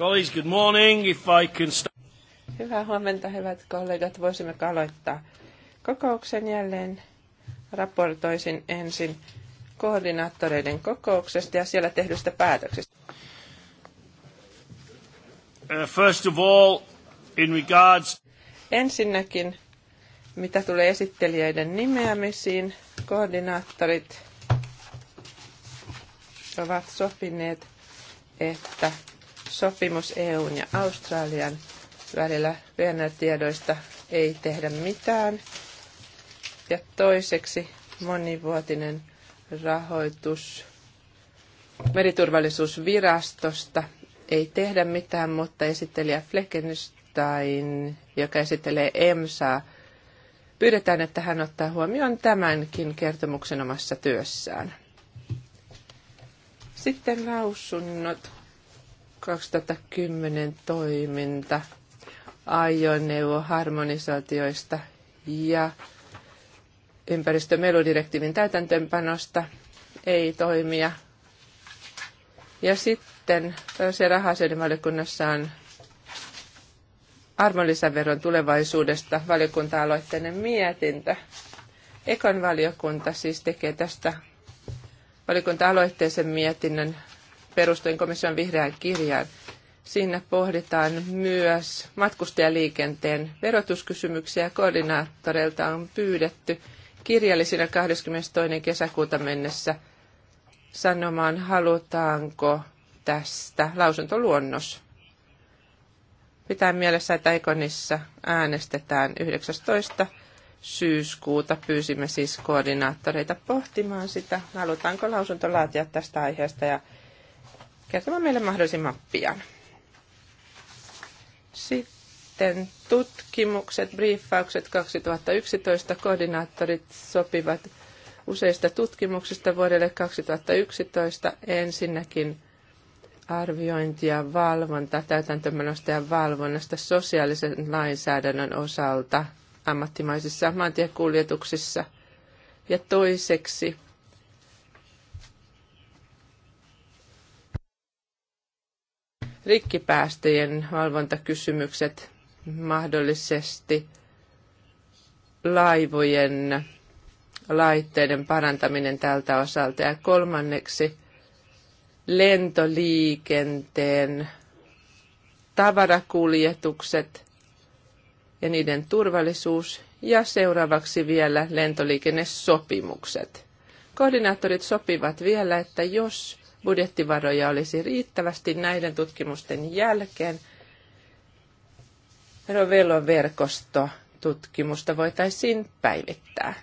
Colleagues, good morning. If I can start... Hyvää huomenta, hyvät kollegat. Voisimme aloittaa kokouksen jälleen. Raportoisin ensin koordinaattoreiden kokouksesta ja siellä tehdystä päätöksestä. Uh, first of all, in regards... Ensinnäkin, mitä tulee esittelijöiden nimeämisiin, koordinaattorit ovat sopineet, että sopimus EUn ja Australian välillä VNR-tiedoista ei tehdä mitään. Ja toiseksi monivuotinen rahoitus meriturvallisuusvirastosta ei tehdä mitään, mutta esittelijä Fleckenstein, joka esittelee EMSAa, pyydetään, että hän ottaa huomioon tämänkin kertomuksen omassa työssään. Sitten lausunnot. 2010 toiminta harmonisaatioista ja ympäristömeludirektiivin täytäntöönpanosta ei toimia. Ja sitten se rahasioiden on arvonlisäveron tulevaisuudesta valiokunta-aloitteinen mietintö. Ekon valiokunta siis tekee tästä valiokunta-aloitteisen mietinnön perustuen komission vihreään kirjaan. Siinä pohditaan myös matkustajaliikenteen verotuskysymyksiä. Koordinaattoreilta on pyydetty kirjallisina 22. kesäkuuta mennessä sanomaan, halutaanko tästä lausuntoluonnos. Pitää mielessä, että Ikonissa äänestetään 19 syyskuuta pyysimme siis koordinaattoreita pohtimaan sitä, halutaanko lausunto laatia tästä aiheesta ja kertomaan meille mahdollisimman pian. Sitten tutkimukset, briefaukset 2011, koordinaattorit sopivat useista tutkimuksista vuodelle 2011 ensinnäkin arviointia, valvonta, täytäntömenosta ja valvonnasta sosiaalisen lainsäädännön osalta ammattimaisissa maantiekuljetuksissa. Ja toiseksi rikkipäästöjen valvontakysymykset mahdollisesti laivojen laitteiden parantaminen tältä osalta ja kolmanneksi lentoliikenteen tavarakuljetukset ja niiden turvallisuus ja seuraavaksi vielä lentoliikennesopimukset. Koordinaattorit sopivat vielä, että jos budjettivaroja olisi riittävästi näiden tutkimusten jälkeen. Rovellon verkostotutkimusta voitaisiin päivittää.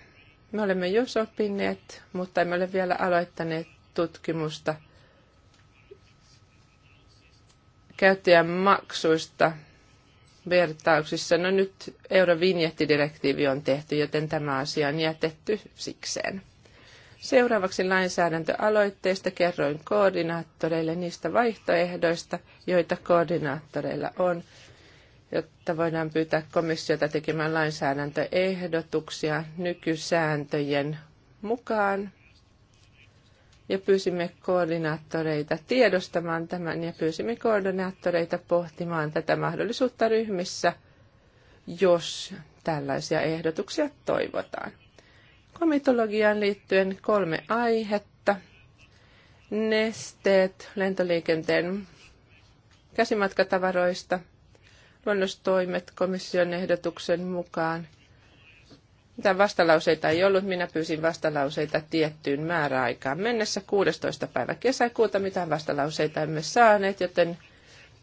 Me olemme jo sopineet, mutta emme ole vielä aloittaneet tutkimusta käyttäjän maksuista vertauksissa. No nyt eurovinjettidirektiivi on tehty, joten tämä asia on jätetty sikseen. Seuraavaksi lainsäädäntöaloitteista kerroin koordinaattoreille niistä vaihtoehdoista, joita koordinaattoreilla on, jotta voidaan pyytää komissiota tekemään lainsäädäntöehdotuksia nykysääntöjen mukaan. Ja pyysimme koordinaattoreita tiedostamaan tämän ja pyysimme koordinaattoreita pohtimaan tätä mahdollisuutta ryhmissä, jos tällaisia ehdotuksia toivotaan. Komitologiaan liittyen kolme aihetta. Nesteet lentoliikenteen käsimatkatavaroista, luonnostoimet komission ehdotuksen mukaan. Mitä vastalauseita ei ollut, minä pyysin vastalauseita tiettyyn määräaikaan mennessä 16. päivä kesäkuuta. Mitä vastalauseita emme saaneet, joten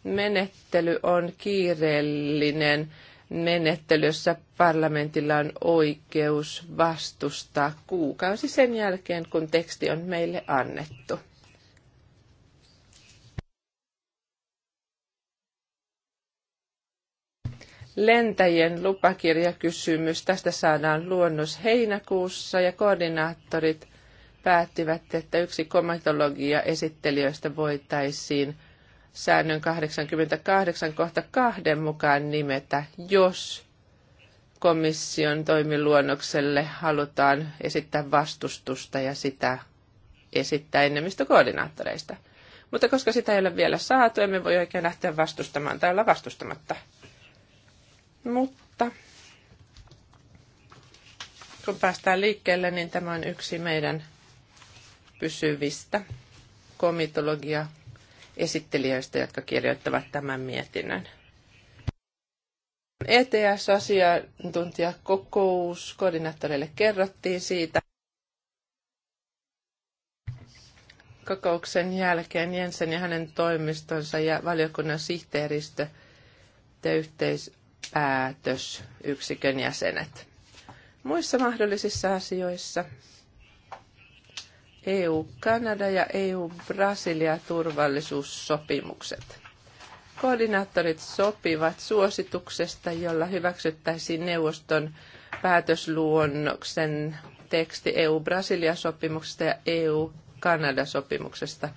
menettely on kiireellinen menettelyssä parlamentilla on oikeus vastustaa kuukausi sen jälkeen, kun teksti on meille annettu. lentäjien lupakirjakysymys. Tästä saadaan luonnos heinäkuussa ja koordinaattorit päättivät, että yksi komatologia esittelijöistä voitaisiin säännön 88 kohta kahden mukaan nimetä, jos komission toimiluonnokselle halutaan esittää vastustusta ja sitä esittää enemmistökoordinaattoreista. Mutta koska sitä ei ole vielä saatu, emme voi oikein lähteä vastustamaan tai olla vastustamatta. Mutta kun päästään liikkeelle, niin tämä on yksi meidän pysyvistä komitologia esittelijöistä, jotka kirjoittavat tämän mietinnön. ETS-asiantuntijakokous koordinaattoreille kerrottiin siitä. Kokouksen jälkeen Jensen ja hänen toimistonsa ja valiokunnan sihteeristö ja yhteispäätösyksikön jäsenet. Muissa mahdollisissa asioissa EU-Kanada ja EU-Brasilia-turvallisuussopimukset. Koordinaattorit sopivat suosituksesta, jolla hyväksyttäisiin neuvoston päätösluonnoksen teksti EU-Brasilia-sopimuksesta ja EU-Kanada-sopimuksesta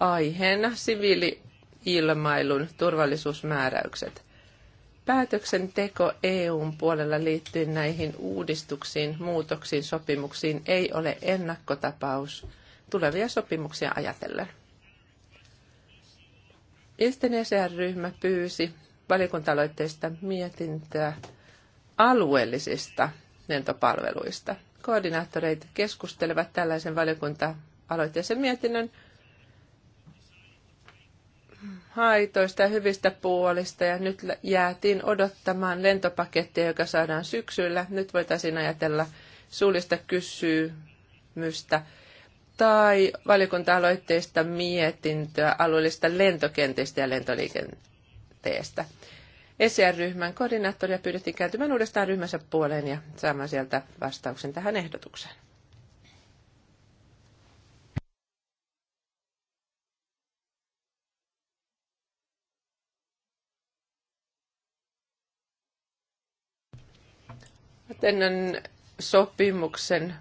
aiheena siviili-ilmailun turvallisuusmääräykset. Päätöksenteko EUn puolella liittyen näihin uudistuksiin, muutoksiin, sopimuksiin ei ole ennakkotapaus tulevia sopimuksia ajatellen. Isten ECR-ryhmä pyysi valiokuntaloitteista mietintöä alueellisista lentopalveluista. Koordinaattoreit keskustelevat tällaisen valiokunta-aloitteisen mietinnön haitoista ja hyvistä puolista ja nyt jäätiin odottamaan lentopakettia, joka saadaan syksyllä. Nyt voitaisiin ajatella suullista kysymystä tai valiokunta-aloitteista mietintöä alueellista lentokentistä ja lentoliikenteestä. ECR-ryhmän koordinaattoria pyydettiin kääntymään uudestaan ryhmänsä puoleen ja saamaan sieltä vastauksen tähän ehdotukseen. käytännön sopimuksen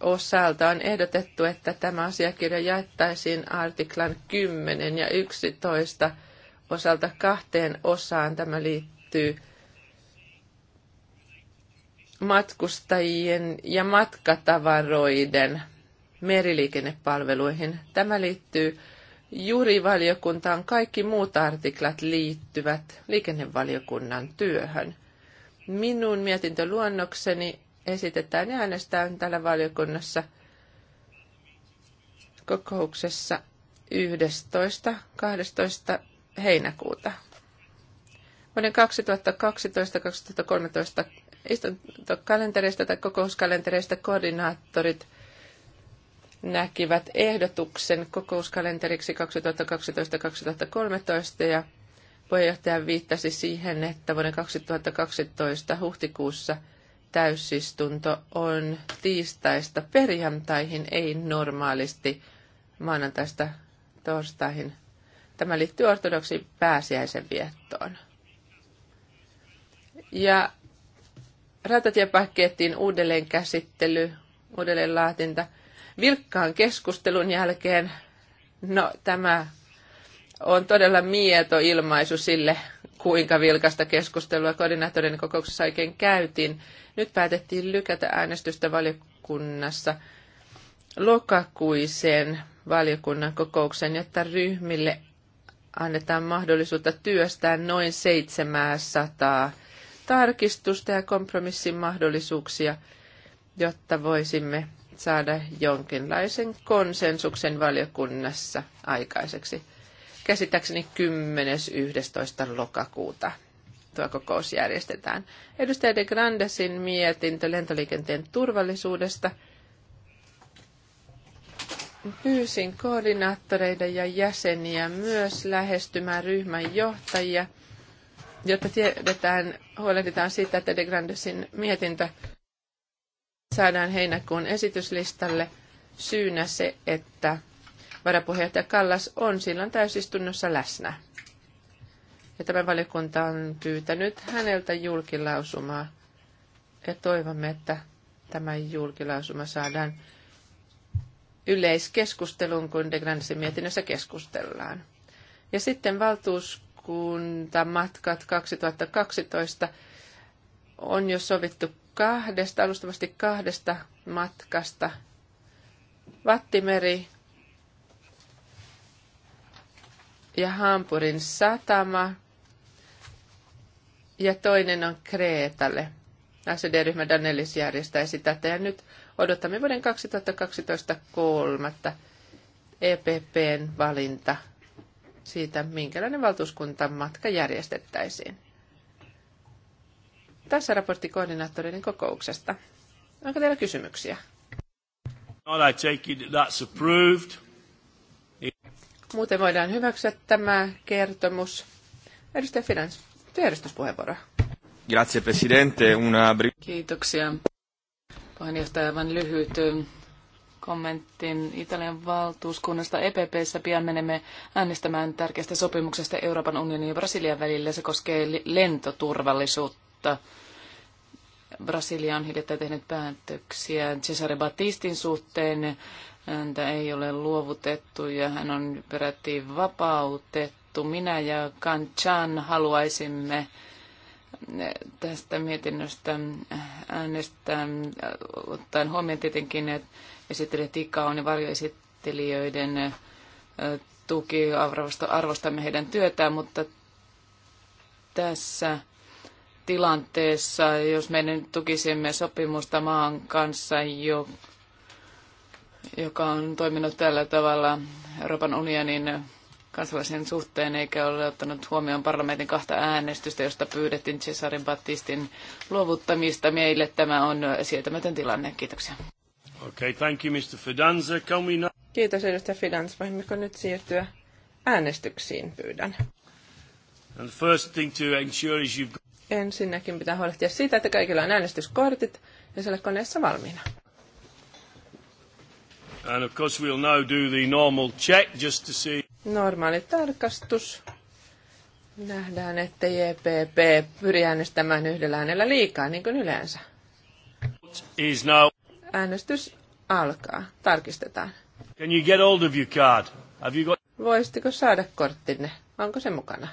osalta on ehdotettu, että tämä asiakirja jaettaisiin artiklan 10 ja 11 osalta kahteen osaan. Tämä liittyy matkustajien ja matkatavaroiden meriliikennepalveluihin. Tämä liittyy juurivaliokuntaan. Kaikki muut artiklat liittyvät liikennevaliokunnan työhön. Minun mietintöluonnokseni esitetään ja äänestetään täällä valiokunnassa kokouksessa 11.12. heinäkuuta. Vuoden 2012-2013 istuntokalentereista tai kokouskalentereista koordinaattorit näkivät ehdotuksen kokouskalenteriksi 2012-2013 ja Puheenjohtaja viittasi siihen, että vuoden 2012 huhtikuussa täysistunto on tiistaista perjantaihin, ei normaalisti maanantaista torstaihin. Tämä liittyy ortodoksiin pääsiäisen viettoon. Ja rautatiepakettiin uudelleen käsittely, uudelleen laatinta. Vilkkaan keskustelun jälkeen, no tämä on todella mieto ilmaisu sille, kuinka vilkasta keskustelua koordinaattorin kokouksessa oikein käytiin. Nyt päätettiin lykätä äänestystä valiokunnassa lokakuiseen valiokunnan kokoukseen, jotta ryhmille annetaan mahdollisuutta työstää noin 700 tarkistusta ja kompromissin mahdollisuuksia, jotta voisimme saada jonkinlaisen konsensuksen valiokunnassa aikaiseksi käsittääkseni 10.11. lokakuuta tuo kokous järjestetään. Edustaja De Grandesin mietintö lentoliikenteen turvallisuudesta. Pyysin koordinaattoreiden ja jäseniä myös lähestymään ryhmän johtajia, jotta tiedetään, huolehditaan siitä, että De Grandesin mietintö saadaan heinäkuun esityslistalle syynä se, että varapuheenjohtaja Kallas on silloin täysistunnossa läsnä. Ja tämä valiokunta on pyytänyt häneltä julkilausumaa ja toivomme, että tämä julkilausuma saadaan yleiskeskusteluun, kun De Grandesin mietinnössä keskustellaan. Ja sitten valtuuskuntamatkat 2012 on jo sovittu kahdesta, alustavasti kahdesta matkasta. Vattimeri ja Hampurin satama. Ja toinen on Kreetalle. SED-ryhmä Danelis järjestää sitä ja nyt odotamme vuoden 2012 kolmatta EPPn valinta siitä, minkälainen valtuuskuntan matka järjestettäisiin. Tässä raportti koordinaattoreiden kokouksesta. Onko teillä kysymyksiä? I take it that's approved. Muuten voidaan hyväksyä tämä kertomus. Edustaja Finans, työjärjestyspuheenvuoro. Grazie Presidente. Una... Kiitoksia. Puheenjohtaja, aivan lyhyt kommentin Italian valtuuskunnasta. EPPssä pian menemme äänestämään tärkeästä sopimuksesta Euroopan unionin ja Brasilian välillä. Se koskee lentoturvallisuutta. Brasilia on hiljattain tehnyt päätöksiä Cesare Battistin suhteen häntä ei ole luovutettu ja hän on peräti vapautettu. Minä ja Kanchan haluaisimme tästä mietinnöstä äänestää, ottaen huomioon tietenkin, että esittelijä Tikaon ja varjoesittelijöiden tuki, arvostamme heidän työtään, mutta tässä tilanteessa, jos me nyt tukisimme sopimusta maan kanssa, jo joka on toiminut tällä tavalla Euroopan unionin kansalaisen suhteen eikä ole ottanut huomioon parlamentin kahta äänestystä, josta pyydettiin Cesarin Battistin luovuttamista. Meille tämä on sietämätön tilanne. Kiitoksia. Okay, thank you, Mr. Fidanza. we Kiitos, edustaja Fidanz. Voimmeko nyt siirtyä äänestyksiin, pyydän. And the first thing to ensure is you've... Ensinnäkin pitää huolehtia siitä, että kaikilla on äänestyskortit ja siellä koneessa valmiina. And of course we'll now do the normal check just to see. Normaali tarkastus. Nähdään, että JPP e pyri äänestämään yhdellä äänellä liikaa, niin kuin yleensä. Is now. Äänestys alkaa. Tarkistetaan. Can you get hold of your card? Have you got... Voisitko saada korttinne? Onko se mukana?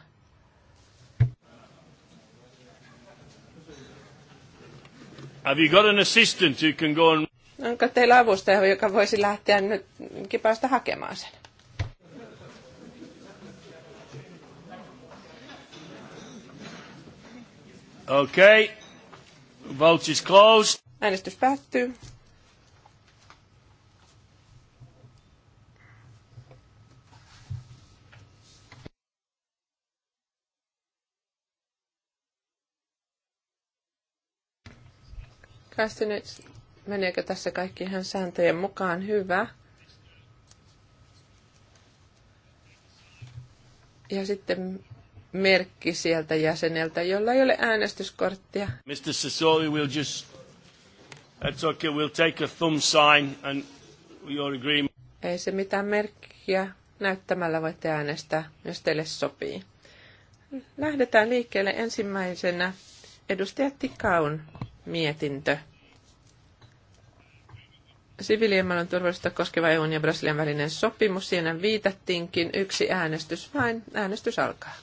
Have you got an assistant who can go and... Onko teillä avustaja, joka voisi lähteä nyt kipaasta hakemaan sen? Okay. is closed. Äänestys päättyy. Kasteneet Meneekö tässä kaikki ihan sääntöjen mukaan? Hyvä. Ja sitten merkki sieltä jäseneltä, jolla ei ole äänestyskorttia. Mr. Sassoli, we'll just... That's okay, we'll take a thumb sign and your agreement. Ei se mitään merkkiä näyttämällä voitte äänestää, jos teille sopii. Lähdetään liikkeelle ensimmäisenä edustaja Tikaun mietintö siviiliilmailun turvallisuutta koskeva EUn ja Brasilian välinen sopimus. Siinä viitattiinkin yksi äänestys vain. Äänestys alkaa.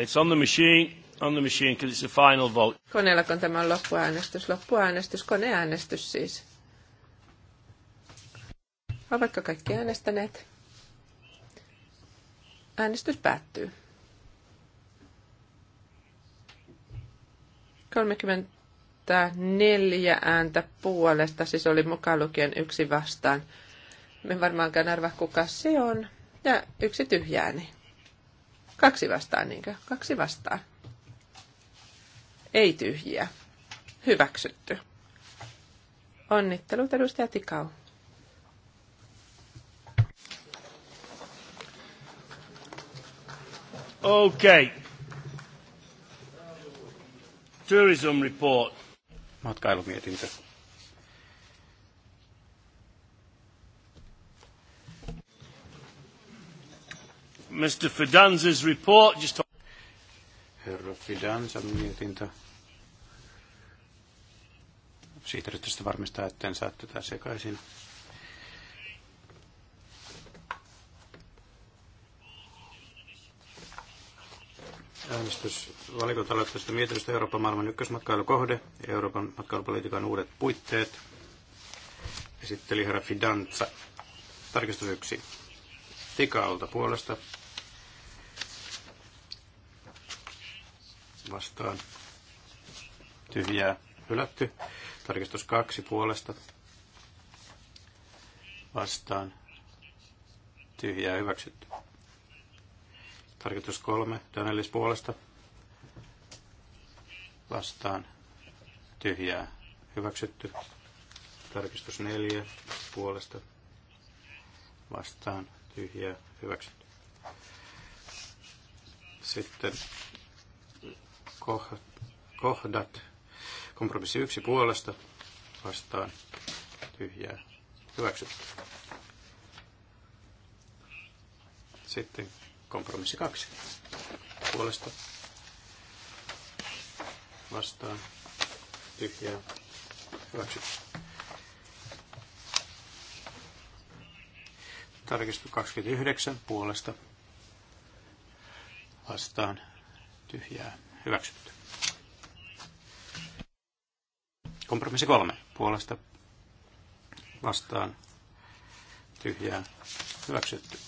It's on the machine, on the machine, it's the final vote. Koneella kun tämä on loppuäänestys, loppuäänestys, koneäänestys siis. Ovatko kaikki äänestäneet? Äänestys päättyy. 30 neljä ääntä puolesta, siis oli mukaan lukien yksi vastaan. Me varmaankaan arvaa, kuka se on. Ja yksi tyhjääni. niin. Kaksi vastaan, niinkö? Kaksi vastaan. Ei tyhjiä. Hyväksytty. Onnittelut, edustaja Tikau. Okay. Tourism report matkailumietintö. Mr. Fidanza's report. Just Herra Fidanza mietintö. Siitä yritystä varmistaa, etten saa tätä sekaisin. Äänestys valiokuntaloitteesta mietinnöstä Euroopan maailman ykkösmatkailukohde, Euroopan matkailupolitiikan uudet puitteet. Esitteli herra Fidanza. Tarkistus yksi. Tikaalta puolesta. Vastaan. Tyhjää. Hylätty. Tarkistus kaksi puolesta. Vastaan. Tyhjää hyväksytty. Tarkoitus kolme, Donnellis puolesta. Vastaan. Tyhjää. Hyväksytty. Tarkistus neljä puolesta. Vastaan. Tyhjää. Hyväksytty. Sitten kohdat. Kompromissi yksi puolesta. Vastaan. Tyhjää. Hyväksytty. Sitten Kompromissi kaksi. Puolesta vastaan tyhjää hyväksytty. Tarkistus 29 puolesta vastaan tyhjää hyväksytty. Kompromissi kolme puolesta vastaan tyhjää hyväksytty.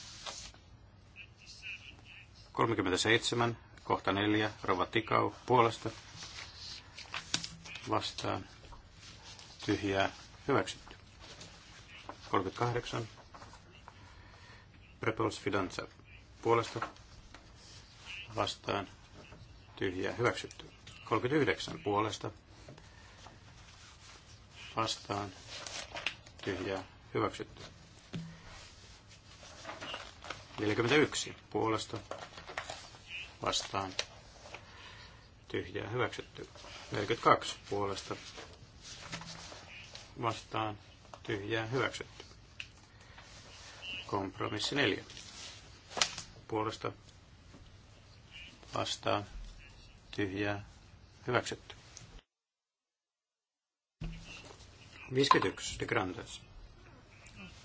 37, kohta 4, Rova Tikau puolesta vastaan tyhjää hyväksytty. 38, Prepols Fidanza puolesta vastaan tyhjää hyväksytty. 39 puolesta vastaan tyhjää hyväksytty. 41 puolesta vastaan tyhjää hyväksytty. 42 puolesta vastaan tyhjää hyväksytty. Kompromissi 4 puolesta vastaan tyhjää hyväksytty. 51 de Grandes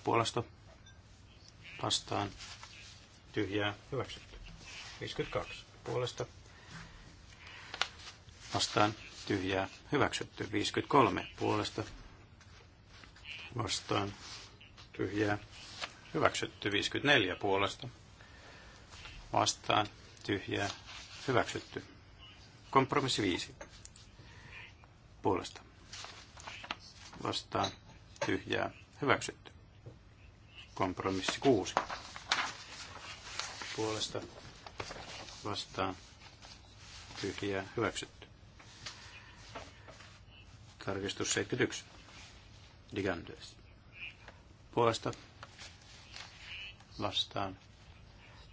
puolesta vastaan tyhjää hyväksytty. 52 puolesta vastaan tyhjää hyväksytty. 53 puolesta vastaan tyhjää hyväksytty. 54 puolesta vastaan tyhjää hyväksytty. Kompromissi 5 puolesta vastaan tyhjää hyväksytty. Kompromissi 6 puolesta vastaan tyhjää hyväksytty. Tarkistus 71. Digandes. Puolesta vastaan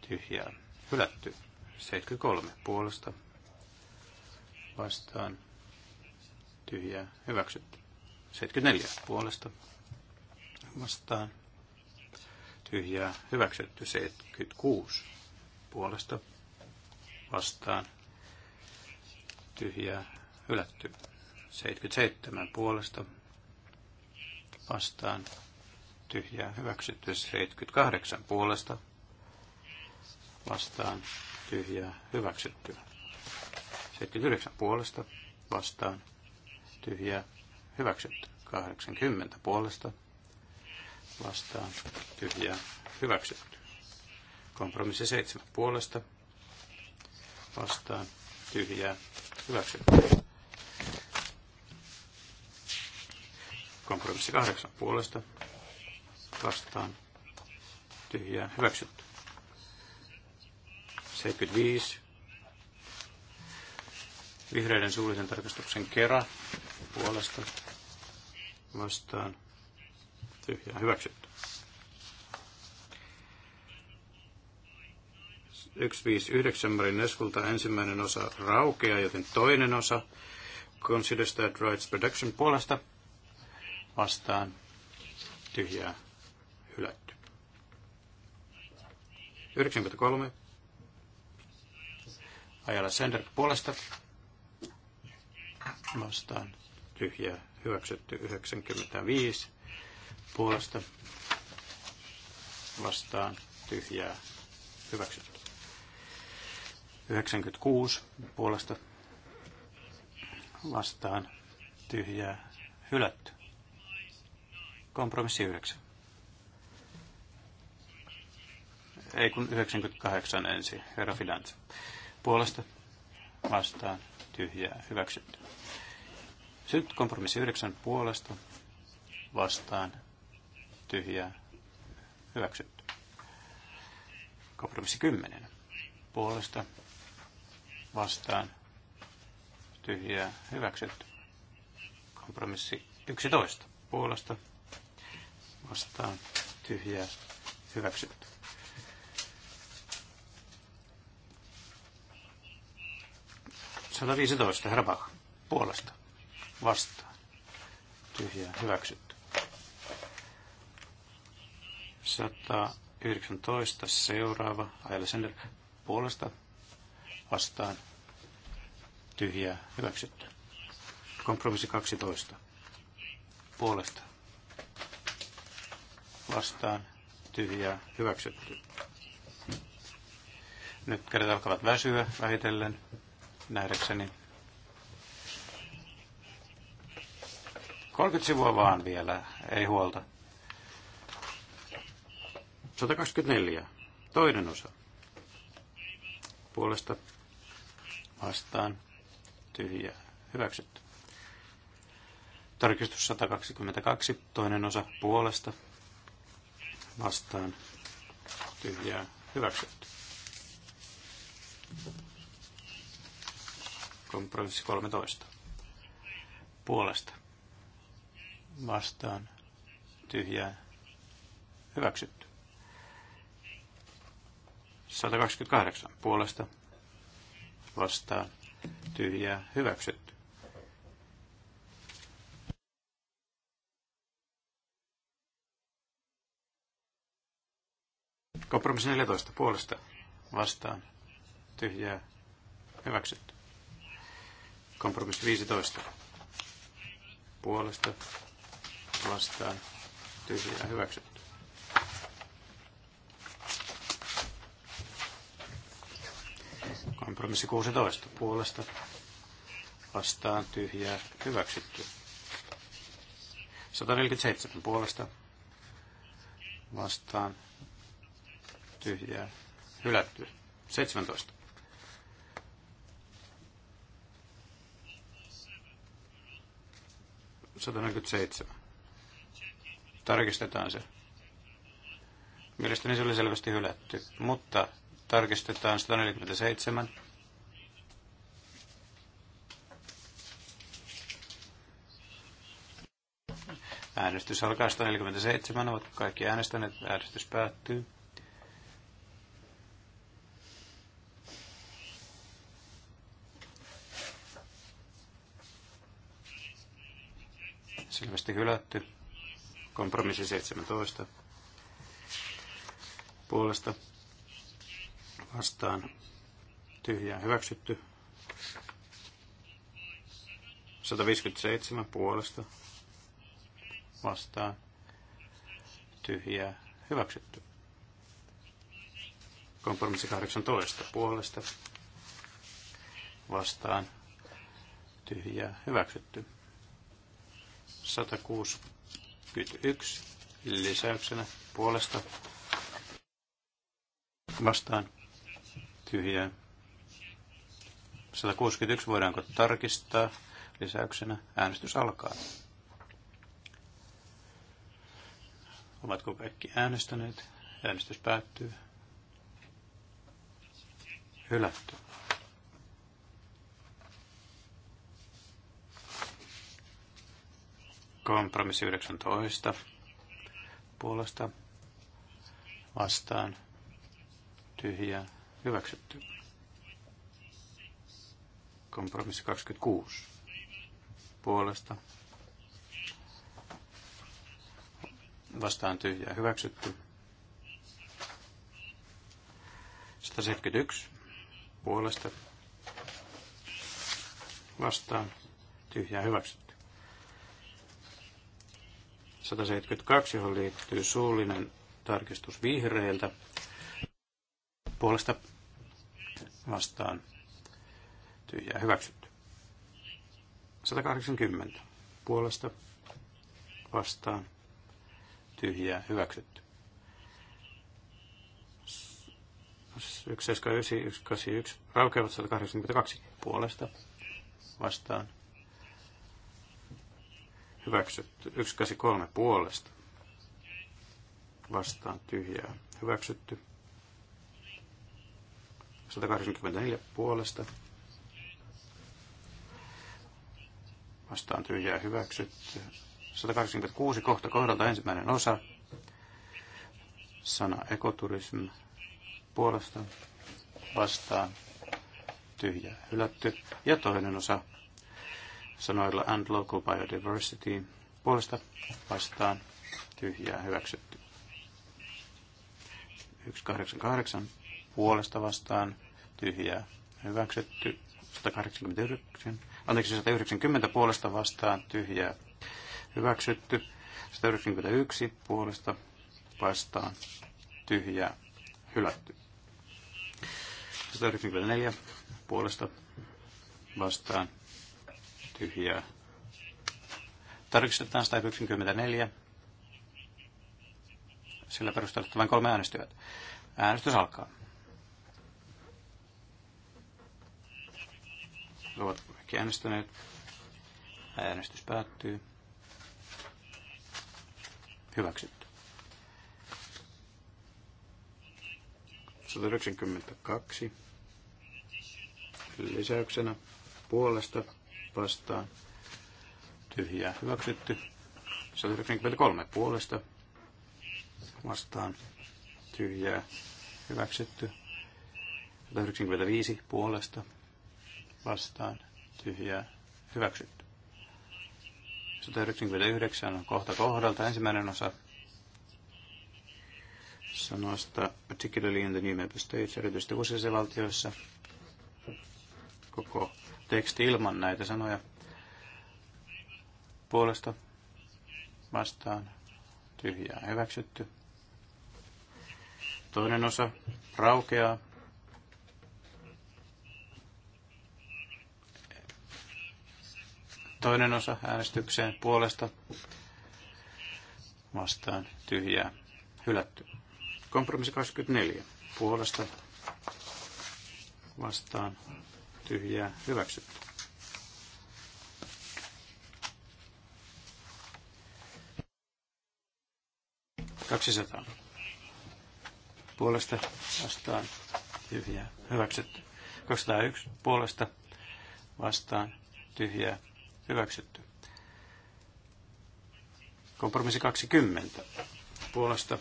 tyhjää hylätty. 73. Puolesta vastaan tyhjää hyväksytty. 74. Puolesta vastaan tyhjää hyväksytty. 76. Puolesta vastaan tyhjää hylätty. 77 puolesta vastaan tyhjää hyväksytty. 78 puolesta vastaan tyhjää hyväksytty. 79 puolesta vastaan tyhjää hyväksytty. 80 puolesta vastaan tyhjää hyväksytty. Kompromissi 7 puolesta vastaan tyhjää hyväksytty. Kompromissi kahdeksan puolesta vastaan tyhjää hyväksytty. 75. Vihreiden suullisen tarkastuksen kera puolesta vastaan tyhjää hyväksytty. 159 Marin neskulta ensimmäinen osa raukea joten toinen osa Consider State Rights Production puolesta vastaan tyhjää hylätty. 93 ajalla Sender puolesta vastaan tyhjää hyväksytty 95 puolesta vastaan tyhjää hyväksytty. 96 puolesta vastaan tyhjää hylätty. Kompromissi 9. Ei kun 98 ensin, herra Filant. Puolesta vastaan tyhjää hyväksytty. Sitten kompromissi 9 puolesta vastaan tyhjää hyväksytty. Kompromissi 10 puolesta vastaan tyhjää hyväksytty. Kompromissi 11 puolesta vastaan tyhjää hyväksytty. Sata viisitoista Bach, puolesta vastaan tyhjää hyväksytty. 119 seuraava Ailesender puolesta vastaan tyhjää hyväksytty. Kompromissi 12 puolesta vastaan tyhjää hyväksytty. Nyt kädet alkavat väsyä vähitellen nähdäkseni. 30 sivua vaan vielä, ei huolta. 124. Toinen osa. Puolesta vastaan tyhjää hyväksytty. Tarkistus 122, toinen osa puolesta vastaan tyhjää hyväksytty. Kompromissi 13. Puolesta vastaan tyhjää hyväksytty. 128 puolesta vastaan tyhjää hyväksytty. Kompromissi 14 puolesta vastaan tyhjää hyväksytty. Kompromissi 15 puolesta vastaan tyhjää hyväksytty. Kompromissi 16 puolesta vastaan tyhjää hyväksytty. 147 puolesta vastaan tyhjää hylätty. 17. seitsemän. Tarkistetaan se. Mielestäni se oli selvästi hylätty, mutta tarkistetaan 147. Äänestys alkaa 147. Ovat kaikki äänestäneet. Äänestys päättyy. Selvästi hylätty. Kompromissi 17. Puolesta vastaan tyhjää hyväksytty. 157 puolesta vastaan tyhjää hyväksytty. Kompromissi 18 puolesta vastaan tyhjää hyväksytty. 161 lisäyksenä puolesta vastaan tyhjää. 161 voidaanko tarkistaa lisäyksenä. Äänestys alkaa. Ovatko kaikki äänestäneet? Äänestys päättyy. Hylätty. Kompromissi 19 puolesta vastaan tyhjää hyväksytty. Kompromissi 26 puolesta vastaan tyhjää hyväksytty. 171 puolesta vastaan tyhjää hyväksytty. 172, johon liittyy suullinen tarkistus vihreiltä puolesta vastaan tyhjää hyväksytty. 180 puolesta vastaan tyhjää hyväksytty. 179, raukeavat 182 puolesta vastaan hyväksytty. 183 puolesta vastaan tyhjää hyväksytty. 184 puolesta vastaan tyhjää hyväksytty. 186 kohta kohdalta ensimmäinen osa. Sana ekoturism puolesta vastaan tyhjää hylätty. Ja toinen osa sanoilla and local biodiversity puolesta vastaan tyhjää hyväksytty. 188 puolesta vastaan tyhjää hyväksytty. 189, anteeksi 190 puolesta vastaan tyhjää hyväksytty. 191 puolesta vastaan tyhjää hylätty. 194 puolesta vastaan tyhjää. Tarkistetaan 194. Sillä perusteella, että vain kolme äänestyvät. Äänestys alkaa. Ovat kaikki äänestäneet. Äänestys päättyy. Hyväksytty. 192 lisäyksenä puolesta vastaan tyhjää hyväksytty. 193 puolesta vastaan tyhjää hyväksytty. 195 puolesta vastaan tyhjää hyväksytty. 199 on kohta kohdalta ensimmäinen osa sanoista particularly in the new member states, erityisesti uusissa valtioissa. Koko teksti ilman näitä sanoja puolesta vastaan tyhjää hyväksytty. Toinen osa raukeaa Toinen osa äänestykseen puolesta vastaan tyhjää hylätty. Kompromissi 24 puolesta vastaan tyhjää hyväksytty. Kaksisataa. Puolesta vastaan tyhjää hyväksytty. 201 puolesta vastaan tyhjää Hyväksytty. Kompromissi 20. Puolesta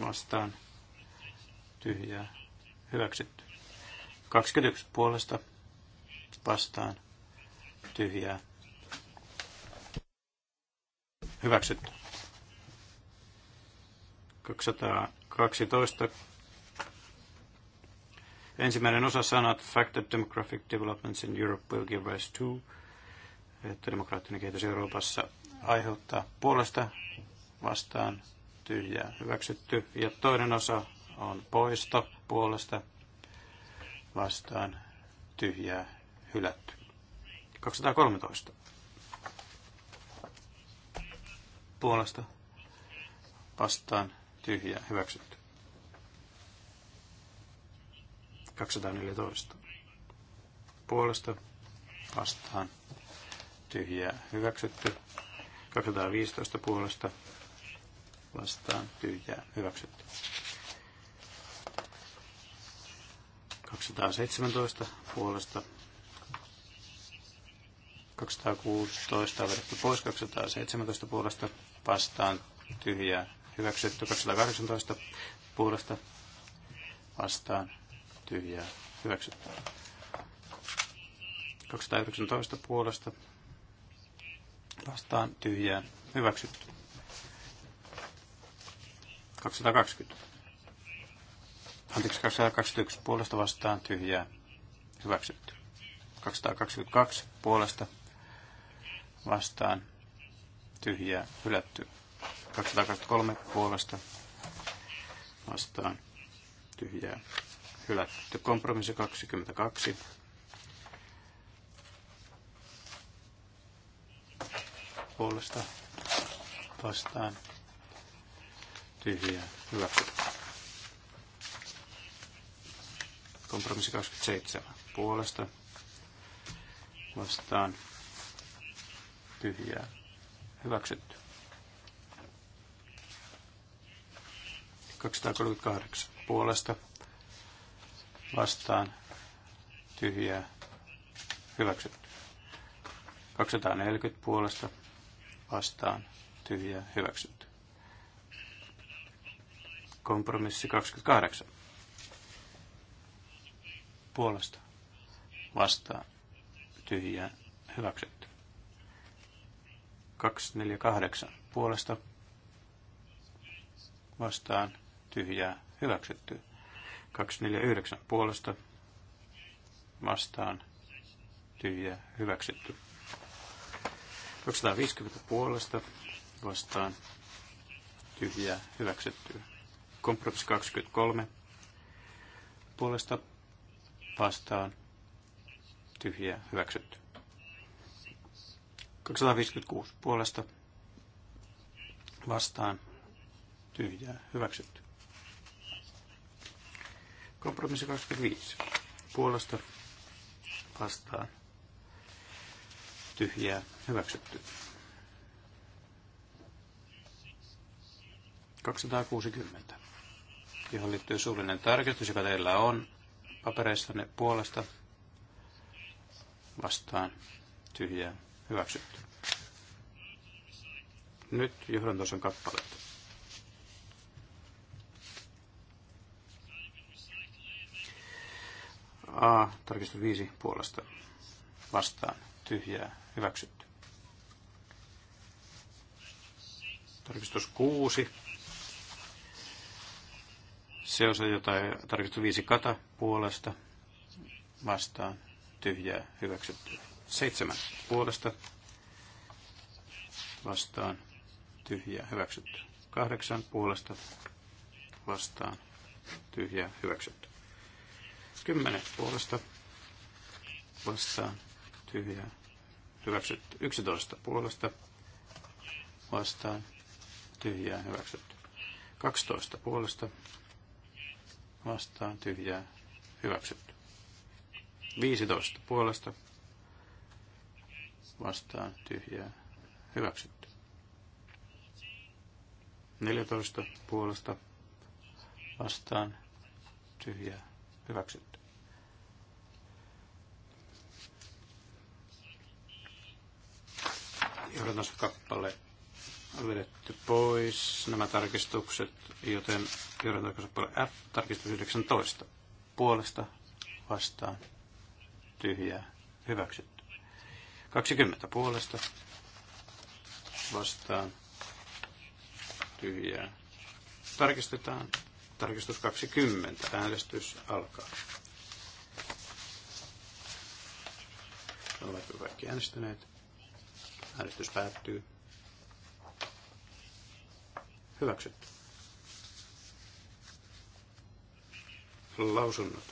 vastaan tyhjää. Hyväksytty. 21 puolesta vastaan tyhjää. Hyväksytty. 212. Ensimmäinen osa sanat Fact that demographic developments in Europe will give rise to että demokraattinen kehitys Euroopassa aiheuttaa puolesta vastaan tyhjää hyväksytty. Ja toinen osa on poisto puolesta vastaan tyhjää hylätty. 213. Puolesta vastaan tyhjää hyväksytty. 214. Puolesta vastaan tyhjää hyväksytty. 215 puolesta vastaan tyhjää hyväksytty. 217 puolesta 216 on vedetty pois, 217 puolesta vastaan tyhjää hyväksytty, 218 puolesta vastaan tyhjää hyväksytty. 219 puolesta vastaan tyhjään. hyväksytty. 220. Anteeksi, 221 puolesta vastaan tyhjää hyväksytty. 222 puolesta vastaan tyhjää hylätty. 223 puolesta vastaan tyhjää hylätty. Kompromissi 22 puolesta vastaan tyhjää Hyvä. Kompromissi 27 puolesta vastaan tyhjää hyväksytty. 238 puolesta vastaan tyhjää hyväksytty. 240 puolesta vastaan tyhjää hyväksytty. Kompromissi 28. Puolesta vastaan tyhjää hyväksytty. 248 puolesta vastaan tyhjää hyväksytty. 249 puolesta vastaan tyhjää hyväksytty. 250 puolesta vastaan tyhjää hyväksyttyä. Kompromissi 23 puolesta vastaan tyhjää hyväksytty. 256 puolesta vastaan tyhjää hyväksytty. Kompromissi 25 puolesta vastaan tyhjää Hyväksytty. 260, johon liittyy suullinen tarkistus, joka teillä on papereissanne puolesta vastaan tyhjää hyväksytty. Nyt johdantoson kappaleet. A, tarkistus 5 puolesta vastaan tyhjää hyväksytty. Tarkistus 6. Se osa, jota ei tarkistus 5 kata puolesta vastaan tyhjää hyväksyttyä. 7 puolesta vastaan tyhjää hyväksytty. 8 puolesta vastaan tyhjää hyväksytty. 10 puolesta vastaan tyhjää hyväksytty. 11 puolesta vastaan tyhjää hyväksytty. 12 puolesta vastaan tyhjää hyväksytty. 15 puolesta vastaan tyhjää hyväksytty. 14 puolesta vastaan tyhjää hyväksytty. Johdannossa kappale vedetty pois nämä tarkistukset, joten johdantokappale F, tarkistus 19, puolesta vastaan tyhjää hyväksytty. 20 puolesta vastaan tyhjää. Tarkistetaan. Tarkistus 20. Äänestys alkaa. Olemme kaikki äänestäneet? Äänestys päättyy. Hyväksytty. Lausunnot.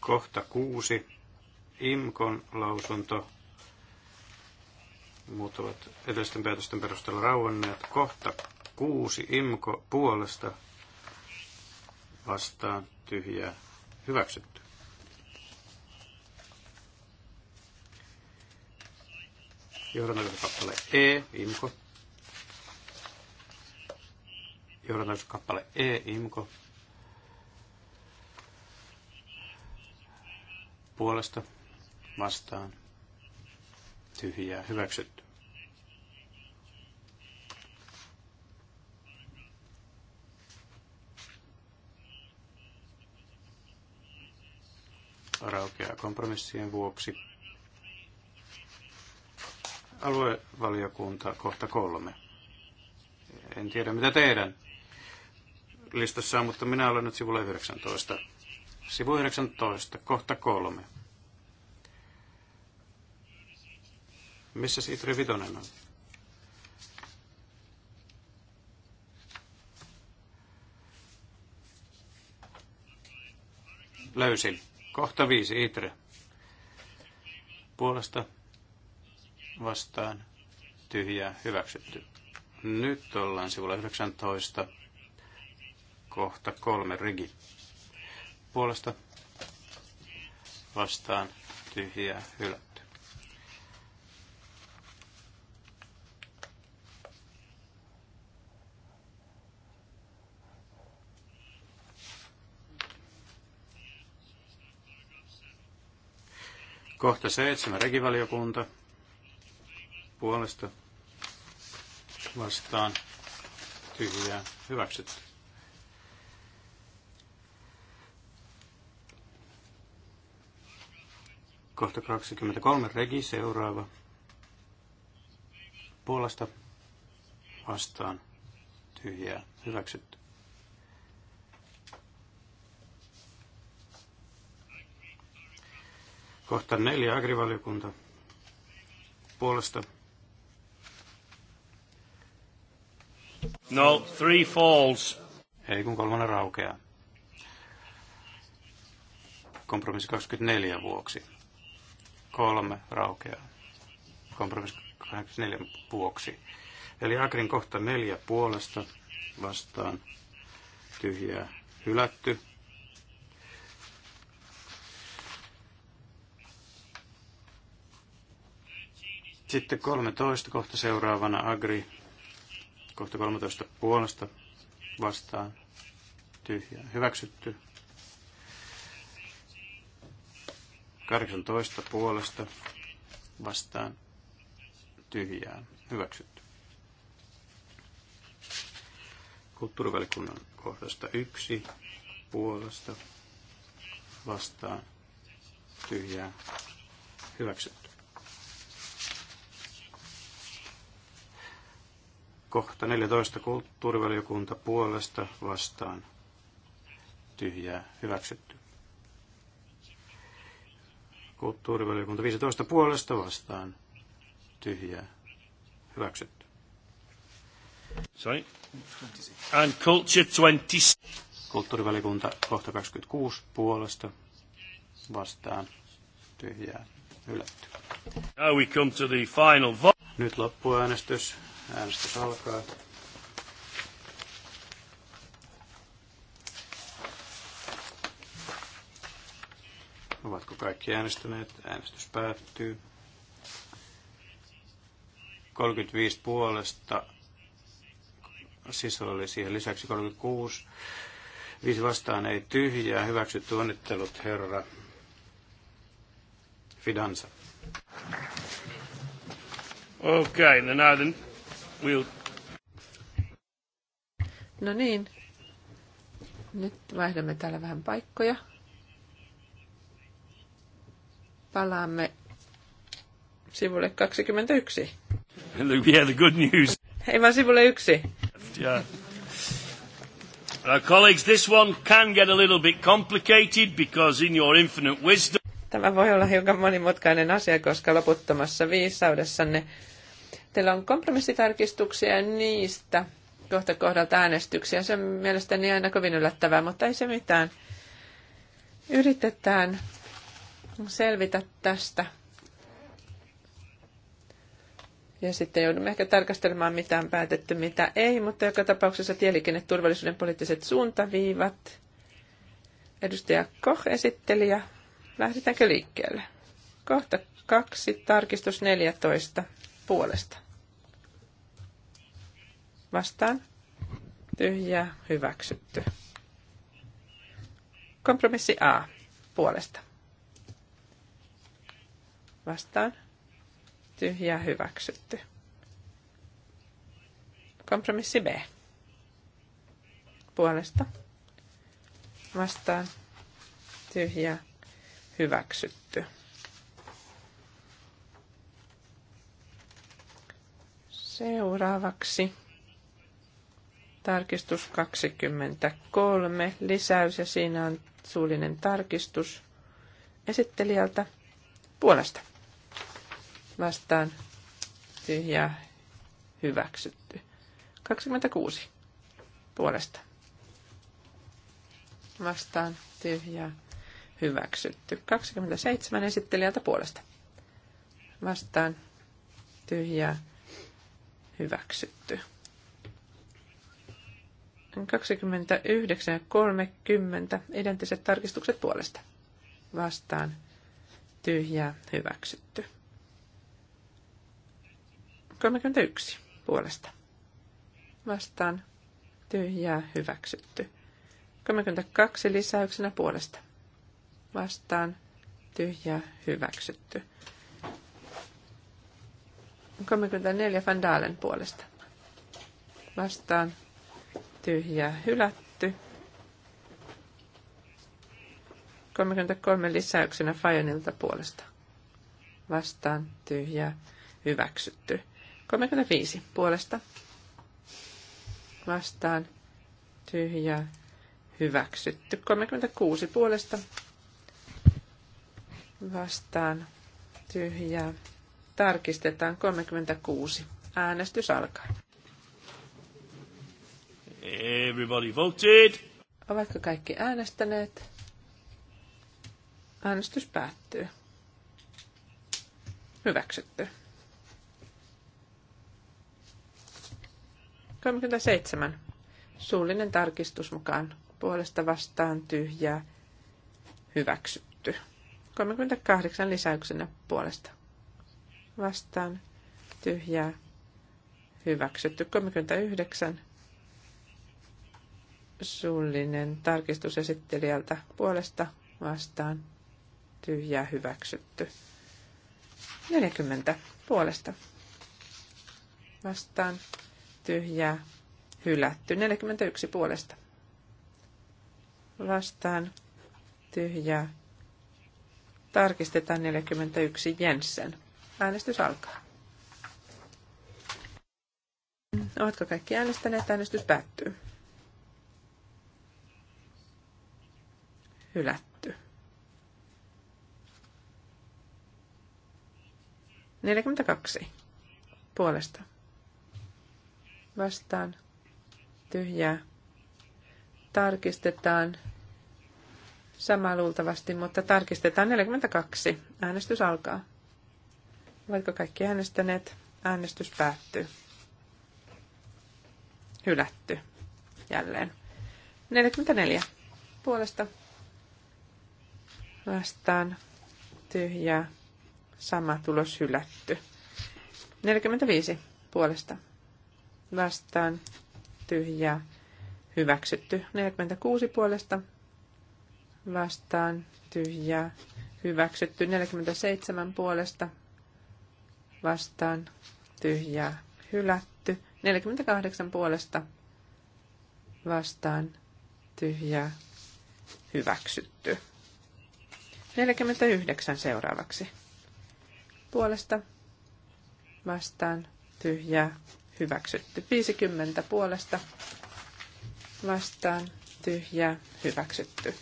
Kohta kuusi. IMKON lausunto. Muut ovat edellisten päätösten perusteella rauenneet. Kohta kuusi. IMKO puolesta vastaan tyhjää Hyväksytty. kappale E, imko. kappale E, imko. Puolesta vastaan tyhjää hyväksytty. raukeaa kompromissien vuoksi. Aluevaliokunta kohta kolme. En tiedä mitä teidän listassa on, mutta minä olen nyt sivulla 19. Sivu 19, kohta kolme. Missä Sitri Vitonen on? Löysin. Kohta viisi, Itre. Puolesta vastaan tyhjää hyväksytty. Nyt ollaan sivulla 19, kohta kolme rigi. Puolesta vastaan tyhjää hylätty. Kohta seitsemän Regivaliokunta puolesta vastaan tyhjää hyväksytty. Kohta 23 regi seuraava. Puolesta vastaan tyhjää hyväksytty. Kohta neljä agrivaliokunta puolesta. No, three falls. Ei kun kolmannen raukeaa. Kompromissi 24 vuoksi. Kolme raukeaa. Kompromissi 24 vuoksi. Eli Agrin kohta neljä puolesta vastaan tyhjää hylätty. Sitten 13 kohta seuraavana Agri. Kohta 13 puolesta vastaan. Tyhjää. Hyväksytty. 18 puolesta vastaan tyhjää. Hyväksytty. Kulttuurivälikunnan kohdasta yksi puolesta vastaan tyhjää. Hyväksytty. Kohta 14 kulttuurivaliokunta puolesta vastaan tyhjää hyväksytty. Kulttuurivaliokunta 15 puolesta vastaan tyhjää hyväksytty. Sorry. And culture 20. Kulttuurivaliokunta kohta 26 puolesta vastaan tyhjää hylätty. Now we come to the final vote. Nyt loppuäänestys Äänestys alkaa. Ovatko kaikki äänestäneet? Äänestys päättyy. 35 puolesta, sisällä oli siihen lisäksi 36. Viisi vastaan ei tyhjää. Hyväksytty onnittelut, herra Fidanza. Okay, no now the No niin. Nyt vaihdamme täällä vähän paikkoja. Palaamme sivulle 21. Yeah, the good news. Hei vaan sivulle yksi. Yeah. Uh, colleagues, this one can get a little bit complicated because in your infinite wisdom... Tämä voi olla hiukan monimutkainen asia, koska loputtomassa viisaudessanne Teillä on kompromissitarkistuksia ja niistä kohta kohdalta äänestyksiä. Se on mielestäni aina kovin yllättävää, mutta ei se mitään. Yritetään selvitä tästä. Ja sitten joudumme ehkä tarkastelemaan, mitä on päätetty, mitä ei, mutta joka tapauksessa tieliikenneturvallisuuden poliittiset suuntaviivat. Edustaja Koch esitteli ja lähdetäänkö liikkeelle? Kohta kaksi, tarkistus 14 puolesta. Vastaan. Tyhjää. Hyväksytty. Kompromissi A. Puolesta. Vastaan. Tyhjää. Hyväksytty. Kompromissi B. Puolesta. Vastaan. Tyhjää. Hyväksytty. Seuraavaksi tarkistus 23, lisäys ja siinä on suullinen tarkistus esittelijältä puolesta. Vastaan tyhjä hyväksytty. 26 puolesta. Vastaan tyhjä hyväksytty. 27 esittelijältä puolesta. Vastaan tyhjää hyväksytty. 29 ja 30 identtiset tarkistukset puolesta. Vastaan tyhjää hyväksytty. 31 puolesta. Vastaan tyhjää hyväksytty. 32 lisäyksenä puolesta. Vastaan tyhjää hyväksytty. 34 Van Dalen puolesta. Vastaan tyhjää hylätty. 33 lisäyksenä Fajonilta puolesta. Vastaan tyhjää hyväksytty. 35 puolesta. Vastaan tyhjää hyväksytty. 36 puolesta. Vastaan tyhjää Tarkistetaan 36. Äänestys alkaa. Everybody voted. Ovatko kaikki äänestäneet? Äänestys päättyy. Hyväksytty. 37. Suullinen tarkistus mukaan. Puolesta vastaan tyhjää. Hyväksytty. 38 lisäyksenä puolesta vastaan tyhjää hyväksytty. 39 suullinen tarkistus esittelijältä puolesta vastaan tyhjää hyväksytty. 40 puolesta vastaan tyhjää hylätty. 41 puolesta vastaan tyhjää. Tarkistetaan 41 Jensen. Äänestys alkaa. Oletko kaikki äänestäneet? Äänestys päättyy. Hylätty. 42. Puolesta. Vastaan. Tyhjää. Tarkistetaan. Sama luultavasti, mutta tarkistetaan 42. Äänestys alkaa. Oletko kaikki äänestäneet? Äänestys päättyy. Hylätty. Jälleen. 44. Puolesta. Vastaan. Tyhjää. Sama tulos hylätty. 45. Puolesta. Vastaan. Tyhjää. Hyväksytty. 46 puolesta. Vastaan. Tyhjää. Hyväksytty. 47 puolesta vastaan tyhjää hylätty. 48 puolesta vastaan tyhjää hyväksytty. 49 seuraavaksi. Puolesta vastaan tyhjää hyväksytty. 50 puolesta vastaan tyhjää hyväksytty.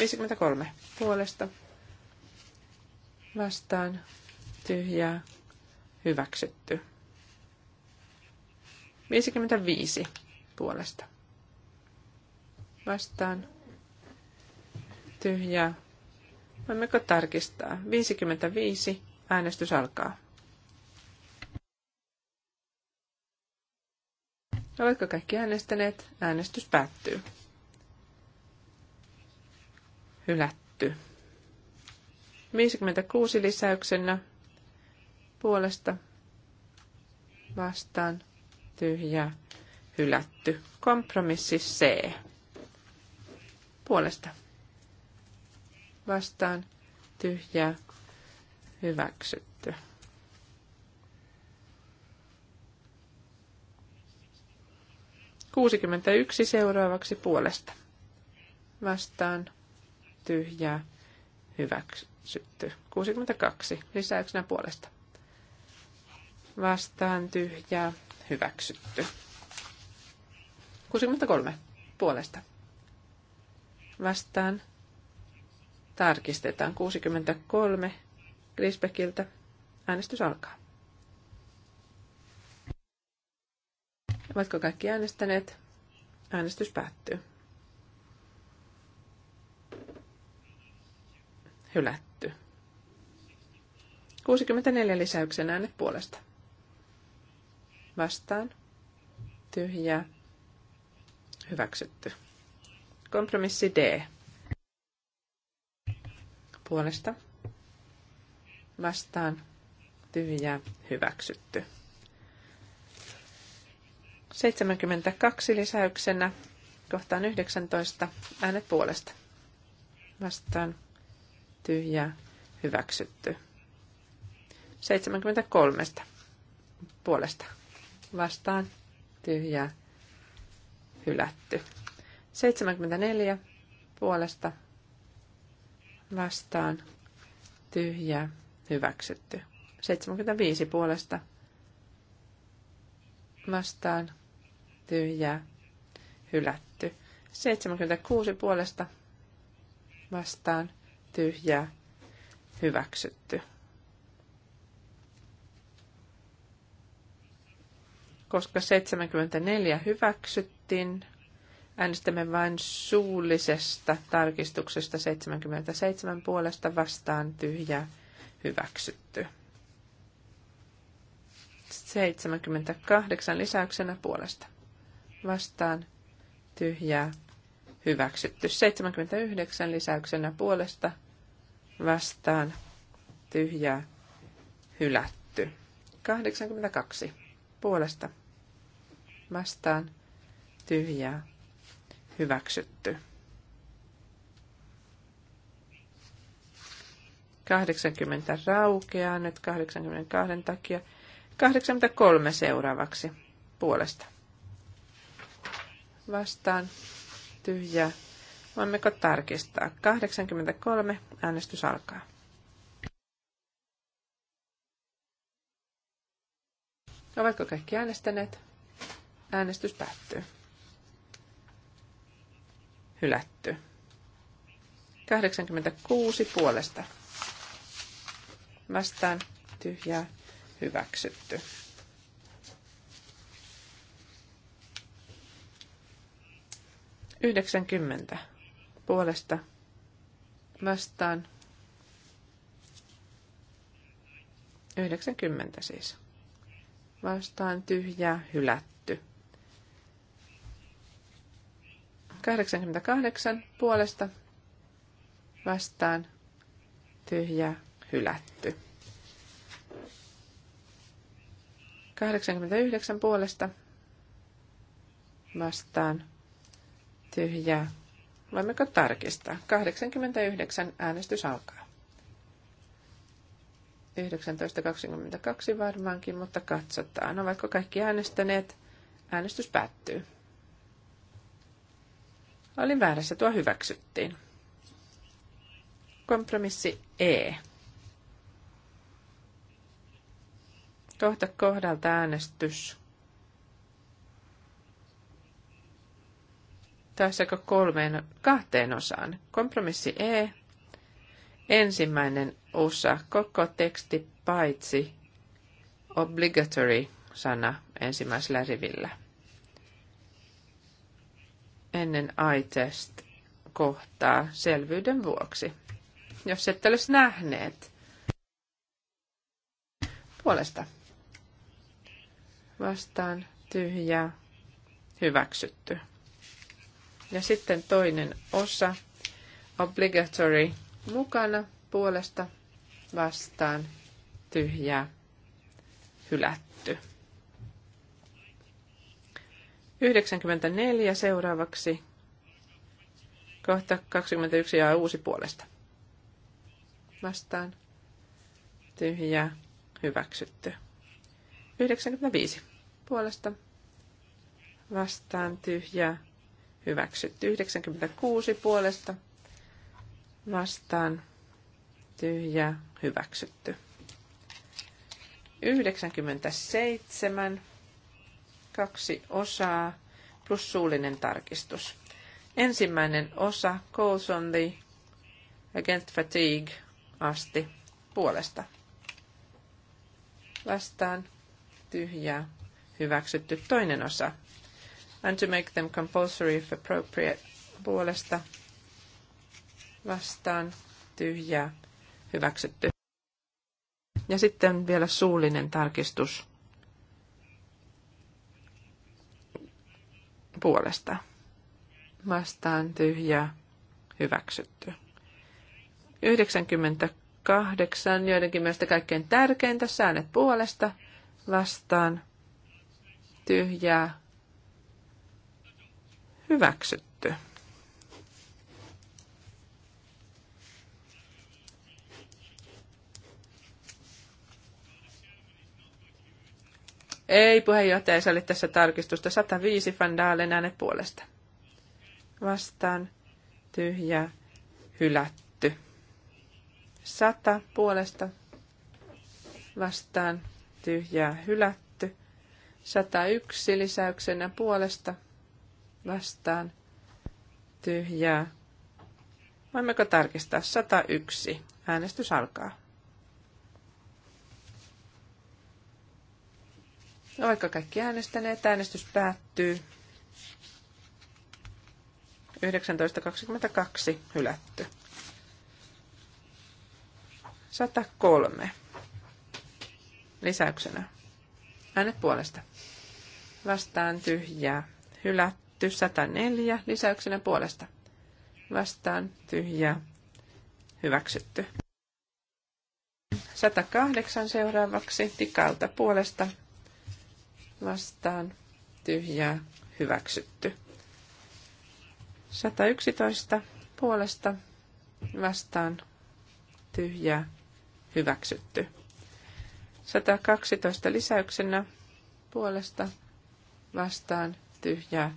53 puolesta vastaan tyhjää Hyväksytty. 55 puolesta. Vastaan. Tyhjää. Voimmeko tarkistaa? 55. Äänestys alkaa. Oletko kaikki äänestäneet? Äänestys päättyy. Hylätty. 56 lisäyksenä puolesta vastaan tyhjää hylätty. Kompromissi C puolesta vastaan tyhjää hyväksytty. yksi seuraavaksi puolesta. Vastaan tyhjää hyväksytty. kaksi lisäyksenä puolesta vastaan tyhjää hyväksytty. 63 puolesta vastaan tarkistetaan 63 Grisbeckiltä. Äänestys alkaa. Ovatko kaikki äänestäneet? Äänestys päättyy. Hylätty. 64 lisäyksen äänet puolesta vastaan, tyhjä hyväksytty. Kompromissi D. Puolesta, vastaan, tyhjä hyväksytty. 72 lisäyksenä kohtaan 19 äänet puolesta. Vastaan tyhjä hyväksytty. 73 puolesta vastaan tyhjää hylätty. 74 puolesta vastaan tyhjää hyväksytty. 75 puolesta vastaan tyhjää hylätty. 76 puolesta vastaan tyhjää hyväksytty. koska 74 hyväksyttiin, äänestämme vain suullisesta tarkistuksesta 77 puolesta vastaan tyhjä hyväksytty. 78 lisäyksenä puolesta vastaan tyhjää hyväksytty. 79 lisäyksenä puolesta vastaan tyhjää hylätty. 82 puolesta vastaan tyhjää hyväksytty. 80 raukeaa nyt 82 takia. 83 seuraavaksi puolesta. Vastaan tyhjää. Voimmeko tarkistaa? 83 äänestys alkaa. Ovatko kaikki äänestäneet? Äänestys päättyy. Hylätty. 86 puolesta. Vastaan tyhjää hyväksytty. Yhdeksänkymmentä puolesta vastaan. Yhdeksänkymmentä siis. Vastaan tyhjää hylätty. 88 puolesta vastaan tyhjä hylätty. 89 puolesta vastaan tyhjä. Voimmeko tarkistaa? 89 äänestys alkaa. 19.22 varmaankin, mutta katsotaan. Ovatko kaikki äänestäneet? Äänestys päättyy. Olin väärässä, tuo hyväksyttiin. Kompromissi E. Kohta kohdalta äänestys. Taisiko kolmeen, kahteen osaan? Kompromissi E. Ensimmäinen osa, koko teksti paitsi obligatory sana ensimmäisellä rivillä ennen aitest kohtaa selvyyden vuoksi. Jos ette olisi nähneet puolesta vastaan tyhjä hyväksytty. Ja sitten toinen osa obligatory mukana puolesta vastaan tyhjä hylätty. 94 seuraavaksi. Kohta 21 ja uusi puolesta. Vastaan. Tyhjä. Hyväksytty. 95 puolesta. Vastaan. Tyhjä. Hyväksytty. 96 puolesta. Vastaan. Tyhjä. Hyväksytty. 97 kaksi osaa plus suullinen tarkistus. Ensimmäinen osa calls on the against fatigue asti puolesta. Vastaan tyhjää hyväksytty toinen osa. And to make them compulsory if appropriate puolesta. Vastaan tyhjää hyväksytty. Ja sitten vielä suullinen tarkistus puolesta. Vastaan tyhjä hyväksytty. 98, joidenkin mielestä kaikkein tärkeintä, säännöt puolesta, vastaan, tyhjää, hyväksytty. Ei, puheenjohtaja ei salli tässä tarkistusta. 105 fandaalen äänet puolesta. Vastaan. Tyhjä. Hylätty. 100 puolesta. Vastaan. tyhjä Hylätty. 101 lisäyksenä puolesta. Vastaan. Tyhjää. Voimmeko tarkistaa 101? Äänestys alkaa. vaikka kaikki äänestäneet? Äänestys päättyy. 19.22 hylätty. 103. Lisäyksenä. Äänet puolesta. Vastaan tyhjää. Hylätty 104. Lisäyksenä puolesta. Vastaan tyhjää. Hyväksytty. 108 seuraavaksi tikalta puolesta vastaan tyhjää hyväksytty. 111 puolesta vastaan tyhjää hyväksytty. 112 lisäyksenä puolesta vastaan tyhjää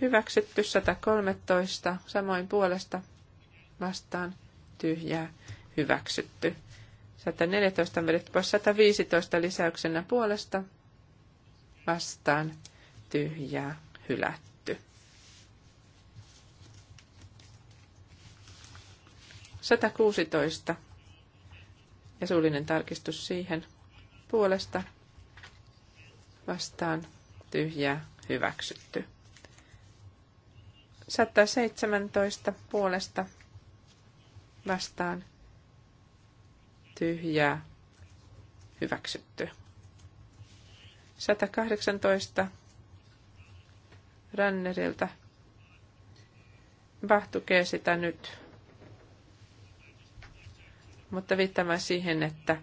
hyväksytty. 113 samoin puolesta vastaan tyhjää hyväksytty. 114 vedetty pois 115 lisäyksenä puolesta vastaan tyhjää hylätty. 116 ja suullinen tarkistus siihen puolesta vastaan tyhjää hyväksytty. 117 puolesta vastaan tyhjää hyväksytty. 118 ränneriltä. Bah tukee sitä nyt. Mutta viittämään siihen, että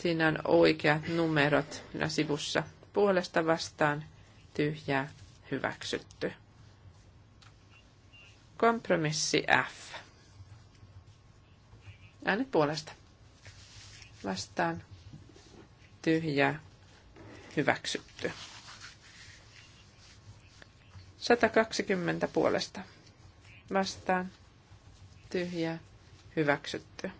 siinä on oikeat numerot siinä sivussa. Puolesta vastaan tyhjää hyväksytty. Kompromissi F. Äänet puolesta. Vastaan tyhjää Hyväksytty. 120 puolesta. Vastaan. Tyhjää. Hyväksytty.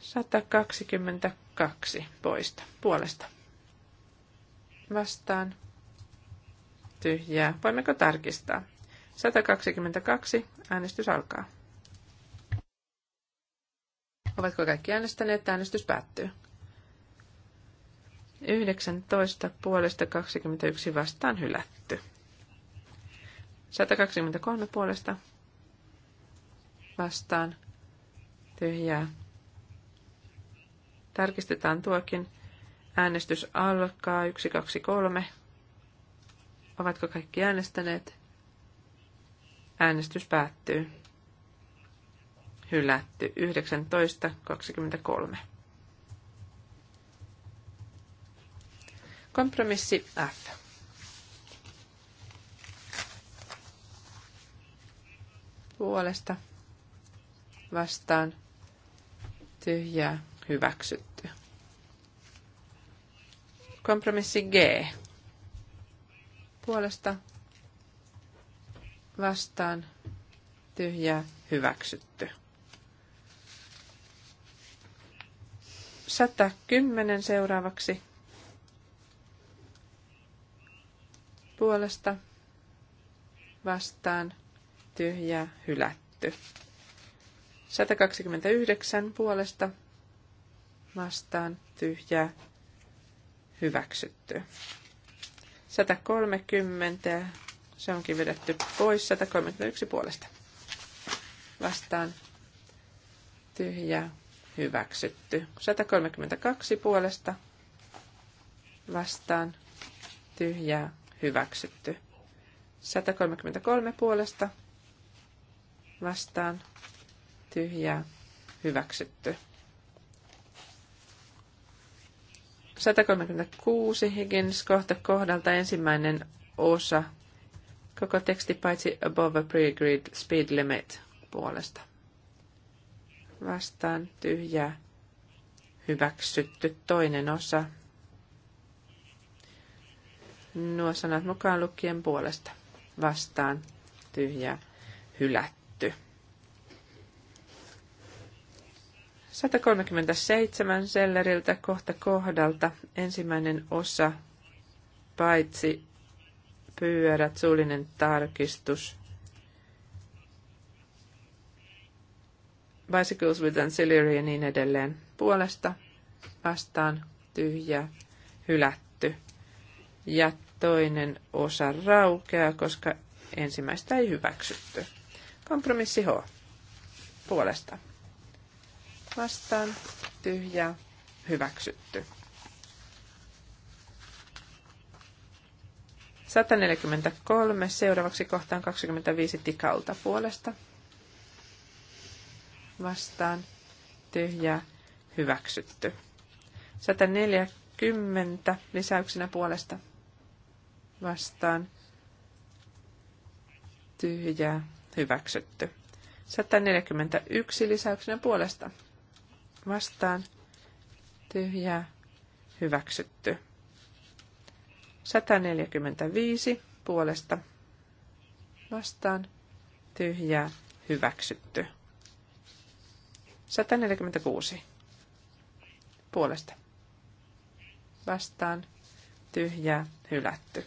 122 poista. Puolesta. Vastaan. Tyhjää. Voimmeko tarkistaa? 122. Äänestys alkaa. Ovatko kaikki äänestäneet? Äänestys päättyy. 19 puolesta 21 vastaan hylätty. 123 puolesta vastaan tyhjää. Tarkistetaan tuokin. Äänestys alkaa 1, 2, 3. Ovatko kaikki äänestäneet? Äänestys päättyy. Hylätty 19.23. Kompromissi F. Puolesta vastaan tyhjää hyväksytty. Kompromissi G. Puolesta vastaan tyhjää hyväksytty. 110 seuraavaksi puolesta vastaan tyhjä hylätty. 129 puolesta vastaan tyhjä hyväksytty. 130, se onkin vedetty pois, 131 puolesta vastaan tyhjä hyväksytty. 132 puolesta vastaan tyhjää hyväksytty. 133 puolesta vastaan tyhjää hyväksytty. 136 Higgins kohta kohdalta ensimmäinen osa. Koko teksti paitsi above a pre-agreed speed limit puolesta. Vastaan tyhjää hyväksytty toinen osa nuo sanat mukaan lukien puolesta vastaan tyhjä hylätty. 137 selleriltä kohta kohdalta ensimmäinen osa paitsi pyörät, suullinen tarkistus. Bicycles with ancillary ja niin edelleen. Puolesta vastaan tyhjä, hylätty. Ja toinen osa raukeaa, koska ensimmäistä ei hyväksytty. Kompromissi H. Puolesta. Vastaan. Tyhjä. Hyväksytty. 143. Seuraavaksi kohtaan 25 tikalta puolesta. Vastaan. Tyhjä. Hyväksytty. 140 lisäyksenä puolesta vastaan tyhjää hyväksytty. 141 lisäyksenä puolesta vastaan tyhjää hyväksytty. 145 puolesta vastaan tyhjää hyväksytty. 146 puolesta vastaan tyhjää hylätty.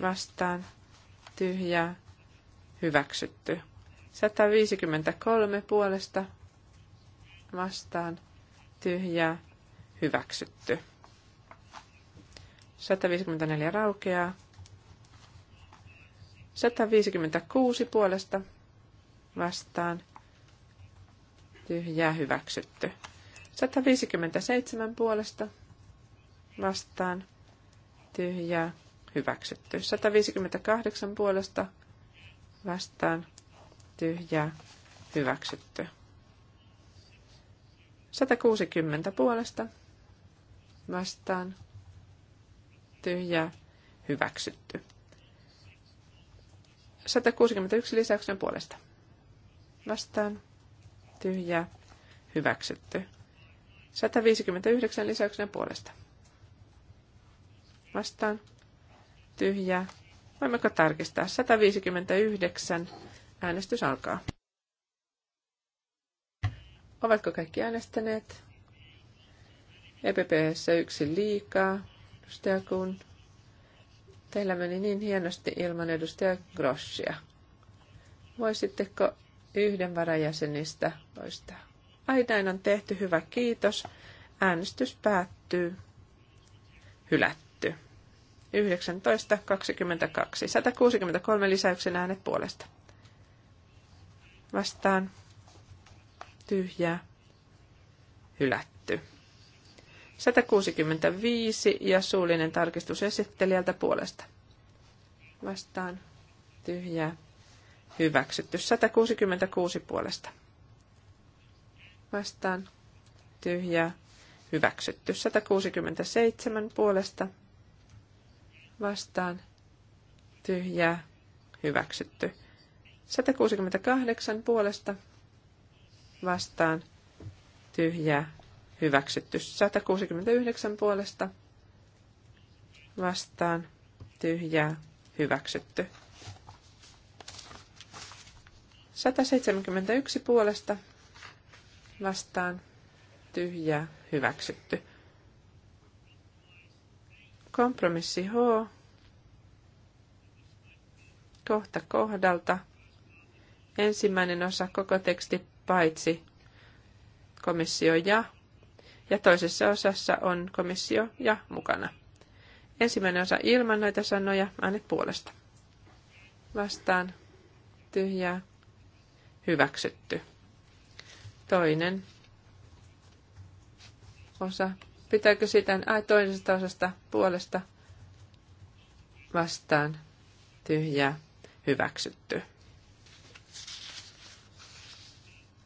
vastaan tyhjää hyväksytty. 153 puolesta vastaan tyhjää hyväksytty. 154 raukeaa. 156 puolesta vastaan tyhjää hyväksytty. 157 puolesta vastaan tyhjää hyväksytty. 158 puolesta vastaan tyhjää hyväksytty. 160 puolesta vastaan tyhjää hyväksytty. 161 lisäyksen puolesta vastaan tyhjää hyväksytty. 159 lisäyksen puolesta vastaan tyhjää. Voimmeko tarkistaa? 159. Äänestys alkaa. Ovatko kaikki äänestäneet? EPPssä yksi liikaa. Edustaja Kun. Teillä meni niin hienosti ilman edustaja Groschia. Voisitteko yhden varajäsenistä poistaa? Ai näin on tehty. Hyvä, kiitos. Äänestys päättyy. Hylätty. 19, 22. 163 lisäyksen äänet puolesta. Vastaan. Tyhjää. Hylätty. 165 ja suullinen tarkistus esittelijältä puolesta. Vastaan. Tyhjää. Hyväksytty. 166 puolesta. Vastaan. Tyhjää. Hyväksytty. 167 puolesta vastaan tyhjää hyväksytty. 168 puolesta vastaan tyhjää hyväksytty. 169 puolesta vastaan tyhjää hyväksytty. 171 puolesta vastaan tyhjää hyväksytty. Kompromissi H. Kohta kohdalta. Ensimmäinen osa koko teksti paitsi komissio ja. Ja toisessa osassa on komissio ja mukana. Ensimmäinen osa ilman näitä sanoja, äänet puolesta. Vastaan, tyhjää, hyväksytty. Toinen osa Pitääkö sitä ai, toisesta osasta puolesta vastaan tyhjää hyväksytty?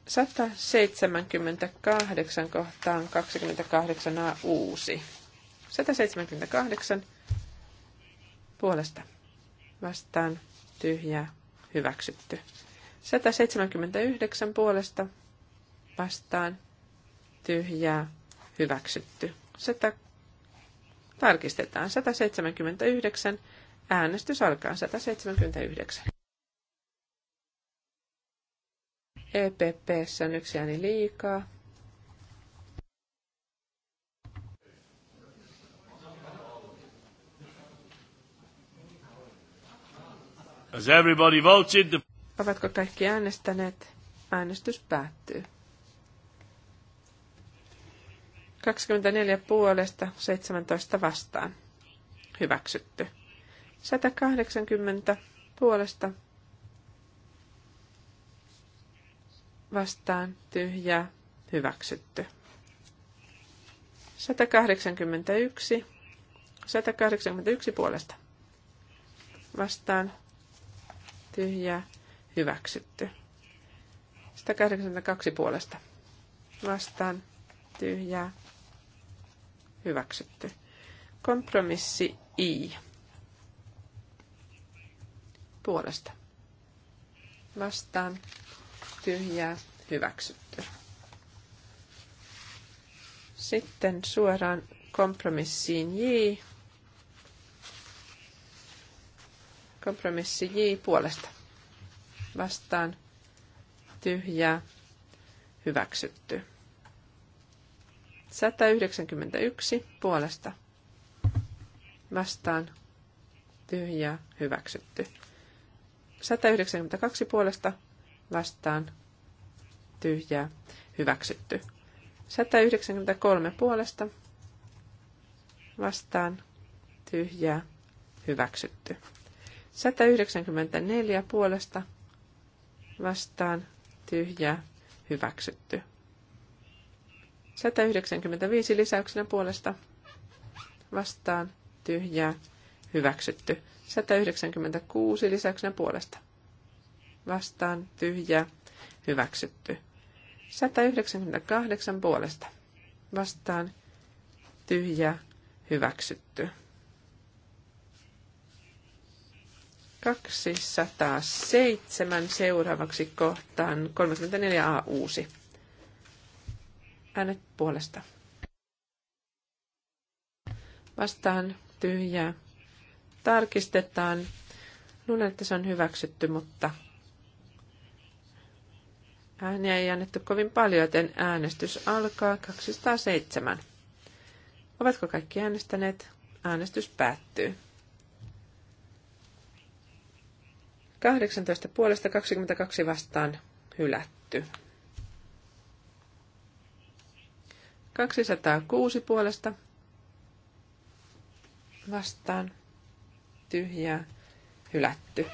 178 kohtaan 28 a uusi. 178 puolesta vastaan tyhjää hyväksytty. 179 puolesta vastaan tyhjää hyväksytty. Sata, tarkistetaan 179. Äänestys alkaa 179. EPP on yksi ääni liikaa. Has everybody voted? Ovatko kaikki äänestäneet? Äänestys päättyy. 24 puolesta 17 vastaan. Hyväksytty. 180 puolesta vastaan tyhjä. hyväksytty. 181 181 puolesta vastaan tyhjä. hyväksytty. 182 puolesta vastaan tyhjää Hyväksytty. Kompromissi I. Puolesta. Vastaan. Tyhjää. Hyväksytty. Sitten suoraan kompromissiin J. Kompromissi J puolesta. Vastaan. Tyhjää. Hyväksytty. 191 puolesta vastaan tyhjää hyväksytty. 192 puolesta vastaan tyhjää hyväksytty. 193 puolesta vastaan tyhjää hyväksytty. 194 puolesta vastaan tyhjää hyväksytty. 195 lisäyksenä puolesta vastaan tyhjää hyväksytty. 196 lisäyksenä puolesta vastaan tyhjää hyväksytty. 198 puolesta vastaan tyhjää hyväksytty. 207 seuraavaksi kohtaan 34a uusi Äänet puolesta. Vastaan tyhjää. Tarkistetaan. Luulen, että se on hyväksytty, mutta ääniä ei annettu kovin paljon, joten äänestys alkaa 207. Ovatko kaikki äänestäneet? Äänestys päättyy. 18 puolesta 22 vastaan hylätty. 206 puolesta vastaan tyhjää hylätty.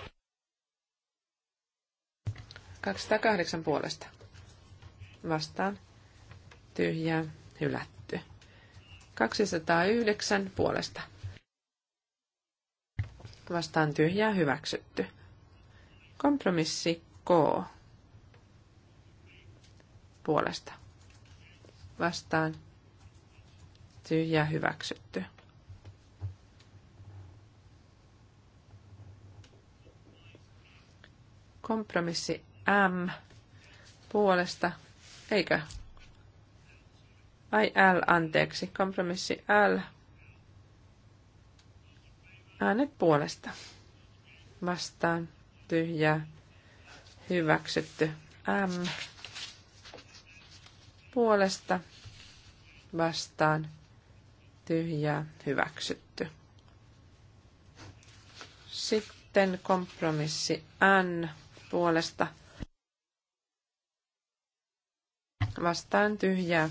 208 puolesta vastaan tyhjää hylätty. 209 puolesta vastaan tyhjää hyväksytty. Kompromissi K puolesta vastaan tyhjä hyväksytty. Kompromissi M puolesta, eikä Ai L, anteeksi, kompromissi L. Äänet puolesta. Vastaan tyhjää hyväksytty. M puolesta vastaan tyhjää hyväksytty. Sitten kompromissi N puolesta vastaan tyhjää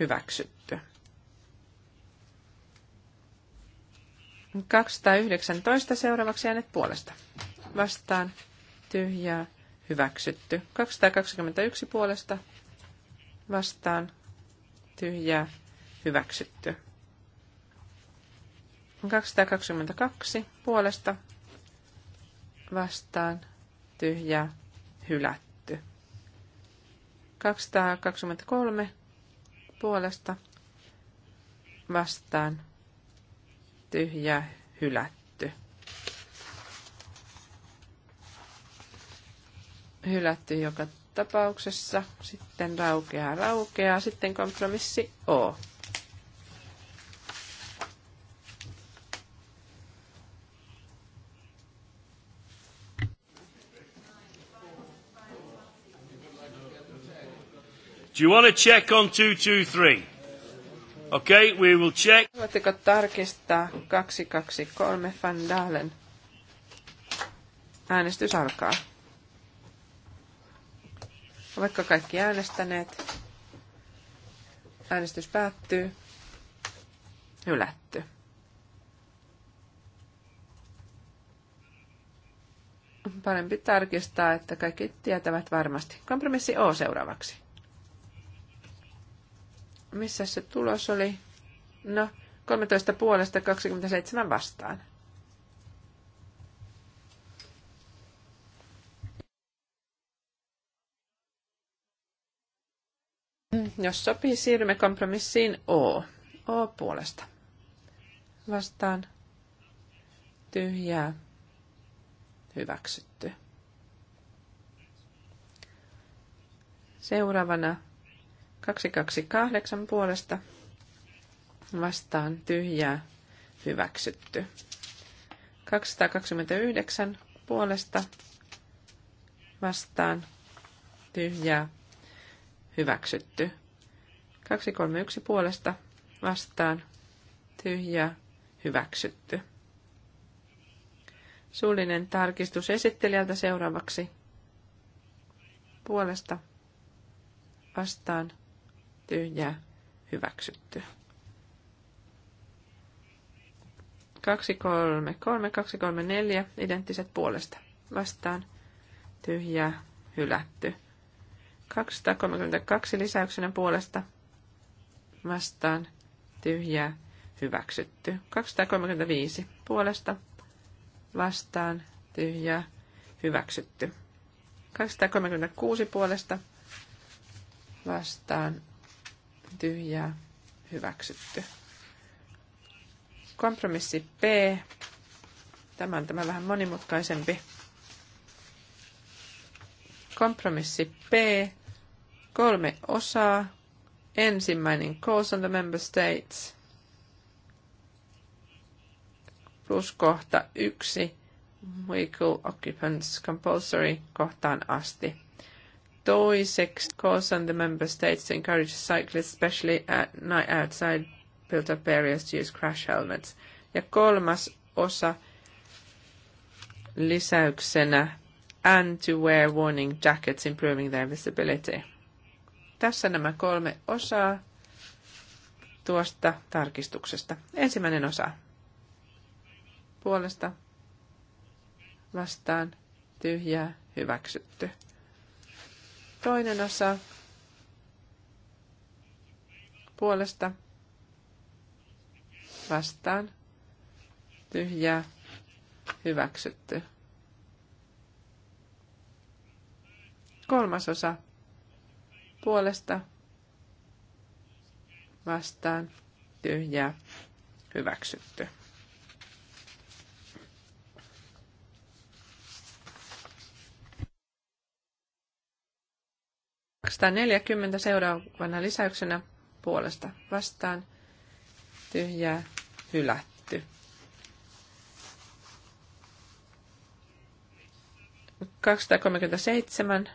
hyväksytty. 219 seuraavaksi äänet puolesta. Vastaan tyhjää hyväksytty. 221 puolesta vastaan tyhjää hyväksytty. 222 puolesta vastaan tyhjää hylätty. 223 puolesta vastaan tyhjää hylätty. Hylätty, joka tapauksessa sitten raukeaa, raukeaa, sitten kompromissi O. Do you want to check on 223? Okay, we will check. Haluatteko tarkistaa 223 Van Dalen? Äänestys alkaa. Vaikka kaikki äänestäneet, äänestys päättyy. Hylätty. Parempi tarkistaa, että kaikki tietävät varmasti. Kompromissi O seuraavaksi. Missä se tulos oli? No, 13 puolesta 27 vastaan. Jos sopii, siirrymme kompromissiin O. O puolesta. Vastaan. Tyhjää. Hyväksytty. Seuraavana 228 puolesta vastaan tyhjää hyväksytty. 229 puolesta vastaan tyhjää hyväksytty. 231 puolesta vastaan tyhjä hyväksytty. Suullinen tarkistus esittelijältä seuraavaksi. Puolesta vastaan tyhjä hyväksytty. 233, 234, identtiset puolesta. Vastaan tyhjä, hylätty. 232 lisäyksenä puolesta vastaan tyhjää hyväksytty. 235 puolesta vastaan tyhjää hyväksytty. 236 puolesta vastaan tyhjää hyväksytty. Kompromissi P. Tämä on tämä vähän monimutkaisempi. Kompromissi P. Kolme osaa Ensimmäinen calls on the member states plus kohta yksi vehicle occupants compulsory kohtaan asti. Toiseksi Cause on the member states to encourage cyclists, especially at night outside built-up areas to use crash helmets. Ja kolmas osa lisäyksenä and to wear warning jackets improving their visibility. Tässä nämä kolme osaa tuosta tarkistuksesta. Ensimmäinen osa. Puolesta vastaan tyhjää hyväksytty. Toinen osa. Puolesta vastaan tyhjää hyväksytty. Kolmas osa puolesta vastaan tyhjää hyväksytty. neljäkymmentä seuraavana lisäyksenä puolesta vastaan tyhjää hylätty. 237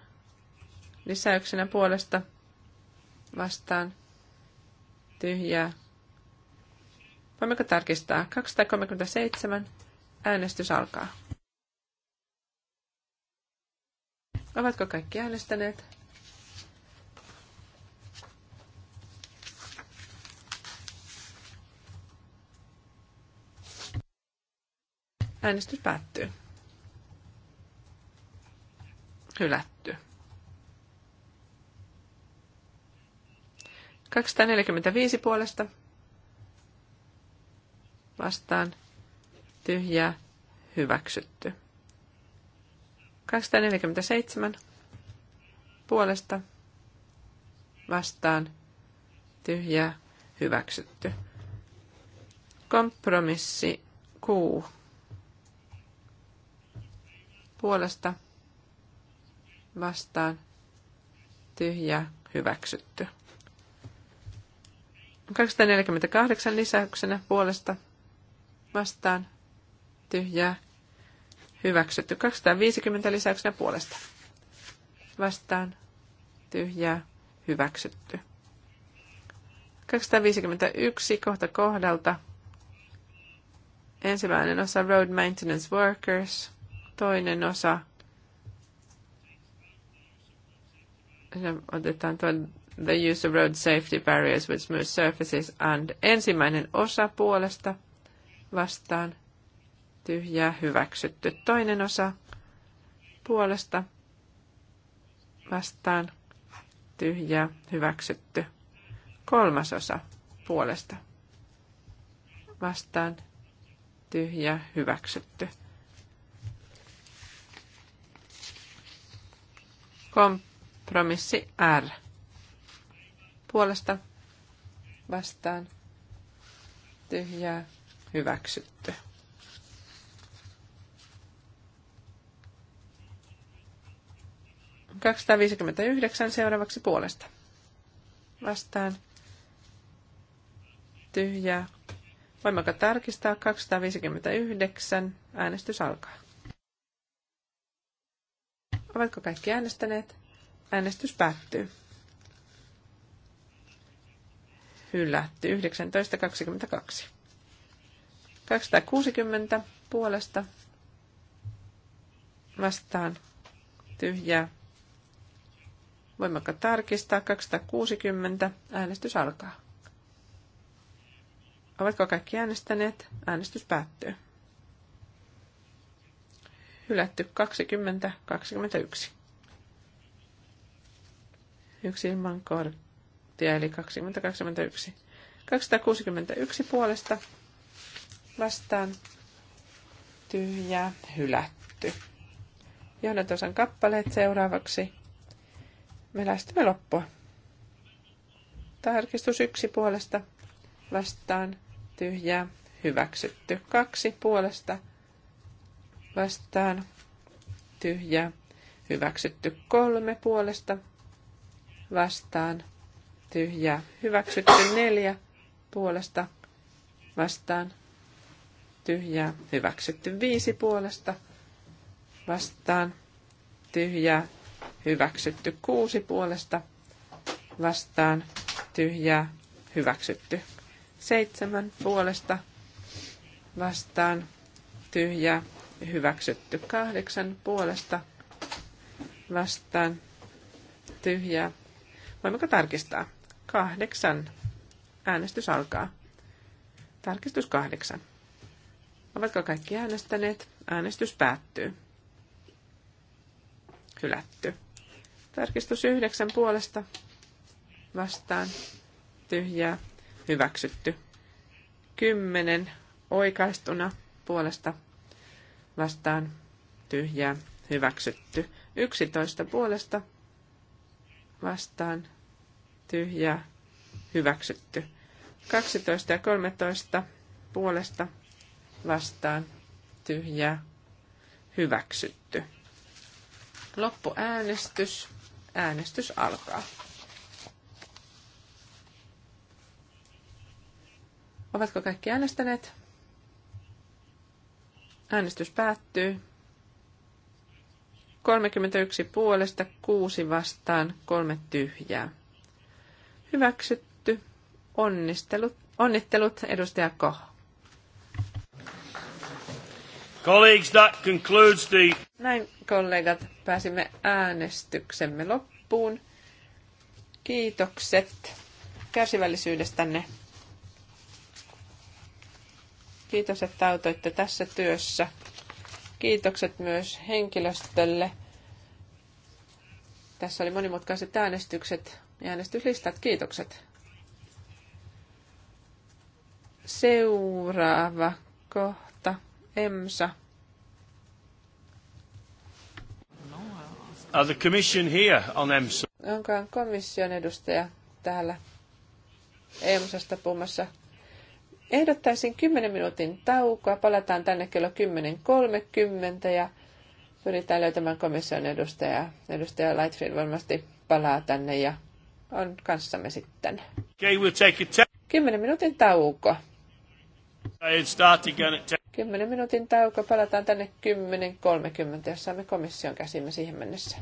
lisäyksenä puolesta vastaan tyhjää. Voimmeko tarkistaa? 237. Äänestys alkaa. Ovatko kaikki äänestäneet? Äänestys päättyy. Hylätty. 245 puolesta vastaan tyhjää hyväksytty. 247 puolesta vastaan tyhjää hyväksytty. Kompromissi Q puolesta vastaan tyhjää hyväksytty. 248 lisäyksenä puolesta vastaan tyhjää hyväksytty. 250 lisäyksenä puolesta vastaan tyhjää hyväksytty. 251 kohta kohdalta. Ensimmäinen osa Road Maintenance Workers, toinen osa otetaan tuo the use of road safety barriers with smooth surfaces and ensimmäinen osa puolesta vastaan tyhjä hyväksytty. Toinen osa puolesta vastaan tyhjä hyväksytty. Kolmas osa puolesta vastaan tyhjä hyväksytty. Kompromissi R puolesta vastaan tyhjää hyväksytty. viisikymmentäyhdeksän seuraavaksi puolesta. Vastaan tyhjää. Voimmeko tarkistaa 259? Äänestys alkaa. Ovatko kaikki äänestäneet? Äänestys päättyy hylätty 1922. 260 puolesta vastaan tyhjää. Voimmeko tarkistaa? 260. Äänestys alkaa. Ovatko kaikki äänestäneet? Äänestys päättyy. Hylätty 20, 21. Yksi ilman korttia minuuttia, eli 2021. 261 puolesta vastaan tyhjää hylätty. Johdatosan kappaleet seuraavaksi. Me lähestymme loppua. Tarkistus yksi puolesta vastaan tyhjää hyväksytty. Kaksi puolesta vastaan tyhjää hyväksytty. Kolme puolesta vastaan tyhjää. Hyväksytty neljä puolesta vastaan tyhjää. Hyväksytty viisi puolesta vastaan tyhjää. Hyväksytty kuusi puolesta vastaan tyhjää. Hyväksytty seitsemän puolesta vastaan tyhjää. Hyväksytty kahdeksan puolesta vastaan tyhjää. Voimmeko tarkistaa? Kahdeksan. Äänestys alkaa. Tarkistus kahdeksan. Ovatko kaikki äänestäneet? Äänestys päättyy. Hylätty. Tarkistus yhdeksän puolesta. Vastaan. Tyhjää. Hyväksytty. Kymmenen. Oikaistuna puolesta. Vastaan. Tyhjää. Hyväksytty. Yksitoista puolesta. Vastaan tyhjää hyväksytty. 12 ja 13 puolesta vastaan tyhjää hyväksytty. Loppuäänestys. Äänestys alkaa. Ovatko kaikki äänestäneet? Äänestys päättyy. 31 puolesta, 6 vastaan, 3 tyhjää. Hyväksytty. Onnistelut, onnittelut, edustaja Koh. Colleagues, that concludes the... Näin kollegat, pääsimme äänestyksemme loppuun. Kiitokset kärsivällisyydestänne. Kiitos, että autoitte tässä työssä. Kiitokset myös henkilöstölle. Tässä oli monimutkaiset äänestykset äänestyslistat. Kiitokset. Seuraava kohta. EMSA. Are the commission here on EMSA? Onkaan komission edustaja täällä EMSasta puhumassa. Ehdottaisin 10 minuutin taukoa. Palataan tänne kello 10.30 ja pyritään löytämään komission edustajaa. Edustaja Lightfield varmasti palaa tänne ja on kanssamme sitten. Okay, we'll take a Kymmenen minuutin tauko. Kymmenen minuutin tauko. Palataan tänne 10.30 ja saamme komission käsimme siihen mennessä.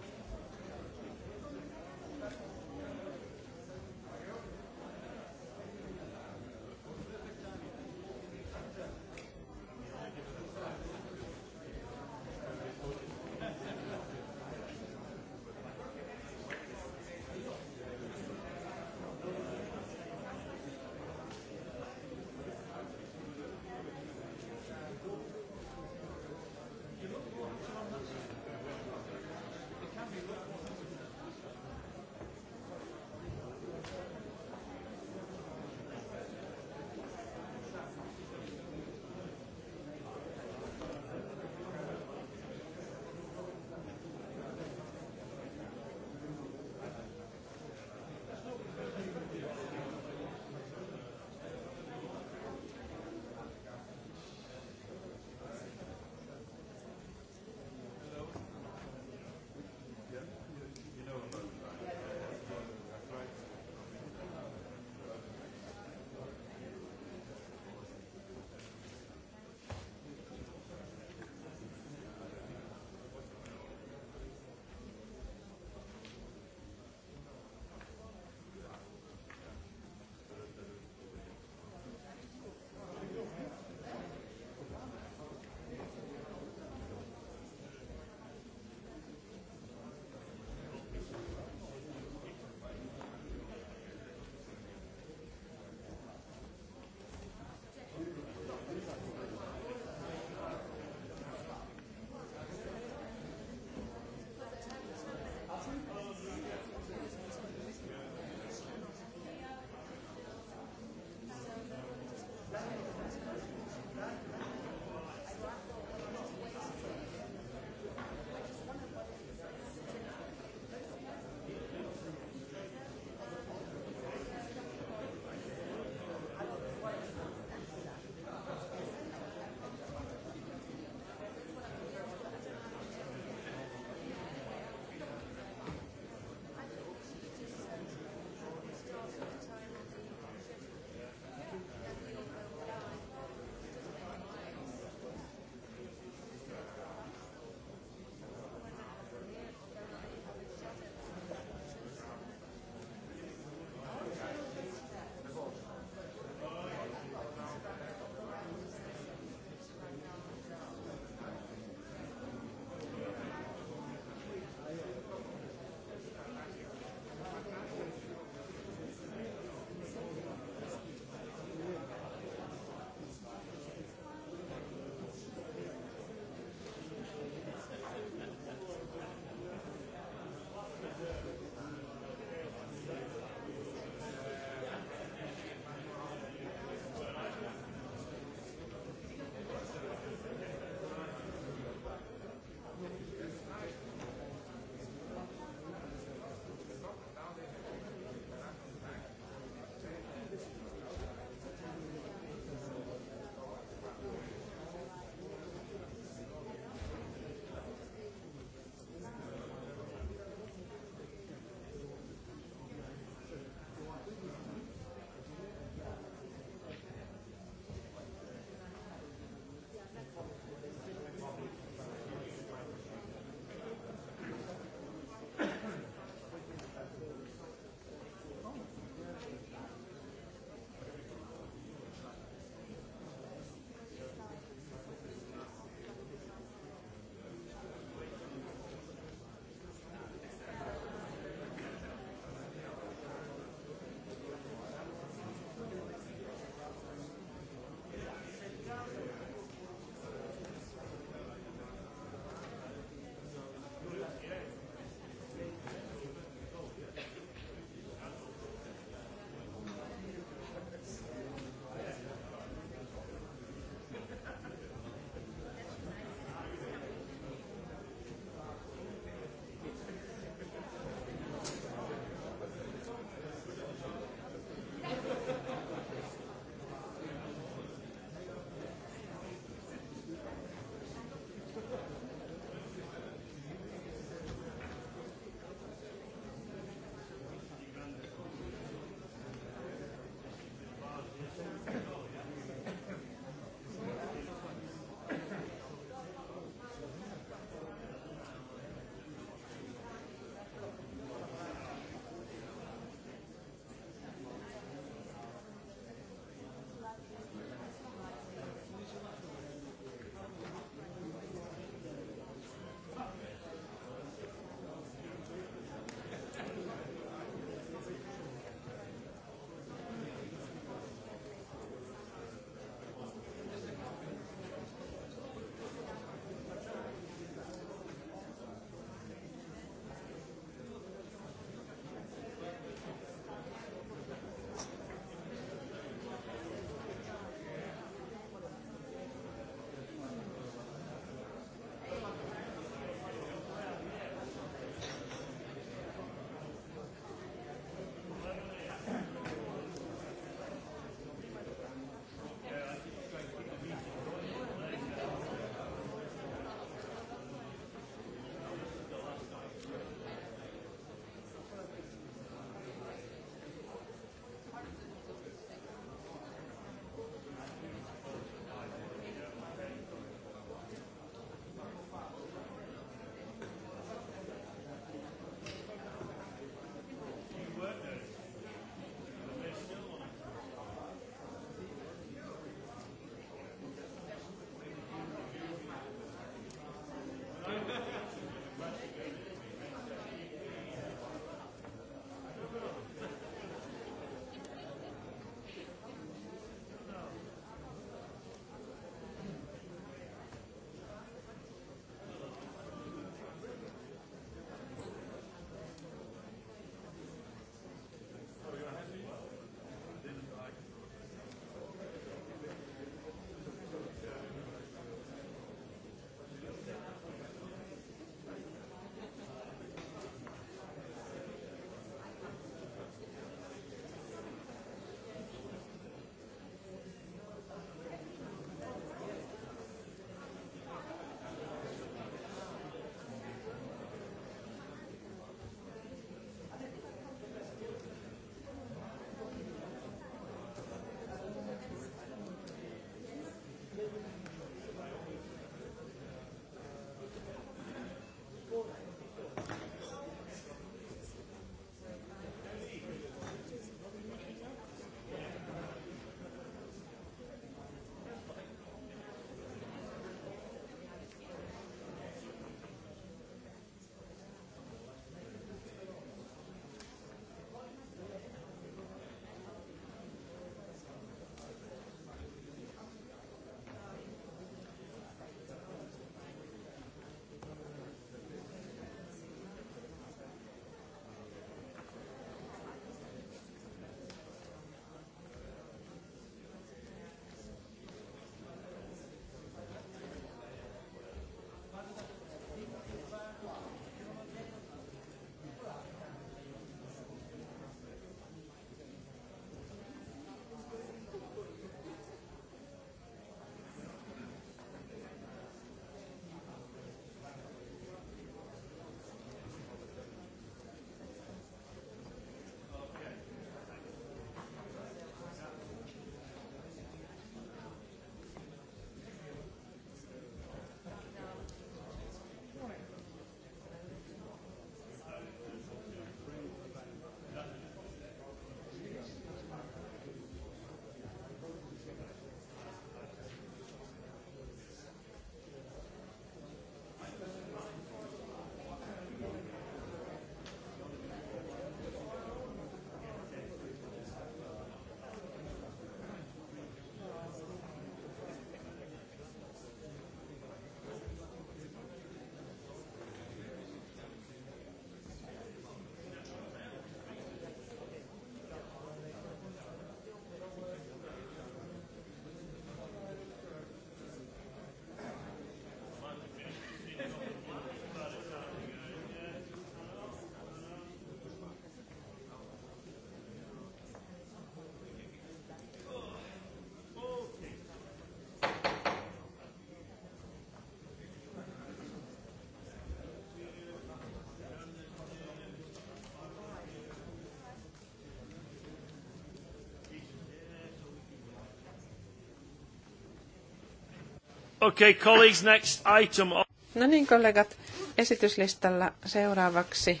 Okay, colleagues, next item. No niin, kollegat, esityslistalla seuraavaksi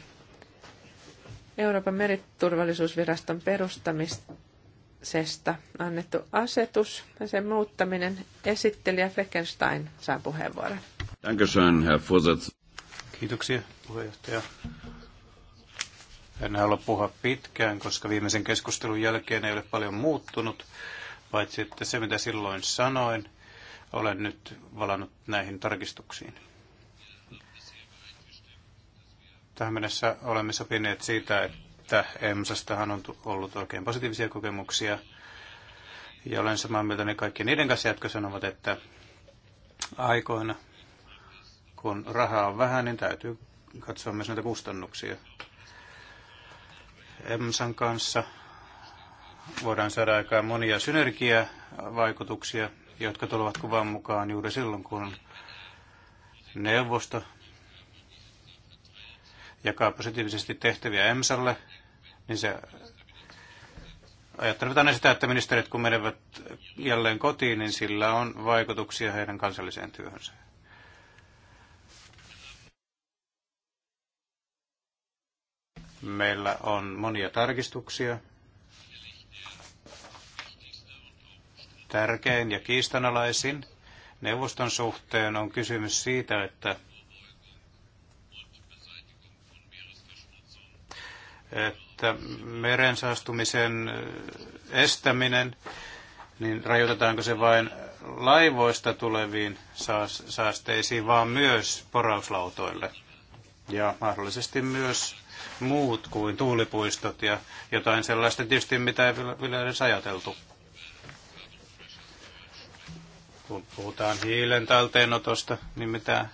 Euroopan meriturvallisuusviraston perustamisesta annettu asetus ja sen muuttaminen. Esittelijä Fleckenstein saa puheenvuoron. Dankeschön, Herr Vorsitz. Kiitoksia, puheenjohtaja. En halua puhua pitkään, koska viimeisen keskustelun jälkeen ei ole paljon muuttunut, paitsi että se mitä silloin sanoin – olen nyt valannut näihin tarkistuksiin. Tähän mennessä olemme sopineet siitä, että EMSAstahan on ollut oikein positiivisia kokemuksia. Ja olen samaa mieltä ne kaikki niiden kanssa, jotka sanovat, että aikoina, kun rahaa on vähän, niin täytyy katsoa myös näitä kustannuksia. EMSAn kanssa voidaan saada aikaan monia synergiavaikutuksia jotka tulevat kuvan mukaan juuri silloin, kun neuvosto jakaa positiivisesti tehtäviä EMSalle, niin se ajattelevat aina sitä, että ministerit kun menevät jälleen kotiin, niin sillä on vaikutuksia heidän kansalliseen työhönsä. Meillä on monia tarkistuksia. Tärkein ja kiistanalaisin neuvoston suhteen on kysymys siitä, että että meren saastumisen estäminen, niin rajoitetaanko se vain laivoista tuleviin saasteisiin, vaan myös porauslautoille ja mahdollisesti myös muut kuin tuulipuistot ja jotain sellaista tietysti, mitä ei vielä edes ajateltu kun puhutaan hiilen talteenotosta, niin mitä,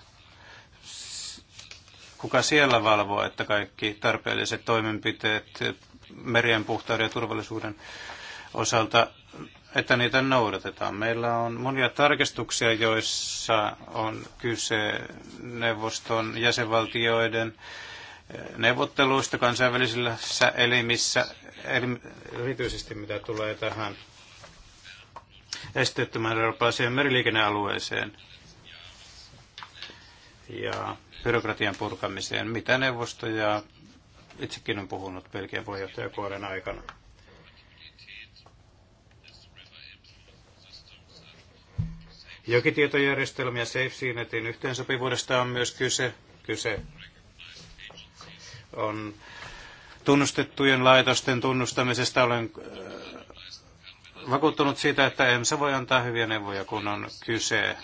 kuka siellä valvoo, että kaikki tarpeelliset toimenpiteet merien puhtauden ja turvallisuuden osalta, että niitä noudatetaan. Meillä on monia tarkistuksia, joissa on kyse neuvoston jäsenvaltioiden neuvotteluista kansainvälisissä elimissä, erityisesti mitä tulee tähän esteettömään eurooppalaiseen meriliikennealueeseen ja byrokratian purkamiseen, mitä neuvosto ja itsekin on puhunut Belgian puheenjohtajakuoren aikana. Jokitietojärjestelmä ja SafeSeaNetin yhteensopivuudesta on myös kyse. Kyse on tunnustettujen laitosten tunnustamisesta. Olen äh, vakuuttunut siitä, että EMSA voi antaa hyviä neuvoja, kun on kyse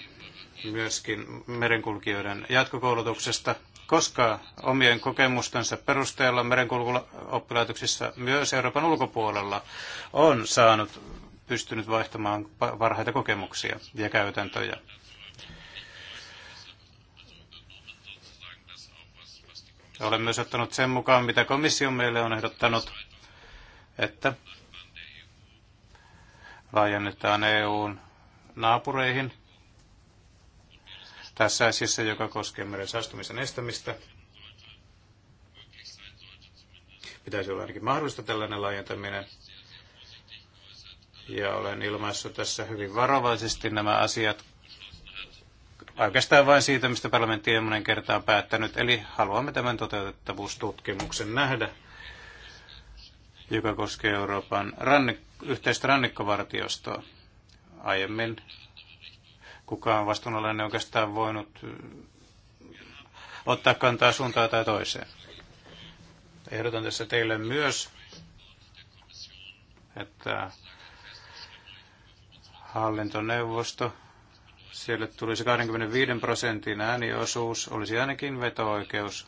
myöskin merenkulkijoiden jatkokoulutuksesta, koska omien kokemustensa perusteella merenkulkuoppilaitoksissa myös Euroopan ulkopuolella on saanut pystynyt vaihtamaan parhaita kokemuksia ja käytäntöjä. Olen myös ottanut sen mukaan, mitä komissio meille on ehdottanut, että laajennetaan EUn naapureihin. Tässä asiassa, joka koskee meren saastumisen estämistä, pitäisi olla ainakin mahdollista tällainen laajentaminen. Ja olen ilmaissut tässä hyvin varovaisesti nämä asiat oikeastaan vain siitä, mistä parlamentti ei monen kertaan päättänyt. Eli haluamme tämän toteutettavuustutkimuksen nähdä joka koskee Euroopan rannik- yhteistä rannikkovartiostoa. Aiemmin kukaan vastuunalainen oikeastaan voinut äh, ottaa kantaa suuntaa tai toiseen. Ehdotan tässä teille myös, että hallintoneuvosto, siellä tulisi 25 prosentin ääniosuus, olisi ainakin veto-oikeus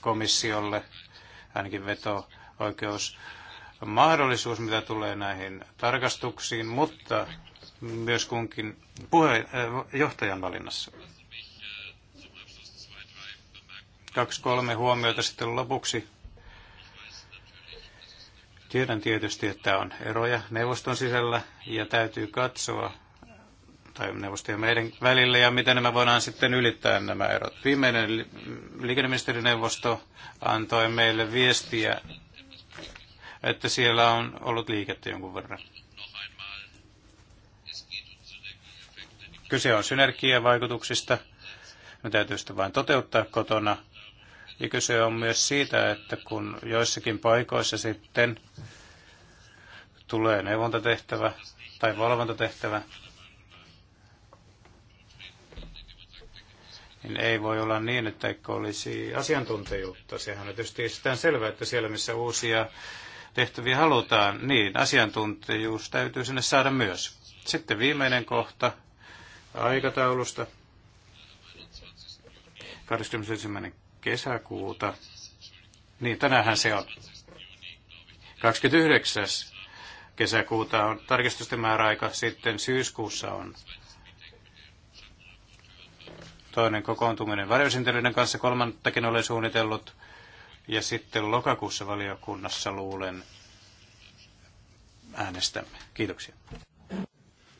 komissiolle, ainakin veto oikeus mahdollisuus, mitä tulee näihin tarkastuksiin, mutta myös kunkin puhe, eh, johtajan valinnassa. Kaksi kolme huomiota sitten lopuksi. Tiedän tietysti, että on eroja neuvoston sisällä ja täytyy katsoa, tai neuvostojen meidän välillä ja miten me voidaan sitten ylittää nämä erot. Viimeinen liikenneministerineuvosto antoi meille viestiä että siellä on ollut liikettä jonkun verran. Kyse on synergiavaikutuksista. Ne täytyy sitä vain toteuttaa kotona. Ja kyse on myös siitä, että kun joissakin paikoissa sitten tulee neuvontatehtävä tai valvontatehtävä, niin ei voi olla niin, että olisi asiantuntijuutta. Sehän on tietysti sitä selvää, että siellä missä uusia tehtäviä halutaan, niin asiantuntijuus täytyy sinne saada myös. Sitten viimeinen kohta aikataulusta. 21. kesäkuuta. Niin, tänähän se on. 29. kesäkuuta on tarkistusten määräaika, sitten syyskuussa on toinen kokoontuminen varjosintelyiden kanssa, kolmantakin olen suunnitellut ja sitten lokakuussa valiokunnassa luulen äänestämme. Kiitoksia.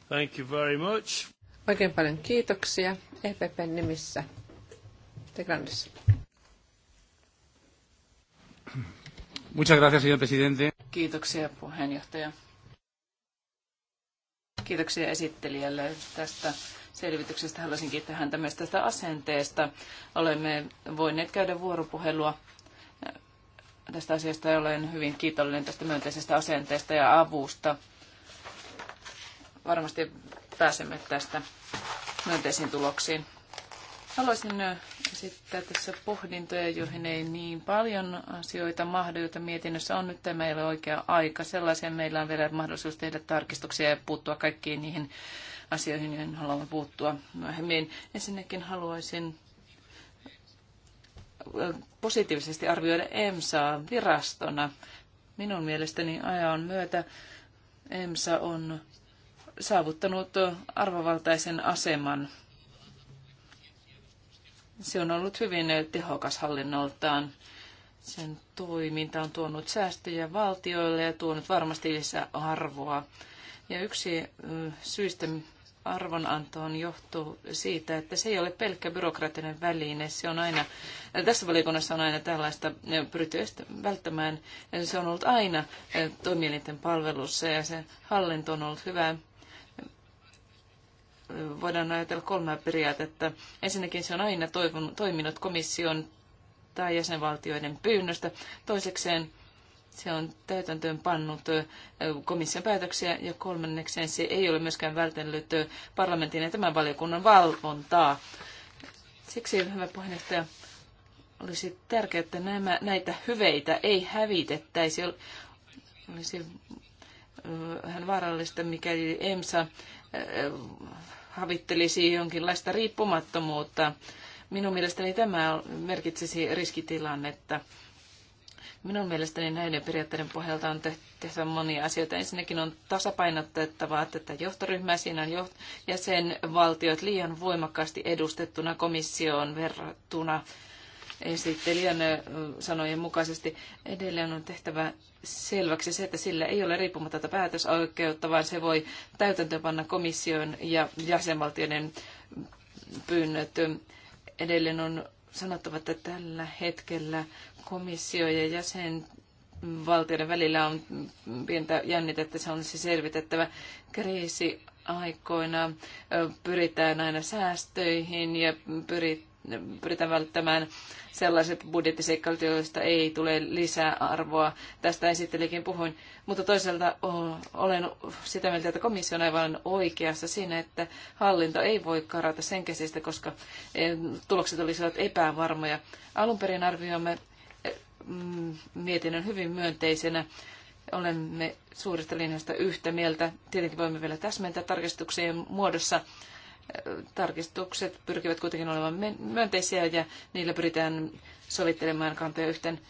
Thank you very much. Oikein paljon kiitoksia EPPn nimissä. Te Grandes. Muchas gracias, señor presidente. Kiitoksia puheenjohtaja. Kiitoksia esittelijälle tästä selvityksestä. Haluaisin kiittää häntä myös tästä asenteesta. Olemme voineet käydä vuoropuhelua tästä asiasta ja olen hyvin kiitollinen tästä myönteisestä asenteesta ja avusta. Varmasti pääsemme tästä myönteisiin tuloksiin. Haluaisin esittää tässä pohdintoja, joihin ei niin paljon asioita mahdu, joita mietinnössä on. Nyt tämä ole oikea aika. Sellaisen meillä on vielä mahdollisuus tehdä tarkistuksia ja puuttua kaikkiin niihin asioihin, joihin haluamme puuttua myöhemmin. Ensinnäkin haluaisin positiivisesti arvioida EMSAa virastona. Minun mielestäni ajan myötä EMSA on saavuttanut arvovaltaisen aseman. Se on ollut hyvin tehokas hallinnoltaan. Sen toiminta on tuonut säästöjä valtioille ja tuonut varmasti lisää arvoa. Ja yksi syistä, arvonantoon johtuu siitä, että se ei ole pelkkä byrokraattinen väline. Se on aina, tässä valiokunnassa on aina tällaista pyritty välttämään. Se on ollut aina toimielinten palvelussa ja se hallinto on ollut hyvää. Voidaan ajatella kolmea periaatetta. Ensinnäkin se on aina toiminut komission tai jäsenvaltioiden pyynnöstä. Toisekseen se on täytäntöön pannut komission päätöksiä ja kolmannekseen se ei ole myöskään vältellyt parlamentin ja tämän valiokunnan valvontaa. Siksi, hyvä puheenjohtaja, olisi tärkeää, että nämä, näitä hyveitä ei hävitettäisi. Olisi vähän vaarallista, mikäli EMSA havittelisi jonkinlaista riippumattomuutta. Minun mielestäni tämä merkitsisi riskitilannetta. Minun mielestäni näiden periaatteiden pohjalta on tehtävä monia asioita. Ensinnäkin on tasapainottettavaa, tätä johtoryhmää. Siinä on joht- jäsenvaltiot liian voimakkaasti edustettuna komissioon verrattuna esittelijän sanojen mukaisesti. Edelleen on tehtävä selväksi se, että sillä ei ole riippumatonta päätösoikeutta, vaan se voi täytäntöönpanna komission ja jäsenvaltioiden pyynnöt. Edelleen on sanottava, että tällä hetkellä komissio ja jäsenvaltioiden välillä on pientä jännitettä, se on siis selvitettävä kriisi aikoina pyritään aina säästöihin ja pyritään pyritään välttämään sellaiset budjettiseikkailut, joista ei tule lisää arvoa. Tästä esittelikin puhuin. Mutta toisaalta olen sitä mieltä, että komissio on aivan oikeassa siinä, että hallinto ei voi karata sen käsistä, koska e, tulokset olisivat epävarmoja. Alun perin arvioimme e, mm, mietinnön hyvin myönteisenä olemme suurista linjoista yhtä mieltä. Tietenkin voimme vielä täsmentää tarkistuksien muodossa Tarkistukset pyrkivät kuitenkin olemaan myönteisiä ja niillä pyritään sovittelemaan kantoja yhteen.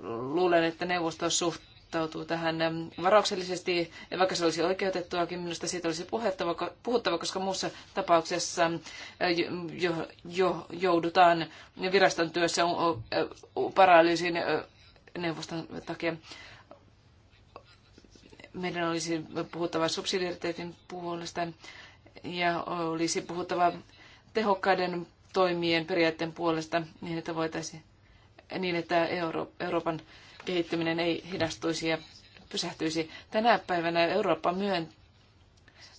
Luulen, että neuvosto suhtautuu tähän varauksellisesti, vaikka se olisi oikeutettuakin, minusta siitä olisi puhuttava, koska muussa tapauksessa jo, jo, joudutaan viraston työssä paralyysiin neuvoston takia meidän olisi puhuttava subsidiariteetin puolesta ja olisi puhuttava tehokkaiden toimien periaatteen puolesta niin, että voitaisiin niin, että Euro- Euroopan kehittyminen ei hidastuisi ja pysähtyisi. Tänä päivänä Euroopan myön-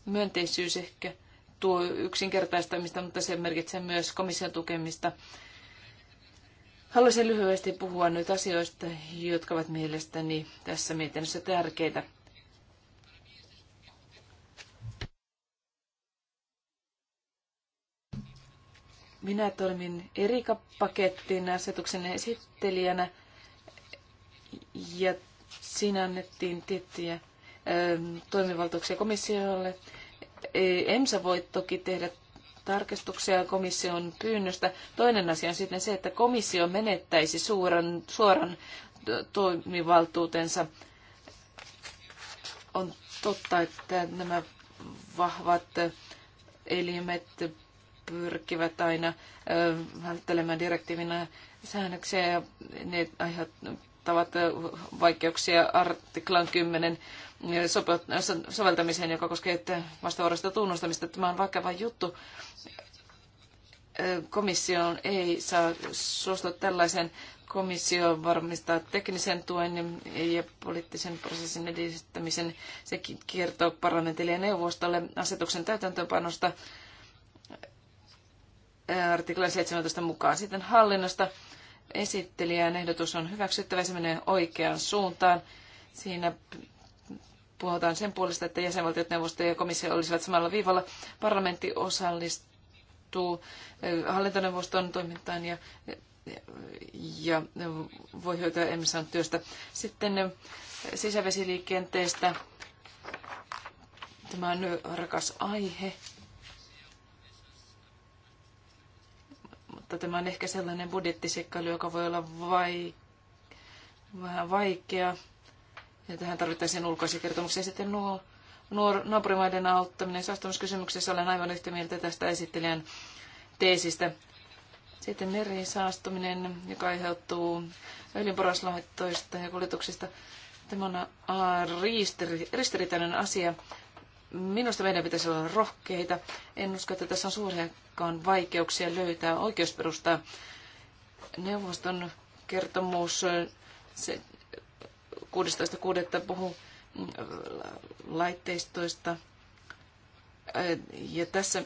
myönteisyys ehkä tuo yksinkertaistamista, mutta se merkitsee myös komission tukemista. Haluaisin lyhyesti puhua nyt asioista, jotka ovat mielestäni tässä mietinnössä tärkeitä. Minä toimin Erika-pakettin asetuksen esittelijänä ja siinä annettiin tiettyjä ähm, toimivaltuuksia komissiolle. E, EMSA voi toki tehdä tarkistuksia komission pyynnöstä. Toinen asia on sitten se, että komissio menettäisi suoran, suoran toimivaltuutensa. On totta, että nämä vahvat elimet pyrkivät aina välttelemään direktiivin säännöksiä ja ne aiheuttavat vaikeuksia artiklan 10 soveltamiseen, joka koskee vastavuoroista tunnustamista. Tämä on vakava juttu. Komissio ei saa suostua tällaisen komissio varmistaa teknisen tuen ja poliittisen prosessin edistämisen. Se kertoo parlamentille ja neuvostolle asetuksen täytäntöönpanosta artiklan 17 mukaan. Sitten hallinnosta esittelijän ehdotus on hyväksyttävä, se menee oikeaan suuntaan. Siinä puhutaan sen puolesta, että jäsenvaltiot, neuvosto ja komissio olisivat samalla viivalla. Parlamentti osallistuu hallintoneuvoston toimintaan ja, ja voi hyötyä EMSAn työstä. Sitten sisävesiliikenteestä. Tämä on rakas aihe. mutta tämä on ehkä sellainen budjettisekkailu, joka voi olla vai, vähän vaikea. Ja tähän tarvittaisiin ulkoisia kertomuksia. Sitten nuo, nuor, naapurimaiden auttaminen saastumiskysymyksessä olen aivan yhtä mieltä tästä esittelijän teesistä. Sitten meriin saastuminen, joka aiheutuu öljynporaslaitoista ja kuljetuksista. Tämä on riistiri, ristiriitainen asia. Minusta meidän pitäisi olla rohkeita. En usko, että tässä on suuriakaan vaikeuksia löytää oikeusperustaa. Neuvoston kertomus se 16.6. puhuu mm, laitteistoista. Ja tässä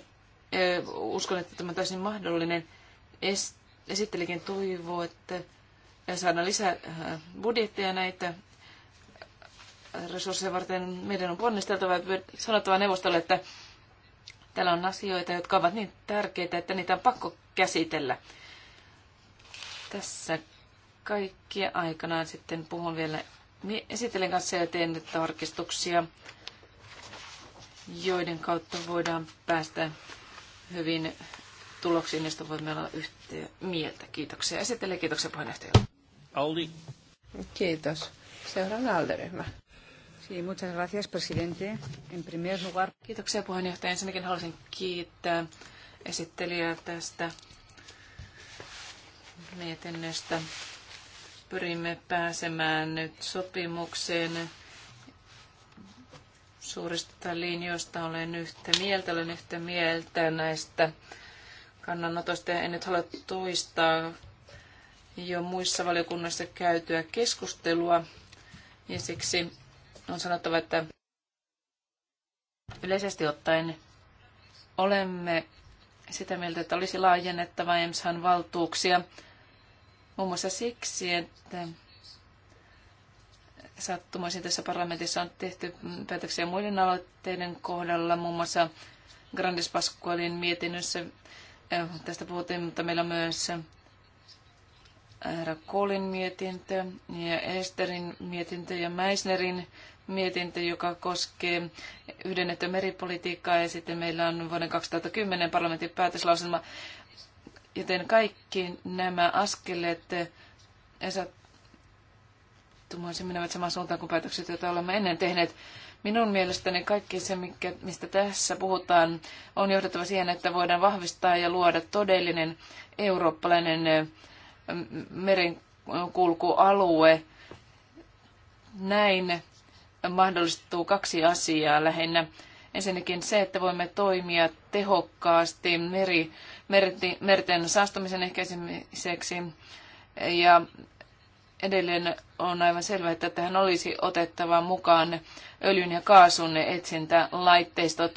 eh, uskon, että tämä on täysin mahdollinen. Esittelikin toivoo, että saadaan lisää eh, budjetteja näitä resursseja varten meidän on ponnisteltava ja sanottava neuvostolle, että täällä on asioita, jotka ovat niin tärkeitä, että niitä on pakko käsitellä. Tässä kaikki aikanaan sitten puhun vielä esittelen kanssa ja teen nyt tarkistuksia, joiden kautta voidaan päästä hyvin tuloksiin, joista voimme olla yhtä mieltä. Kiitoksia Esittelen kiitoksia puheenjohtajalle. Aldi. Kiitos. Seuraava alderyhmä. Sí, muchas gracias, presidente. En primer lugar... Kiitoksia puheenjohtaja. Ensinnäkin haluaisin kiittää esittelijää tästä mietinnöstä. Pyrimme pääsemään nyt sopimukseen suurista linjoista. Olen yhtä mieltä, olen yhtä mieltä näistä kannanotoista. En nyt halua toistaa jo muissa valiokunnissa käytyä keskustelua ja siksi on sanottava, että yleisesti ottaen olemme sitä mieltä, että olisi laajennettava EMShan valtuuksia muun muassa siksi, että sattumoisin tässä parlamentissa on tehty päätöksiä muiden aloitteiden kohdalla, muun muassa Grandes Pasqualin mietinnössä äh, tästä puhuttiin, mutta meillä on myös äh, Herra mietintö ja Esterin mietintö ja Meisnerin mietintö, joka koskee yhdennettyä meripolitiikkaa ja sitten meillä on vuoden 2010 parlamentin päätöslauselma. Joten kaikki nämä askeleet sattumoisin eh, menevät samaan suuntaan kuin päätökset, joita olemme ennen tehneet. Minun mielestäni kaikki se, mikä, mistä tässä puhutaan, on johdettava siihen, että voidaan vahvistaa ja luoda todellinen eurooppalainen eh, merenkulkualue. Näin mahdollistuu kaksi asiaa lähinnä. Ensinnäkin se, että voimme toimia tehokkaasti meri, merti, merten saastumisen ehkäisemiseksi. Ja edelleen on aivan selvää, että tähän olisi otettava mukaan öljyn ja kaasun etsintälaitteistot,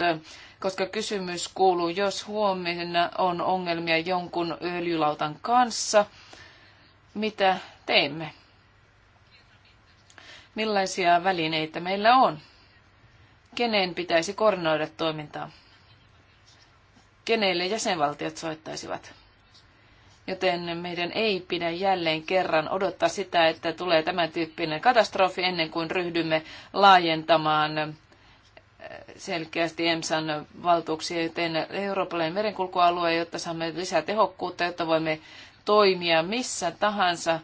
koska kysymys kuuluu, jos huomenna on ongelmia jonkun öljylautan kanssa, mitä teemme? millaisia välineitä meillä on. Keneen pitäisi koordinoida toimintaa? Keneille jäsenvaltiot soittaisivat? Joten meidän ei pidä jälleen kerran odottaa sitä, että tulee tämän tyyppinen katastrofi ennen kuin ryhdymme laajentamaan äh, selkeästi EMSAn valtuuksia, joten eurooppalainen merenkulkualue, jotta saamme lisää tehokkuutta, jotta voimme toimia missä tahansa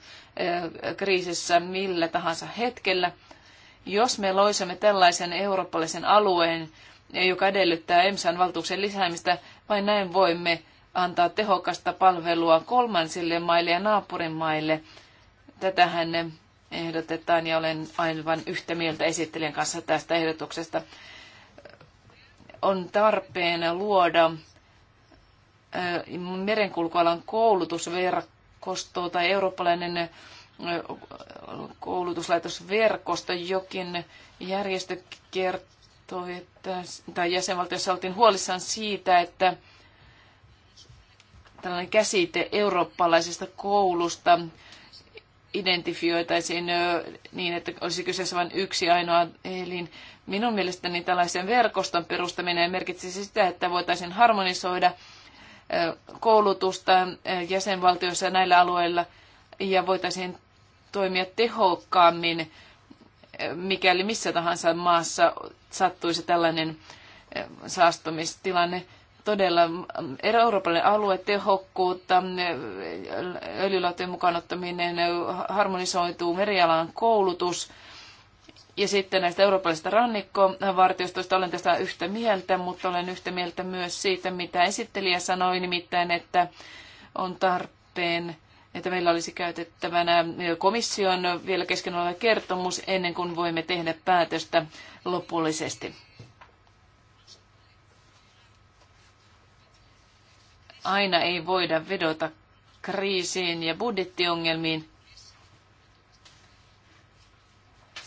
kriisissä millä tahansa hetkellä. Jos me loisimme tällaisen eurooppalaisen alueen, joka edellyttää EMSAn valtuuksien lisäämistä, vain näin voimme antaa tehokasta palvelua kolmansille maille ja naapurimaille. Tätähän ne ehdotetaan ja olen aivan yhtä mieltä esittelijän kanssa tästä ehdotuksesta. On tarpeen luoda merenkulkualan koulutusverkko verkosto tai eurooppalainen koulutuslaitosverkosto, jokin järjestö kertoi, että, tai jäsenvaltiossa oltiin huolissaan siitä, että tällainen käsite eurooppalaisesta koulusta identifioitaisiin niin, että olisi kyseessä vain yksi ainoa elin. Minun mielestäni tällaisen verkoston perustaminen merkitsisi sitä, että voitaisiin harmonisoida – koulutusta jäsenvaltioissa ja näillä alueilla ja voitaisiin toimia tehokkaammin, mikäli missä tahansa maassa sattuisi tällainen saastumistilanne. Todella eurooppalainen alue, tehokkuutta, öljylautojen ottaminen, harmonisoituu merialan koulutus – ja sitten näistä eurooppalaisista rannikkovartiostoista olen tästä yhtä mieltä, mutta olen yhtä mieltä myös siitä, mitä esittelijä sanoi, nimittäin, että on tarpeen, että meillä olisi käytettävänä komission vielä kesken oleva kertomus ennen kuin voimme tehdä päätöstä lopullisesti. Aina ei voida vedota kriisiin ja budjettiongelmiin,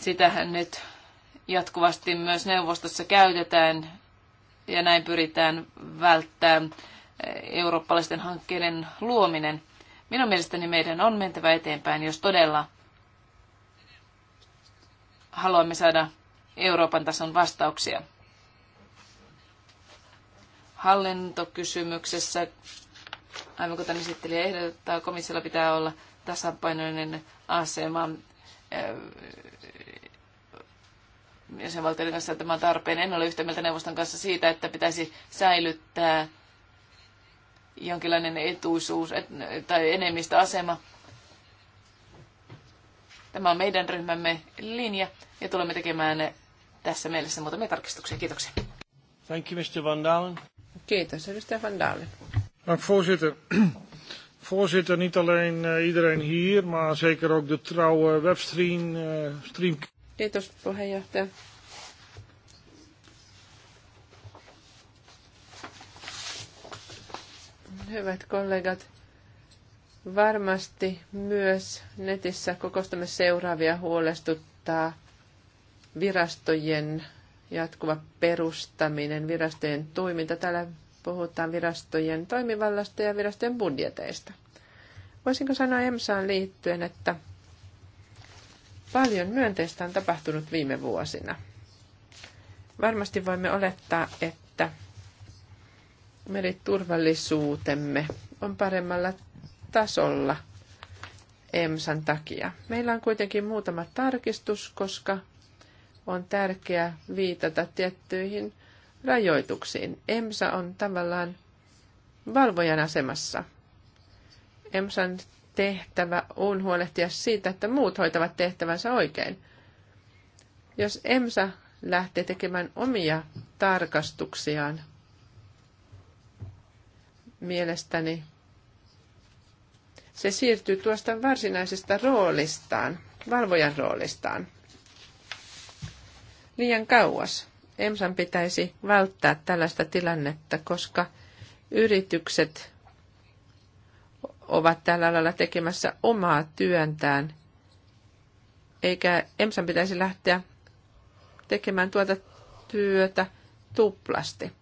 Sitähän nyt jatkuvasti myös neuvostossa käytetään ja näin pyritään välttämään eh, eurooppalaisten hankkeiden luominen. Minun mielestäni meidän on mentävä eteenpäin, jos todella haluamme saada Euroopan tason vastauksia. Hallintokysymyksessä, aivan kuten esittelijä ehdottaa, komissiolla pitää olla tasapainoinen asema eh, jäsenvaltioiden kanssa tämä on tarpeen. En ole yhtä mieltä neuvoston kanssa siitä, että pitäisi säilyttää jonkinlainen etuisuus et, tai enemmistöasema. Tämä on meidän ryhmämme linja ja tulemme tekemään tässä mielessä muutamia tarkistuksia. Kiitoksia. Thank you, Mr. Van Dalen. Kiitos, edustaja Van Dalen. Dank, voorzitter. Voorzitter, niet alleen eh, iedereen hier, maar zeker ook de trouwe webstream. Uh, stream... Kiitos puheenjohtaja. Hyvät kollegat, varmasti myös netissä kokoustamme seuraavia huolestuttaa virastojen jatkuva perustaminen, virastojen toiminta. Täällä puhutaan virastojen toimivallasta ja virastojen budjeteista. Voisinko sanoa EMSAan liittyen, että Paljon myönteistä on tapahtunut viime vuosina. Varmasti voimme olettaa, että meriturvallisuutemme on paremmalla tasolla EMSan takia. Meillä on kuitenkin muutama tarkistus, koska on tärkeää viitata tiettyihin rajoituksiin. EMSA on tavallaan valvojan asemassa. EMSAn tehtävä on huolehtia siitä, että muut hoitavat tehtävänsä oikein. Jos EMSA lähtee tekemään omia tarkastuksiaan, mielestäni se siirtyy tuosta varsinaisesta roolistaan, valvojan roolistaan, liian kauas. EMSAn pitäisi välttää tällaista tilannetta, koska yritykset ovat tällä lailla tekemässä omaa työntään, eikä EMSAn pitäisi lähteä tekemään tuota työtä tuplasti.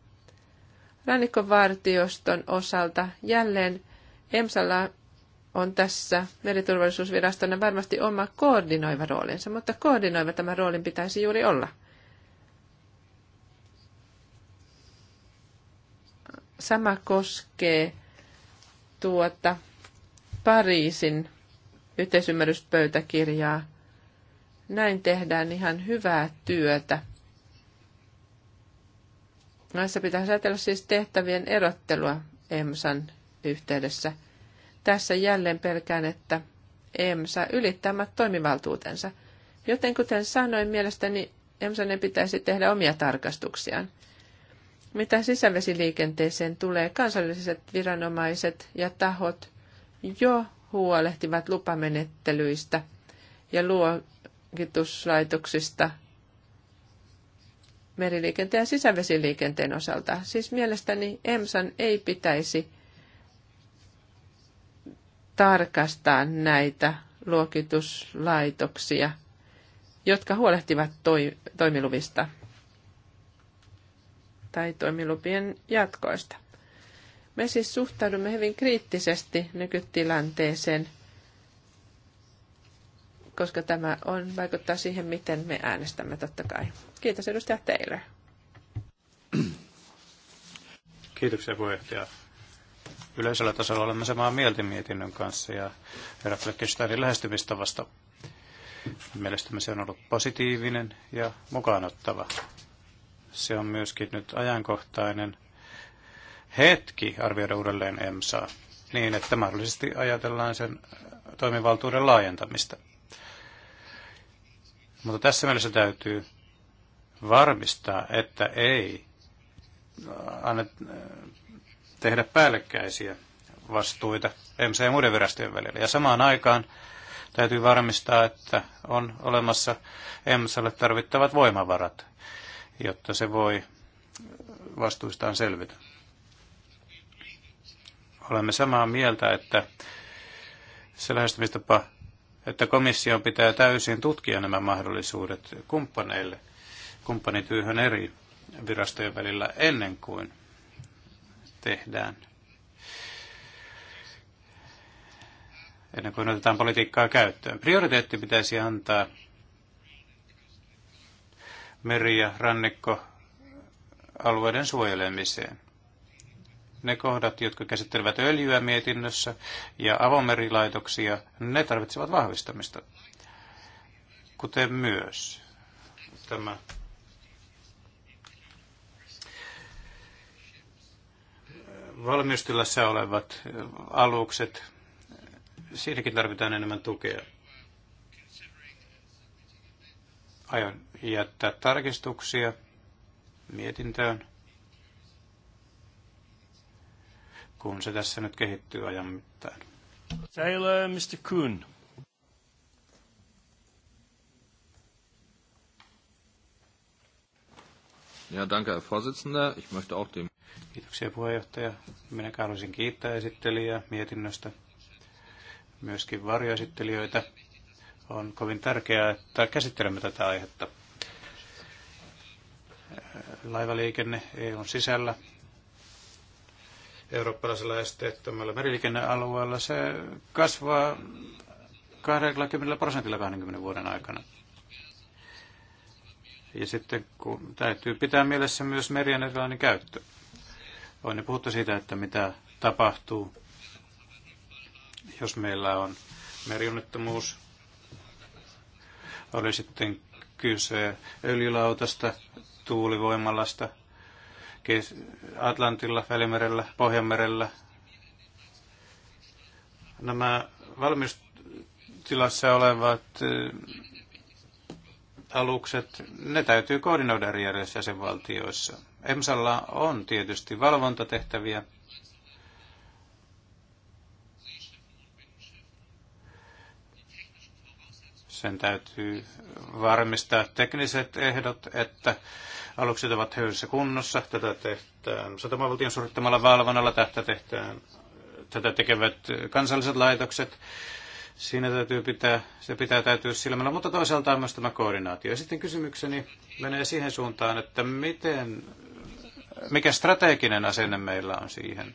Rannikkovartioston osalta jälleen EMSalla on tässä meriturvallisuusvirastona varmasti oma koordinoiva roolinsa, mutta koordinoiva tämä roolin pitäisi juuri olla. Sama koskee tuota Pariisin yhteisymmärryspöytäkirjaa. Näin tehdään ihan hyvää työtä. Näissä pitää ajatella siis tehtävien erottelua EMSAn yhteydessä. Tässä jälleen pelkään, että EMSA ylittää omat toimivaltuutensa. Joten kuten sanoin, mielestäni EMSAn ei pitäisi tehdä omia tarkastuksiaan. Mitä sisävesiliikenteeseen tulee, kansalliset viranomaiset ja tahot jo huolehtivat lupamenettelyistä ja luokituslaitoksista meriliikenteen ja sisävesiliikenteen osalta. Siis mielestäni EMSAN ei pitäisi tarkastaa näitä luokituslaitoksia, jotka huolehtivat toi, toimiluvista tai toimilupien jatkoista. Me siis suhtaudumme hyvin kriittisesti nykytilanteeseen, koska tämä on, vaikuttaa siihen, miten me äänestämme totta kai. Kiitos edustaja Taylor. Kiitoksia puheenjohtaja. Yleisellä tasolla olemme samaa mieltä mietinnön kanssa ja herra Fleckensteinin lähestymistavasta. Mielestämme se on ollut positiivinen ja mukaanottava. Se on myöskin nyt ajankohtainen – hetki arvioida uudelleen EMSAa niin, että mahdollisesti ajatellaan sen äh, toimivaltuuden laajentamista. Mutta tässä mielessä täytyy varmistaa, että ei äh, annet, äh, tehdä päällekkäisiä vastuita EMSA ja muiden virastojen välillä. Ja samaan aikaan täytyy varmistaa, että on olemassa EMSAlle tarvittavat voimavarat, jotta se voi vastuistaan selvitä olemme samaa mieltä, että se lähestymistapa, että komissio pitää täysin tutkia nämä mahdollisuudet kumppaneille, kumppanityöhön eri virastojen välillä ennen kuin tehdään. Ennen kuin otetaan politiikkaa käyttöön. Prioriteetti pitäisi antaa meri- ja rannikkoalueiden suojelemiseen ne kohdat, jotka käsittelevät öljyä mietinnössä ja avomerilaitoksia, ne tarvitsevat vahvistamista. Kuten myös tämä valmiustilassa olevat alukset, siinäkin tarvitaan enemmän tukea. Aion jättää tarkistuksia mietintöön. kun se tässä nyt kehittyy ajan mittaan. Taylor, Mr. Kuhn. Ja, danke, Herr Vorsitzender. Ich möchte auch dem... Kiitoksia puheenjohtaja. Minä haluaisin kiittää esittelijää mietinnöstä, myöskin varjoesittelijöitä. On kovin tärkeää, että käsittelemme tätä aihetta. Laivaliikenne EUn sisällä eurooppalaisella esteettömällä meriliikennealueella, se kasvaa 20 prosentilla 20 vuoden aikana. Ja sitten kun täytyy pitää mielessä myös merien erilainen käyttö. On jo puhuttu siitä, että mitä tapahtuu, jos meillä on merionnettomuus. Oli sitten kyse öljylautasta, tuulivoimalasta – Atlantilla, Välimerellä, Pohjanmerellä. Nämä valmistilassa olevat eh, alukset, ne täytyy koordinoida eri jäsenvaltioissa. EMSalla on tietysti valvontatehtäviä, sen täytyy varmistaa tekniset ehdot, että Alukset ovat höyryssä kunnossa. Tätä tehtään satamavaltion suorittamalla valvonnalla. Tätä, tehtään, tätä tekevät kansalliset laitokset. Siinä täytyy pitää, se pitää täytyä silmällä, mutta toisaalta on myös tämä koordinaatio. Ja sitten kysymykseni menee siihen suuntaan, että miten, mikä strateginen asenne meillä on siihen,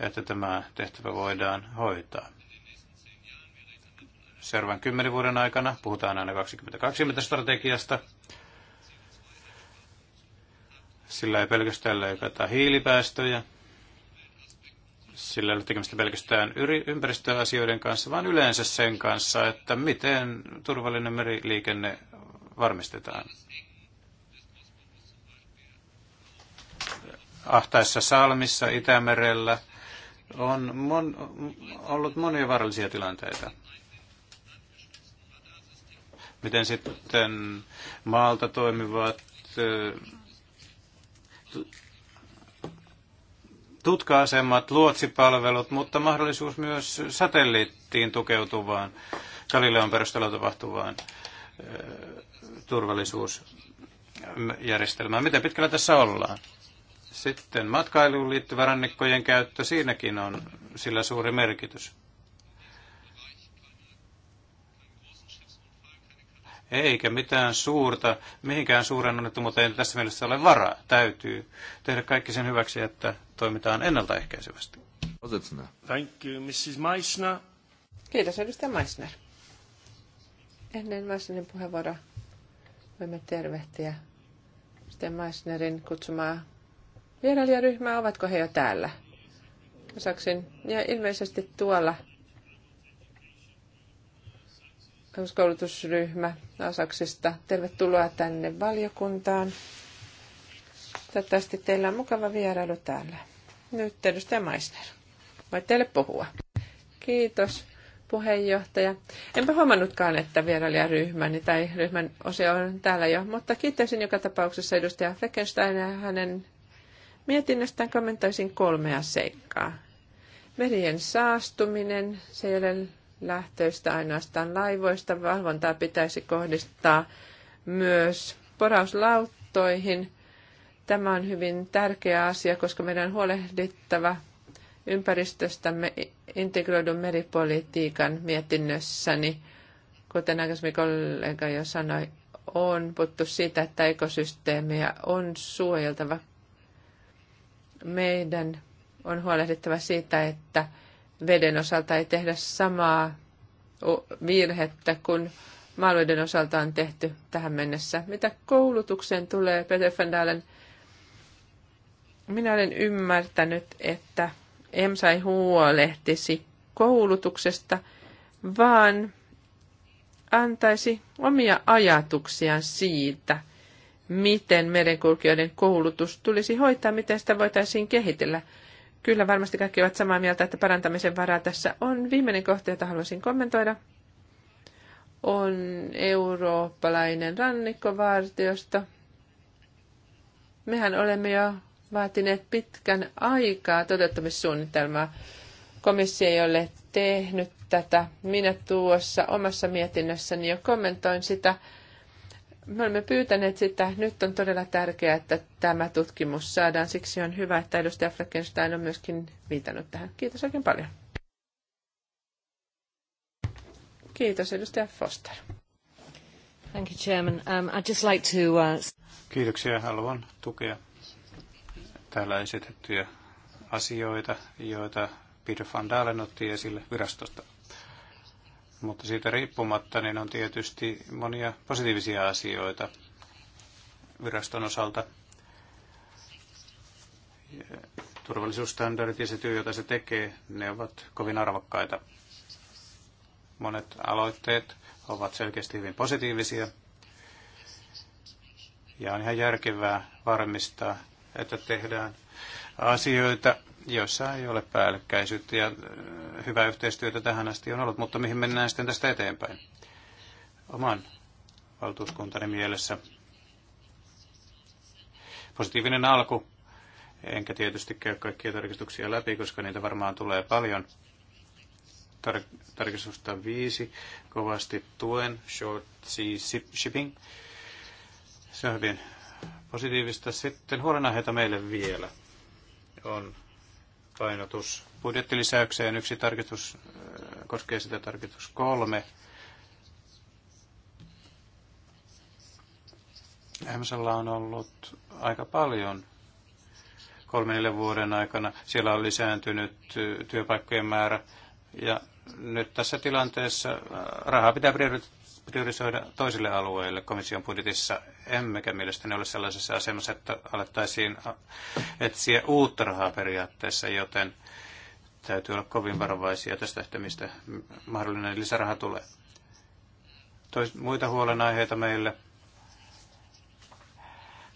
että tämä tehtävä voidaan hoitaa seuraavan kymmenen vuoden aikana, puhutaan aina 2020 strategiasta, sillä ei pelkästään leikata hiilipäästöjä, sillä ei ole tekemistä pelkästään ympäristöasioiden kanssa, vaan yleensä sen kanssa, että miten turvallinen meriliikenne varmistetaan. Ahtaissa Salmissa, Itämerellä on mon, ollut monia vaarallisia tilanteita. Miten sitten maalta toimivat tutka-asemat, luotsipalvelut, mutta mahdollisuus myös satelliittiin tukeutuvaan, Galileon perusteella tapahtuvaan turvallisuusjärjestelmään. Miten pitkällä tässä ollaan? Sitten matkailuun liittyvä rannikkojen käyttö, siinäkin on sillä suuri merkitys. eikä mitään suurta, mihinkään suuren onnettomuuteen ei tässä mielessä ole varaa. Täytyy tehdä kaikki sen hyväksi, että toimitaan ennaltaehkäisevästi. Thank you, Mrs. Meissner. Kiitos, edustaja Meissner. Ennen Meissnerin puheenvuoroa voimme tervehtiä sitten Meissnerin kutsumaa vierailijaryhmää. Ovatko he jo täällä? Osaksin. Ja ilmeisesti tuolla koulutusryhmä Asaksista. Tervetuloa tänne valiokuntaan. Toivottavasti teillä on mukava vierailu täällä. Nyt edustaja Maisner. Voit teille puhua. Kiitos puheenjohtaja. Enpä huomannutkaan, että vierailijaryhmäni niin tai ryhmän osio on täällä jo, mutta kiittäisin joka tapauksessa edustaja Fleckenstein ja hänen mietinnöstään kommentoisin kolmea seikkaa. Merien saastuminen, se ei ole lähtöistä ainoastaan laivoista. Valvontaa pitäisi kohdistaa myös porauslauttoihin. Tämä on hyvin tärkeä asia, koska meidän huolehdittava ympäristöstämme integroidun meripolitiikan mietinnössäni. Kuten aikaisemmin kollega jo sanoi, on puhuttu siitä, että ekosysteemiä on suojeltava. Meidän on huolehdittava siitä, että veden osalta ei tehdä samaa virhettä kuin maalueiden osalta on tehty tähän mennessä. Mitä koulutukseen tulee, Peter van Dalen, minä olen ymmärtänyt, että EMSA huolehtisi koulutuksesta, vaan antaisi omia ajatuksiaan siitä, miten merenkulkijoiden koulutus tulisi hoitaa, miten sitä voitaisiin kehitellä. Kyllä varmasti kaikki ovat samaa mieltä, että parantamisen varaa tässä on. Viimeinen kohta, jota haluaisin kommentoida, on eurooppalainen rannikkovartiosto. Mehän olemme jo vaatineet pitkän aikaa toteuttamissuunnitelmaa. Komissio ei ole tehnyt tätä. Minä tuossa omassa mietinnössäni jo kommentoin sitä me olemme pyytäneet sitä. Nyt on todella tärkeää, että tämä tutkimus saadaan. Siksi on hyvä, että edustaja Frankenstein on myöskin viitannut tähän. Kiitos oikein paljon. Kiitos, edustaja Foster. Thank you, Chairman. Um, I'd just like to, uh... Kiitoksia. Haluan tukea täällä esitettyjä asioita, joita Peter van Dalen otti esille virastosta mutta siitä riippumatta niin on tietysti monia positiivisia asioita viraston osalta. Turvallisuusstandardit ja se työ, jota se tekee, ne ovat kovin arvokkaita. Monet aloitteet ovat selkeästi hyvin positiivisia. Ja on ihan järkevää varmistaa, että tehdään asioita joissa ei ole päällekkäisyyttä ja äh, hyvää yhteistyötä tähän asti on ollut, mutta mihin mennään sitten tästä eteenpäin? Oman valtuuskuntani mielessä positiivinen alku. Enkä tietysti käy kaikkia tarkistuksia läpi, koska niitä varmaan tulee paljon. Tar- tarkistusta viisi. Kovasti tuen short sea shipping. Se on hyvin positiivista. Sitten huolenaiheita meille vielä on painotus budjettilisäykseen. Yksi tarkistus äh, koskee sitä tarkistus kolme. Emsalla on ollut aika paljon kolmen vuoden aikana. Siellä on lisääntynyt äh, työpaikkojen määrä ja nyt tässä tilanteessa äh, rahaa pitää priorisoida toisille alueille komission budjetissa, emmekä mielestäni ole sellaisessa asemassa, että alettaisiin etsiä uutta rahaa periaatteessa, joten täytyy olla kovin varovaisia tästä, että mistä mahdollinen lisäraha tulee. Tois, muita huolenaiheita meille.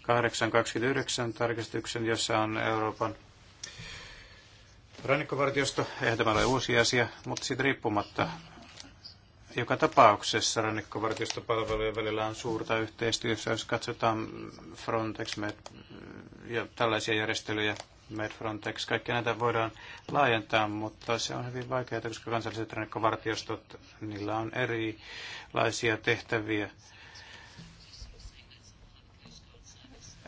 829 tarkistuksen, jossa on Euroopan rannikkovartiosto. Eihän tämä ole uusi asia, mutta siitä riippumatta joka tapauksessa rannikkovartiostopalvelujen välillä on suurta yhteistyössä, jos katsotaan Frontex Med, ja tällaisia järjestelyjä, Med Frontex, kaikkia näitä voidaan laajentaa, mutta se on hyvin vaikeaa, koska kansalliset rannikkovartiostot, niillä on erilaisia tehtäviä.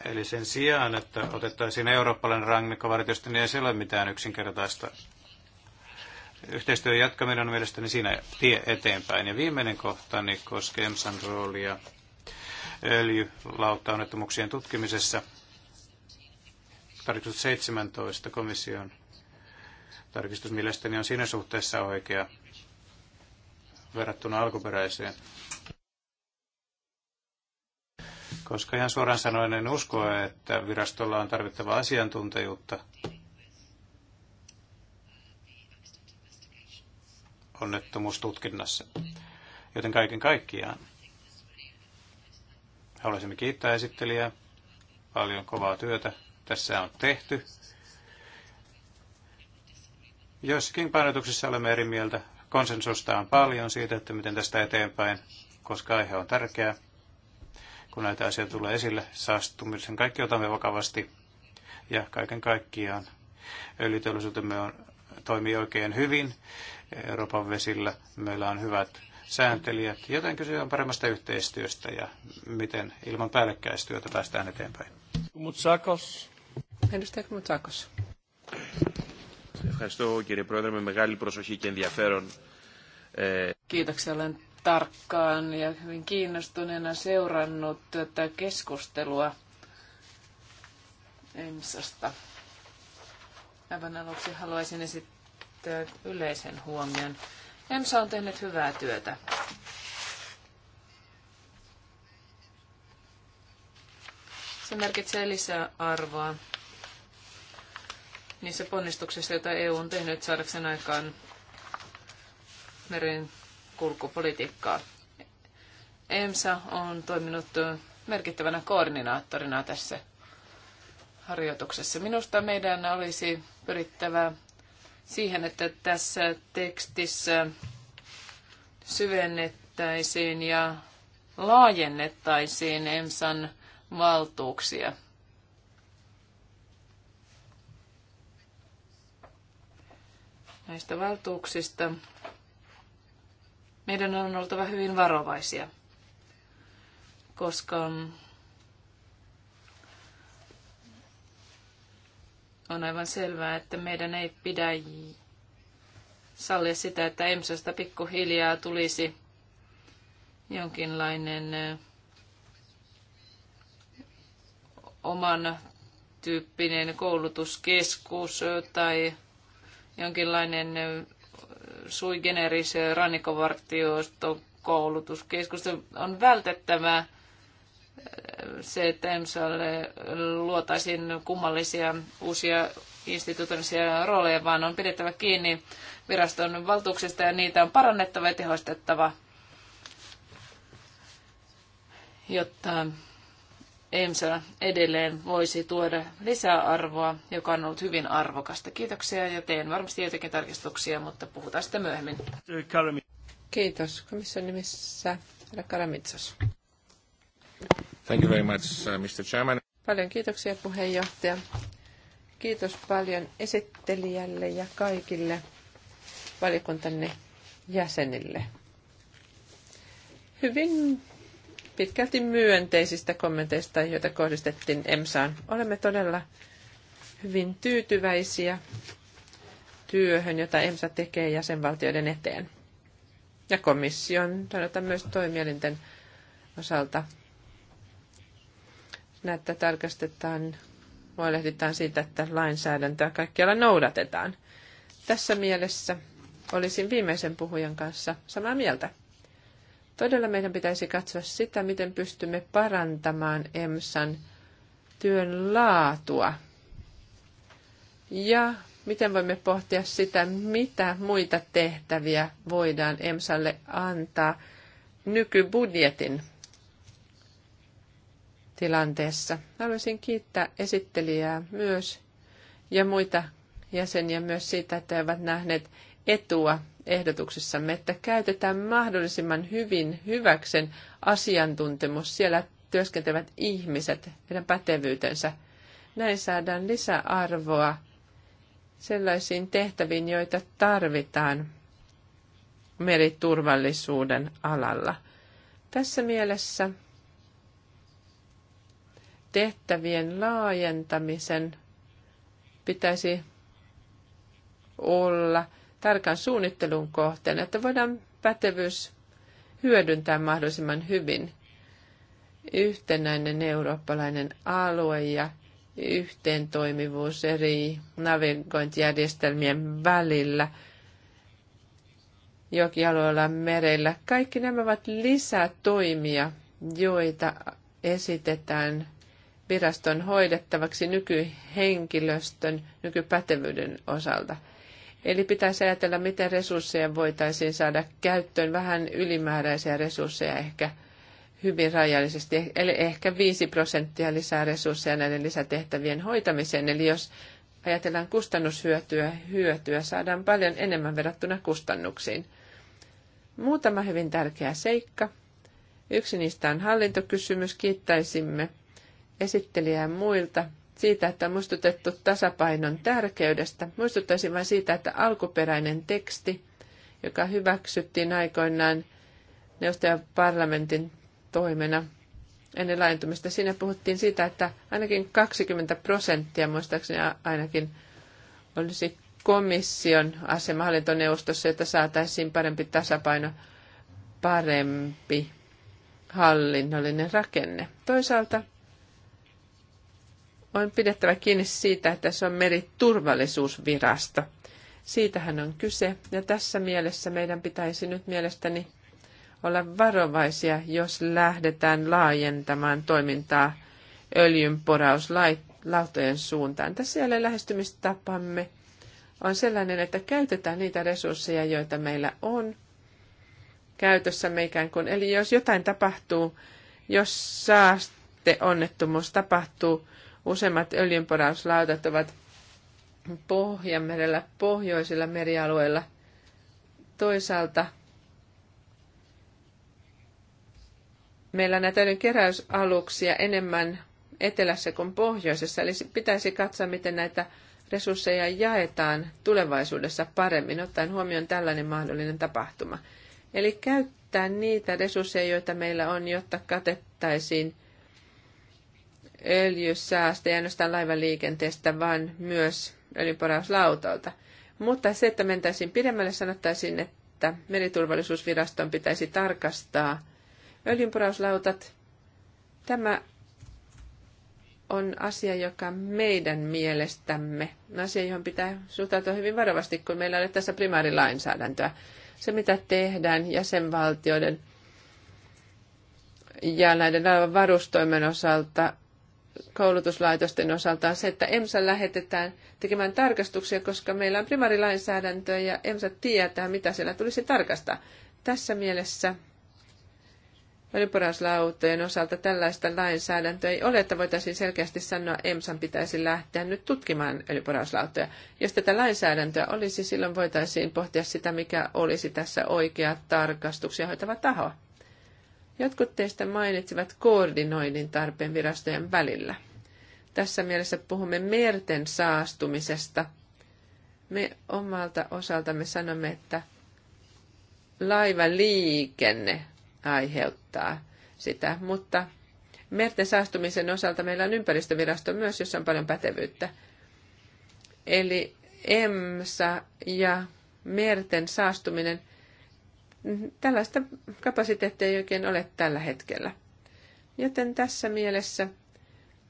Eli sen sijaan, että otettaisiin eurooppalainen rannikkovartiosto, niin ei siellä ole mitään yksinkertaista Yhteistyön jatkaminen on mielestäni siinä tie eteenpäin. Ja viimeinen kohta koskee EMSAn roolia öljylauttaonnettomuuksien tutkimisessa. Tarkistus 17 komission tarkistus mielestäni on siinä suhteessa oikea verrattuna alkuperäiseen. Koska ihan suoraan sanoen en usko, että virastolla on tarvittavaa asiantuntijuutta onnettomuustutkinnassa. Joten kaiken kaikkiaan haluaisimme kiittää esittelijää. Paljon kovaa työtä tässä on tehty. Joissakin painotuksissa olemme eri mieltä. Konsensusta on paljon siitä, että miten tästä eteenpäin, koska aihe on tärkeä. Kun näitä asioita tulee esille, saastumisen kaikki otamme vakavasti. Ja kaiken kaikkiaan öljyteollisuutemme on, toimii oikein hyvin. Euroopan vesillä. Meillä on hyvät sääntelijät, joten kyse on paremmasta yhteistyöstä ja miten ilman päällekkäistyötä päästään eteenpäin. Mutsakos. Edustaja Mutsakos. Ευχαριστώ κύριε Πρόεδρε με μεγάλη προσοχή και ενδιαφέρον. Kiitoksia, olen tarkkaan ja hyvin kiinnostuneena seurannut tätä keskustelua EMSasta. Aivan aluksi haluaisin esittää esittää yleisen huomion. EMSA on tehnyt hyvää työtä. Se merkitsee lisää arvoa niissä ponnistuksissa, joita EU on tehnyt saadakseen aikaan meren kulkupolitiikkaa. EMSA on toiminut merkittävänä koordinaattorina tässä harjoituksessa. Minusta meidän olisi pyrittävä siihen, että tässä tekstissä syvennettäisiin ja laajennettaisiin EMSAn valtuuksia. Näistä valtuuksista meidän on oltava hyvin varovaisia, koska on aivan selvää, että meidän ei pidä sallia sitä, että EMSasta pikkuhiljaa tulisi jonkinlainen oman tyyppinen koulutuskeskus tai jonkinlainen sui generis rannikkovartiosto koulutuskeskus. On vältettävää se, että EMSAlle luotaisiin kummallisia uusia instituutionisia rooleja, vaan on pidettävä kiinni viraston valtuuksista ja niitä on parannettava ja tehostettava, jotta EMSA edelleen voisi tuoda lisäarvoa, joka on ollut hyvin arvokasta. Kiitoksia ja teen varmasti jotakin tarkistuksia, mutta puhutaan sitten myöhemmin. Kiitos komission nimissä. Herra Thank you very much, uh, Mr. Chairman. Paljon kiitoksia puheenjohtaja. Kiitos paljon esittelijälle ja kaikille valiokunnan jäsenille. Hyvin pitkälti myönteisistä kommenteista, joita kohdistettiin EMSAan. Olemme todella hyvin tyytyväisiä työhön, jota EMSA tekee jäsenvaltioiden eteen. Ja komission, sanotaan myös toimielinten osalta näitä tarkastetaan, huolehditaan siitä, että lainsäädäntöä kaikkialla noudatetaan. Tässä mielessä olisin viimeisen puhujan kanssa samaa mieltä. Todella meidän pitäisi katsoa sitä, miten pystymme parantamaan EMSAn työn laatua. Ja miten voimme pohtia sitä, mitä muita tehtäviä voidaan EMSAlle antaa nykybudjetin tilanteessa. Haluaisin kiittää esittelijää myös ja muita jäseniä myös siitä, että he ovat nähneet etua ehdotuksessamme, että käytetään mahdollisimman hyvin hyväksen asiantuntemus siellä työskentelevät ihmiset, heidän pätevyytensä. Näin saadaan lisäarvoa sellaisiin tehtäviin, joita tarvitaan meriturvallisuuden alalla. Tässä mielessä tehtävien laajentamisen pitäisi olla tarkan suunnittelun kohteen, että voidaan pätevyys hyödyntää mahdollisimman hyvin. Yhtenäinen eurooppalainen alue ja yhteen toimivuus eri navigointijärjestelmien välillä jokialueilla mereillä. Kaikki nämä ovat lisätoimia, joita esitetään viraston hoidettavaksi nykyhenkilöstön, nykypätevyyden osalta. Eli pitäisi ajatella, miten resursseja voitaisiin saada käyttöön, vähän ylimääräisiä resursseja ehkä hyvin rajallisesti, eli ehkä 5 prosenttia lisää resursseja näiden lisätehtävien hoitamiseen. Eli jos ajatellaan kustannushyötyä, hyötyä saadaan paljon enemmän verrattuna kustannuksiin. Muutama hyvin tärkeä seikka. Yksi niistä on hallintokysymys. Kiittäisimme esittelijää muilta siitä, että on muistutettu tasapainon tärkeydestä. Muistuttaisin vain siitä, että alkuperäinen teksti, joka hyväksyttiin aikoinaan neuvostojen parlamentin toimena ennen laajentumista, siinä puhuttiin siitä, että ainakin 20 prosenttia, muistaakseni ainakin, olisi komission asema hallintoneuvostossa, jotta saataisiin parempi tasapaino, parempi hallinnollinen rakenne. Toisaalta on pidettävä kiinni siitä, että se on meriturvallisuusvirasto. Siitähän on kyse, ja tässä mielessä meidän pitäisi nyt mielestäni olla varovaisia, jos lähdetään laajentamaan toimintaa öljynporauslautojen suuntaan. Tässä jälleen lähestymistapamme on sellainen, että käytetään niitä resursseja, joita meillä on käytössä ikään kuin. Eli jos jotain tapahtuu, jos saaste onnettomuus tapahtuu, Useimmat öljynporauslautat ovat Pohjanmerellä, pohjoisilla merialueilla. Toisaalta meillä näitä keräysaluksia enemmän etelässä kuin pohjoisessa, eli pitäisi katsoa, miten näitä resursseja jaetaan tulevaisuudessa paremmin, ottaen huomioon tällainen mahdollinen tapahtuma. Eli käyttää niitä resursseja, joita meillä on, jotta katettaisiin öljysäästä ja ainoastaan laivaliikenteestä, vaan myös öljynporauslautalta. Mutta se, että mentäisiin pidemmälle, sanottaisiin, että meriturvallisuusviraston pitäisi tarkastaa öljynporauslautat. Tämä on asia, joka meidän mielestämme, asia, johon pitää suhtautua hyvin varovasti, kun meillä on tässä primaarilainsäädäntöä. Se, mitä tehdään jäsenvaltioiden ja näiden varustoimen osalta, koulutuslaitosten osalta on se, että EMSA lähetetään tekemään tarkastuksia, koska meillä on primarilainsäädäntö ja EMSA tietää, mitä siellä tulisi tarkastaa. Tässä mielessä öljyporauslautojen osalta tällaista lainsäädäntöä ei ole, että voitaisiin selkeästi sanoa, että EMSAn pitäisi lähteä nyt tutkimaan öljyporauslautoja. Jos tätä lainsäädäntöä olisi, silloin voitaisiin pohtia sitä, mikä olisi tässä oikea tarkastuksia hoitava taho. Jotkut teistä mainitsivat koordinoinnin tarpeen virastojen välillä. Tässä mielessä puhumme merten saastumisesta. Me omalta osaltamme sanomme, että laivaliikenne aiheuttaa sitä, mutta merten saastumisen osalta meillä on ympäristövirasto myös, jossa on paljon pätevyyttä. Eli EMSA ja merten saastuminen – Mm-hmm. Tällaista kapasiteettia ei oikein ole tällä hetkellä. Joten tässä mielessä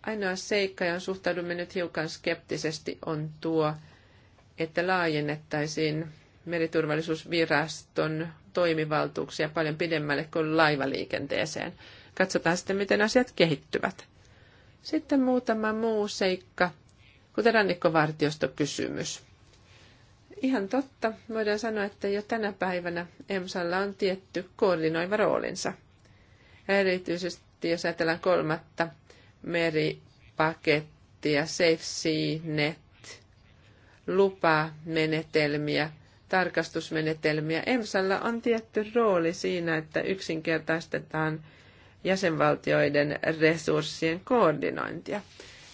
ainoa seikka, johon suhtaudumme nyt hiukan skeptisesti, on tuo, että laajennettaisiin meriturvallisuusviraston toimivaltuuksia paljon pidemmälle kuin laivaliikenteeseen. Katsotaan sitten, miten asiat kehittyvät. Sitten muutama muu seikka, kuten rannikkovartiostokysymys. Ihan totta, voidaan sanoa, että jo tänä päivänä EMSalla on tietty koordinoiva roolinsa. Erityisesti jos ajatellaan kolmatta meripakettia, Safe Sea Net, lupamenetelmiä, tarkastusmenetelmiä. EMSalla on tietty rooli siinä, että yksinkertaistetaan jäsenvaltioiden resurssien koordinointia.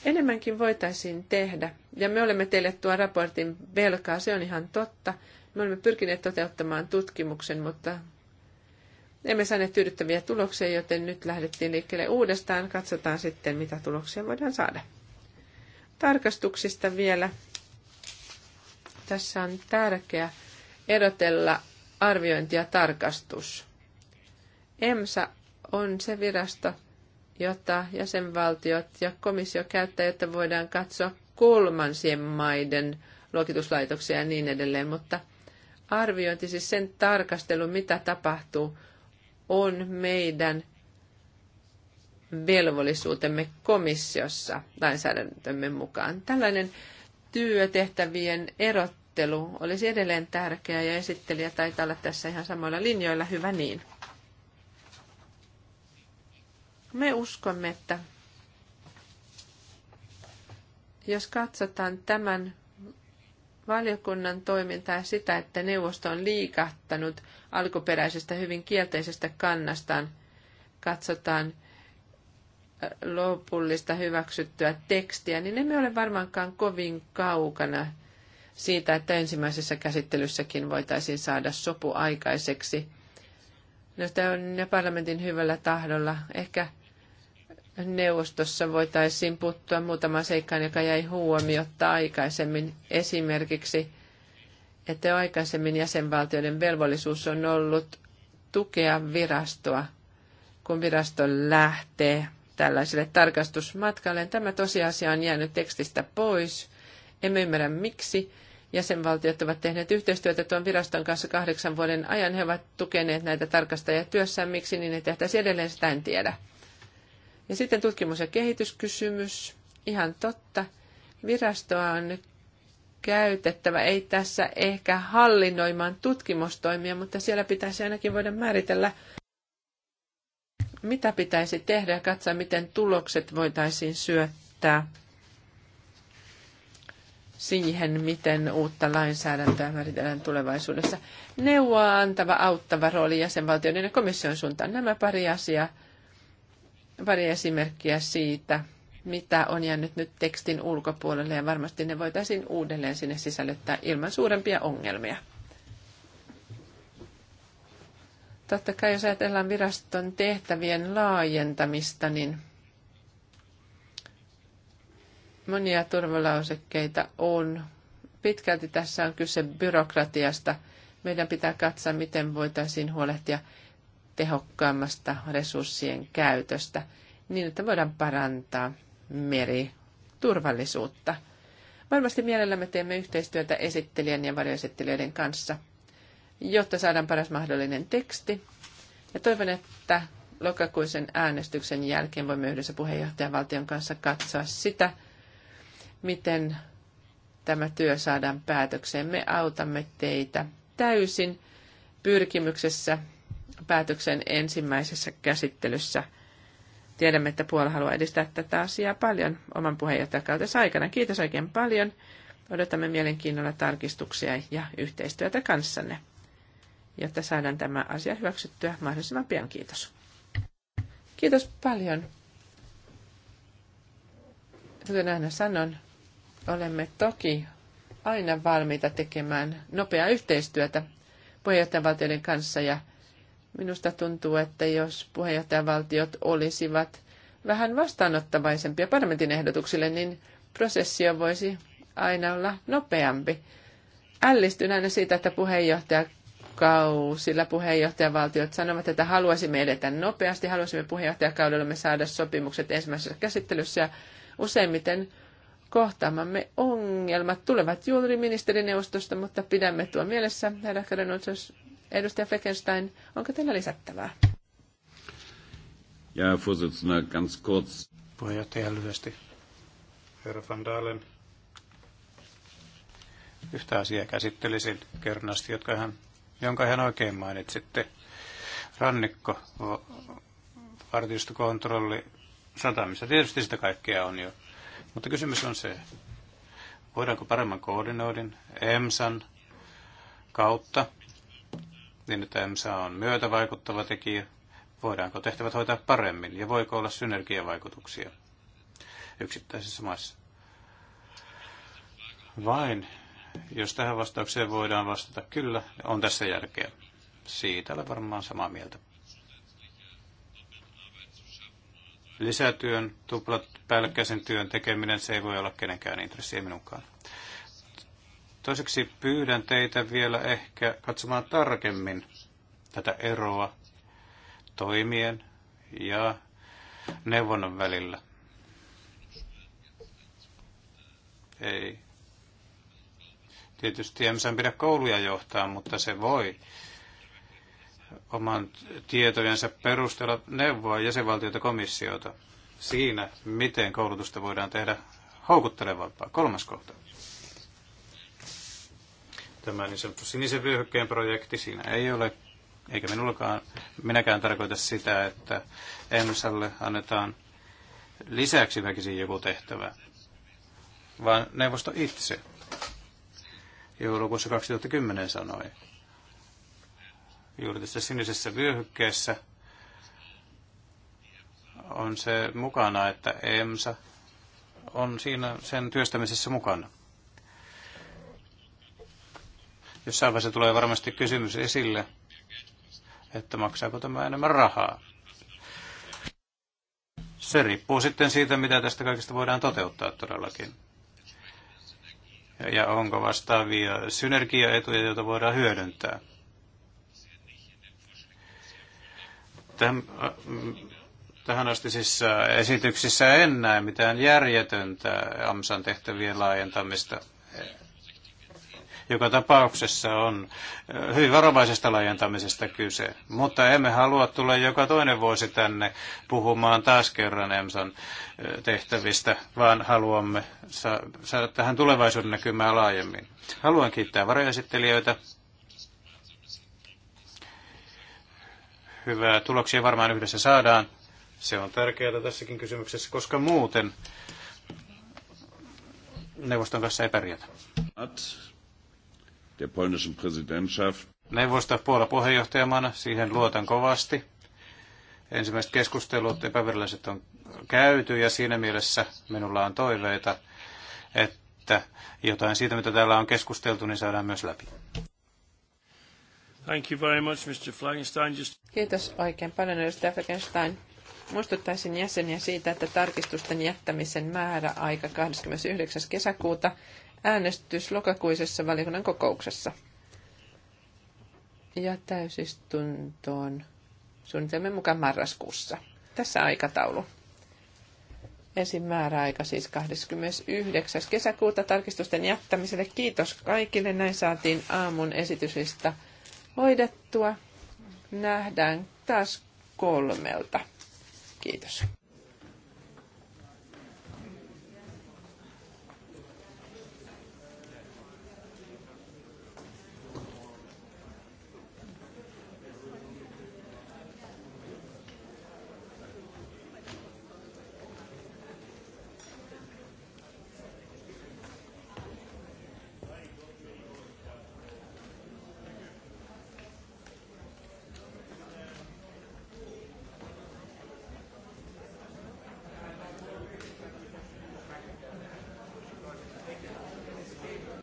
Enemmänkin voitaisiin tehdä, ja me olemme teille tuon raportin velkaa, se on ihan totta. Me olemme pyrkineet toteuttamaan tutkimuksen, mutta emme saaneet tyydyttäviä tuloksia, joten nyt lähdettiin liikkeelle uudestaan. Katsotaan sitten, mitä tuloksia voidaan saada. Tarkastuksista vielä. Tässä on tärkeää erotella arviointi ja tarkastus. EMSA on se virasto, jota jäsenvaltiot ja komissio käyttää, jotta voidaan katsoa kolmansien maiden luokituslaitoksia ja niin edelleen, mutta arviointi, siis sen tarkastelu, mitä tapahtuu, on meidän velvollisuutemme komissiossa lainsäädäntömme mukaan. Tällainen työtehtävien erottelu olisi edelleen tärkeää ja esittelijä taitaa olla tässä ihan samoilla linjoilla, hyvä niin. Me uskomme, että jos katsotaan tämän valiokunnan toimintaa ja sitä, että neuvosto on liikahtanut alkuperäisestä hyvin kielteisestä kannastaan, katsotaan lopullista hyväksyttyä tekstiä, niin emme ole varmaankaan kovin kaukana siitä, että ensimmäisessä käsittelyssäkin voitaisiin saada sopu aikaiseksi No, tämä on parlamentin hyvällä tahdolla. Ehkä neuvostossa voitaisiin puuttua muutama seikkaan, joka jäi huomiota aikaisemmin. Esimerkiksi, että aikaisemmin jäsenvaltioiden velvollisuus on ollut tukea virastoa, kun virasto lähtee tällaiselle tarkastusmatkalle. Tämä tosiasia on jäänyt tekstistä pois. Emme ymmärrä miksi jäsenvaltiot ovat tehneet yhteistyötä tuon viraston kanssa kahdeksan vuoden ajan. He ovat tukeneet näitä tarkastajia työssään. Miksi niin ne tehtäisiin edelleen, sitä en tiedä. Ja sitten tutkimus- ja kehityskysymys. Ihan totta. Virastoa on nyt käytettävä, ei tässä ehkä hallinnoimaan tutkimustoimia, mutta siellä pitäisi ainakin voida määritellä, mitä pitäisi tehdä ja katsoa, miten tulokset voitaisiin syöttää siihen, miten uutta lainsäädäntöä määritellään tulevaisuudessa. Neuvoa antava, auttava rooli jäsenvaltioiden ja komission suuntaan. Nämä pari asiaa, pari esimerkkiä siitä, mitä on jäänyt nyt tekstin ulkopuolelle ja varmasti ne voitaisiin uudelleen sinne sisällyttää ilman suurempia ongelmia. Totta kai jos ajatellaan viraston tehtävien laajentamista, niin – Monia turvalausekkeita on. Pitkälti tässä on kyse byrokratiasta. Meidän pitää katsoa, miten voitaisiin huolehtia tehokkaammasta resurssien käytöstä niin, että voidaan parantaa meriturvallisuutta. Varmasti mielellämme teemme yhteistyötä esittelijän ja varjoesittelijöiden kanssa, jotta saadaan paras mahdollinen teksti. Ja toivon, että lokakuisen äänestyksen jälkeen voimme yhdessä puheenjohtajan valtion kanssa katsoa sitä, miten tämä työ saadaan päätökseen. Me autamme teitä täysin pyrkimyksessä päätöksen ensimmäisessä käsittelyssä. Tiedämme, että Puola haluaa edistää tätä asiaa paljon oman puheenjohtajakautensa aikana. Kiitos oikein paljon. Odotamme mielenkiinnolla tarkistuksia ja yhteistyötä kanssanne, jotta saadaan tämä asia hyväksyttyä mahdollisimman pian. Kiitos. Kiitos paljon. Kuten aina sanon, Olemme toki aina valmiita tekemään nopeaa yhteistyötä puheenjohtajavaltioiden kanssa ja minusta tuntuu, että jos puheenjohtajavaltiot olisivat vähän vastaanottavaisempia parlamentin ehdotuksille, niin prosessio voisi aina olla nopeampi. Ällistyn aina siitä, että puheenjohtajakausilla puheenjohtajavaltiot sanovat, että haluaisimme edetä nopeasti, haluaisimme puheenjohtajakaudellamme saada sopimukset ensimmäisessä käsittelyssä ja useimmiten kohtaamamme ongelmat tulevat juuri ministerineuvostosta, mutta pidämme tuo mielessä. Herra Karenutsos, edustaja Fekenstein onko teillä lisättävää? Ja, Vorsitzender, ganz kurz. Puheenjohtaja lyhyesti. Herra van Dalen. Yhtä asiaa käsittelisin kernaasti, jotka hän, jonka hän oikein mainitsitte. Rannikko, vartiostokontrolli, satamissa. Tietysti sitä kaikkea on jo mutta kysymys on se, voidaanko paremman koordinoidin EMSAn kautta, niin että EMSA on myötävaikuttava tekijä, voidaanko tehtävät hoitaa paremmin ja voiko olla synergiavaikutuksia yksittäisissä maissa. Vain jos tähän vastaukseen voidaan vastata kyllä, on tässä järkeä. Siitä olen varmaan samaa mieltä. lisätyön, tuplat päällekkäisen työn tekeminen, se ei voi olla kenenkään intressi, ei minunkaan. Toiseksi pyydän teitä vielä ehkä katsomaan tarkemmin tätä eroa toimien ja neuvonnan välillä. Ei. Tietysti emme saa pidä kouluja johtaa, mutta se voi oman tietojensa perusteella neuvoa jäsenvaltioita komissiota siinä, miten koulutusta voidaan tehdä houkuttelevampaa. Kolmas kohta. Tämä niin sanottu sinisen vyöhykkeen projekti, siinä ei ole, eikä minullakaan, minäkään tarkoita sitä, että EMSalle annetaan lisäksi väkisin joku tehtävä, vaan neuvosto itse joulukuussa 2010 sanoi, juuri tässä sinisessä vyöhykkeessä on se mukana, että EMSA on siinä sen työstämisessä mukana. Jossain vaiheessa tulee varmasti kysymys esille, että maksaako tämä enemmän rahaa. Se riippuu sitten siitä, mitä tästä kaikesta voidaan toteuttaa todellakin. Ja onko vastaavia synergiaetuja, joita voidaan hyödyntää. Tähän, äh, tähän siis äh, esityksissä en näe mitään järjetöntä AMSAn tehtävien laajentamista. Joka tapauksessa on äh, hyvin varovaisesta laajentamisesta kyse, mutta emme halua tulla joka toinen vuosi tänne puhumaan taas kerran EMSAn tehtävistä, vaan haluamme saada tähän tulevaisuuden näkymään laajemmin. Haluan kiittää varjoesittelijöitä hyvää. Tuloksia varmaan yhdessä saadaan. Se on tärkeää tässäkin kysymyksessä, koska muuten neuvoston kanssa ei pärjätä. Der Neuvosto Puola puheenjohtajamana, siihen luotan kovasti. Ensimmäiset keskustelut epäviralliset on käyty ja siinä mielessä minulla on toiveita, että jotain siitä, mitä täällä on keskusteltu, niin saadaan myös läpi. Thank you very much, Mr. Flagenstein. Just... Kiitos oikein paljon, edustaja Flagenstein. Muistuttaisin jäseniä siitä, että tarkistusten jättämisen määrä aika 29. kesäkuuta äänestys lokakuisessa valiokunnan kokouksessa. Ja täysistuntoon suunnitelmien mukaan marraskuussa. Tässä aikataulu. Ensin määräaika siis 29. kesäkuuta tarkistusten jättämiselle. Kiitos kaikille. Näin saatiin aamun esityslista hoidettua. Nähdään taas kolmelta. Kiitos.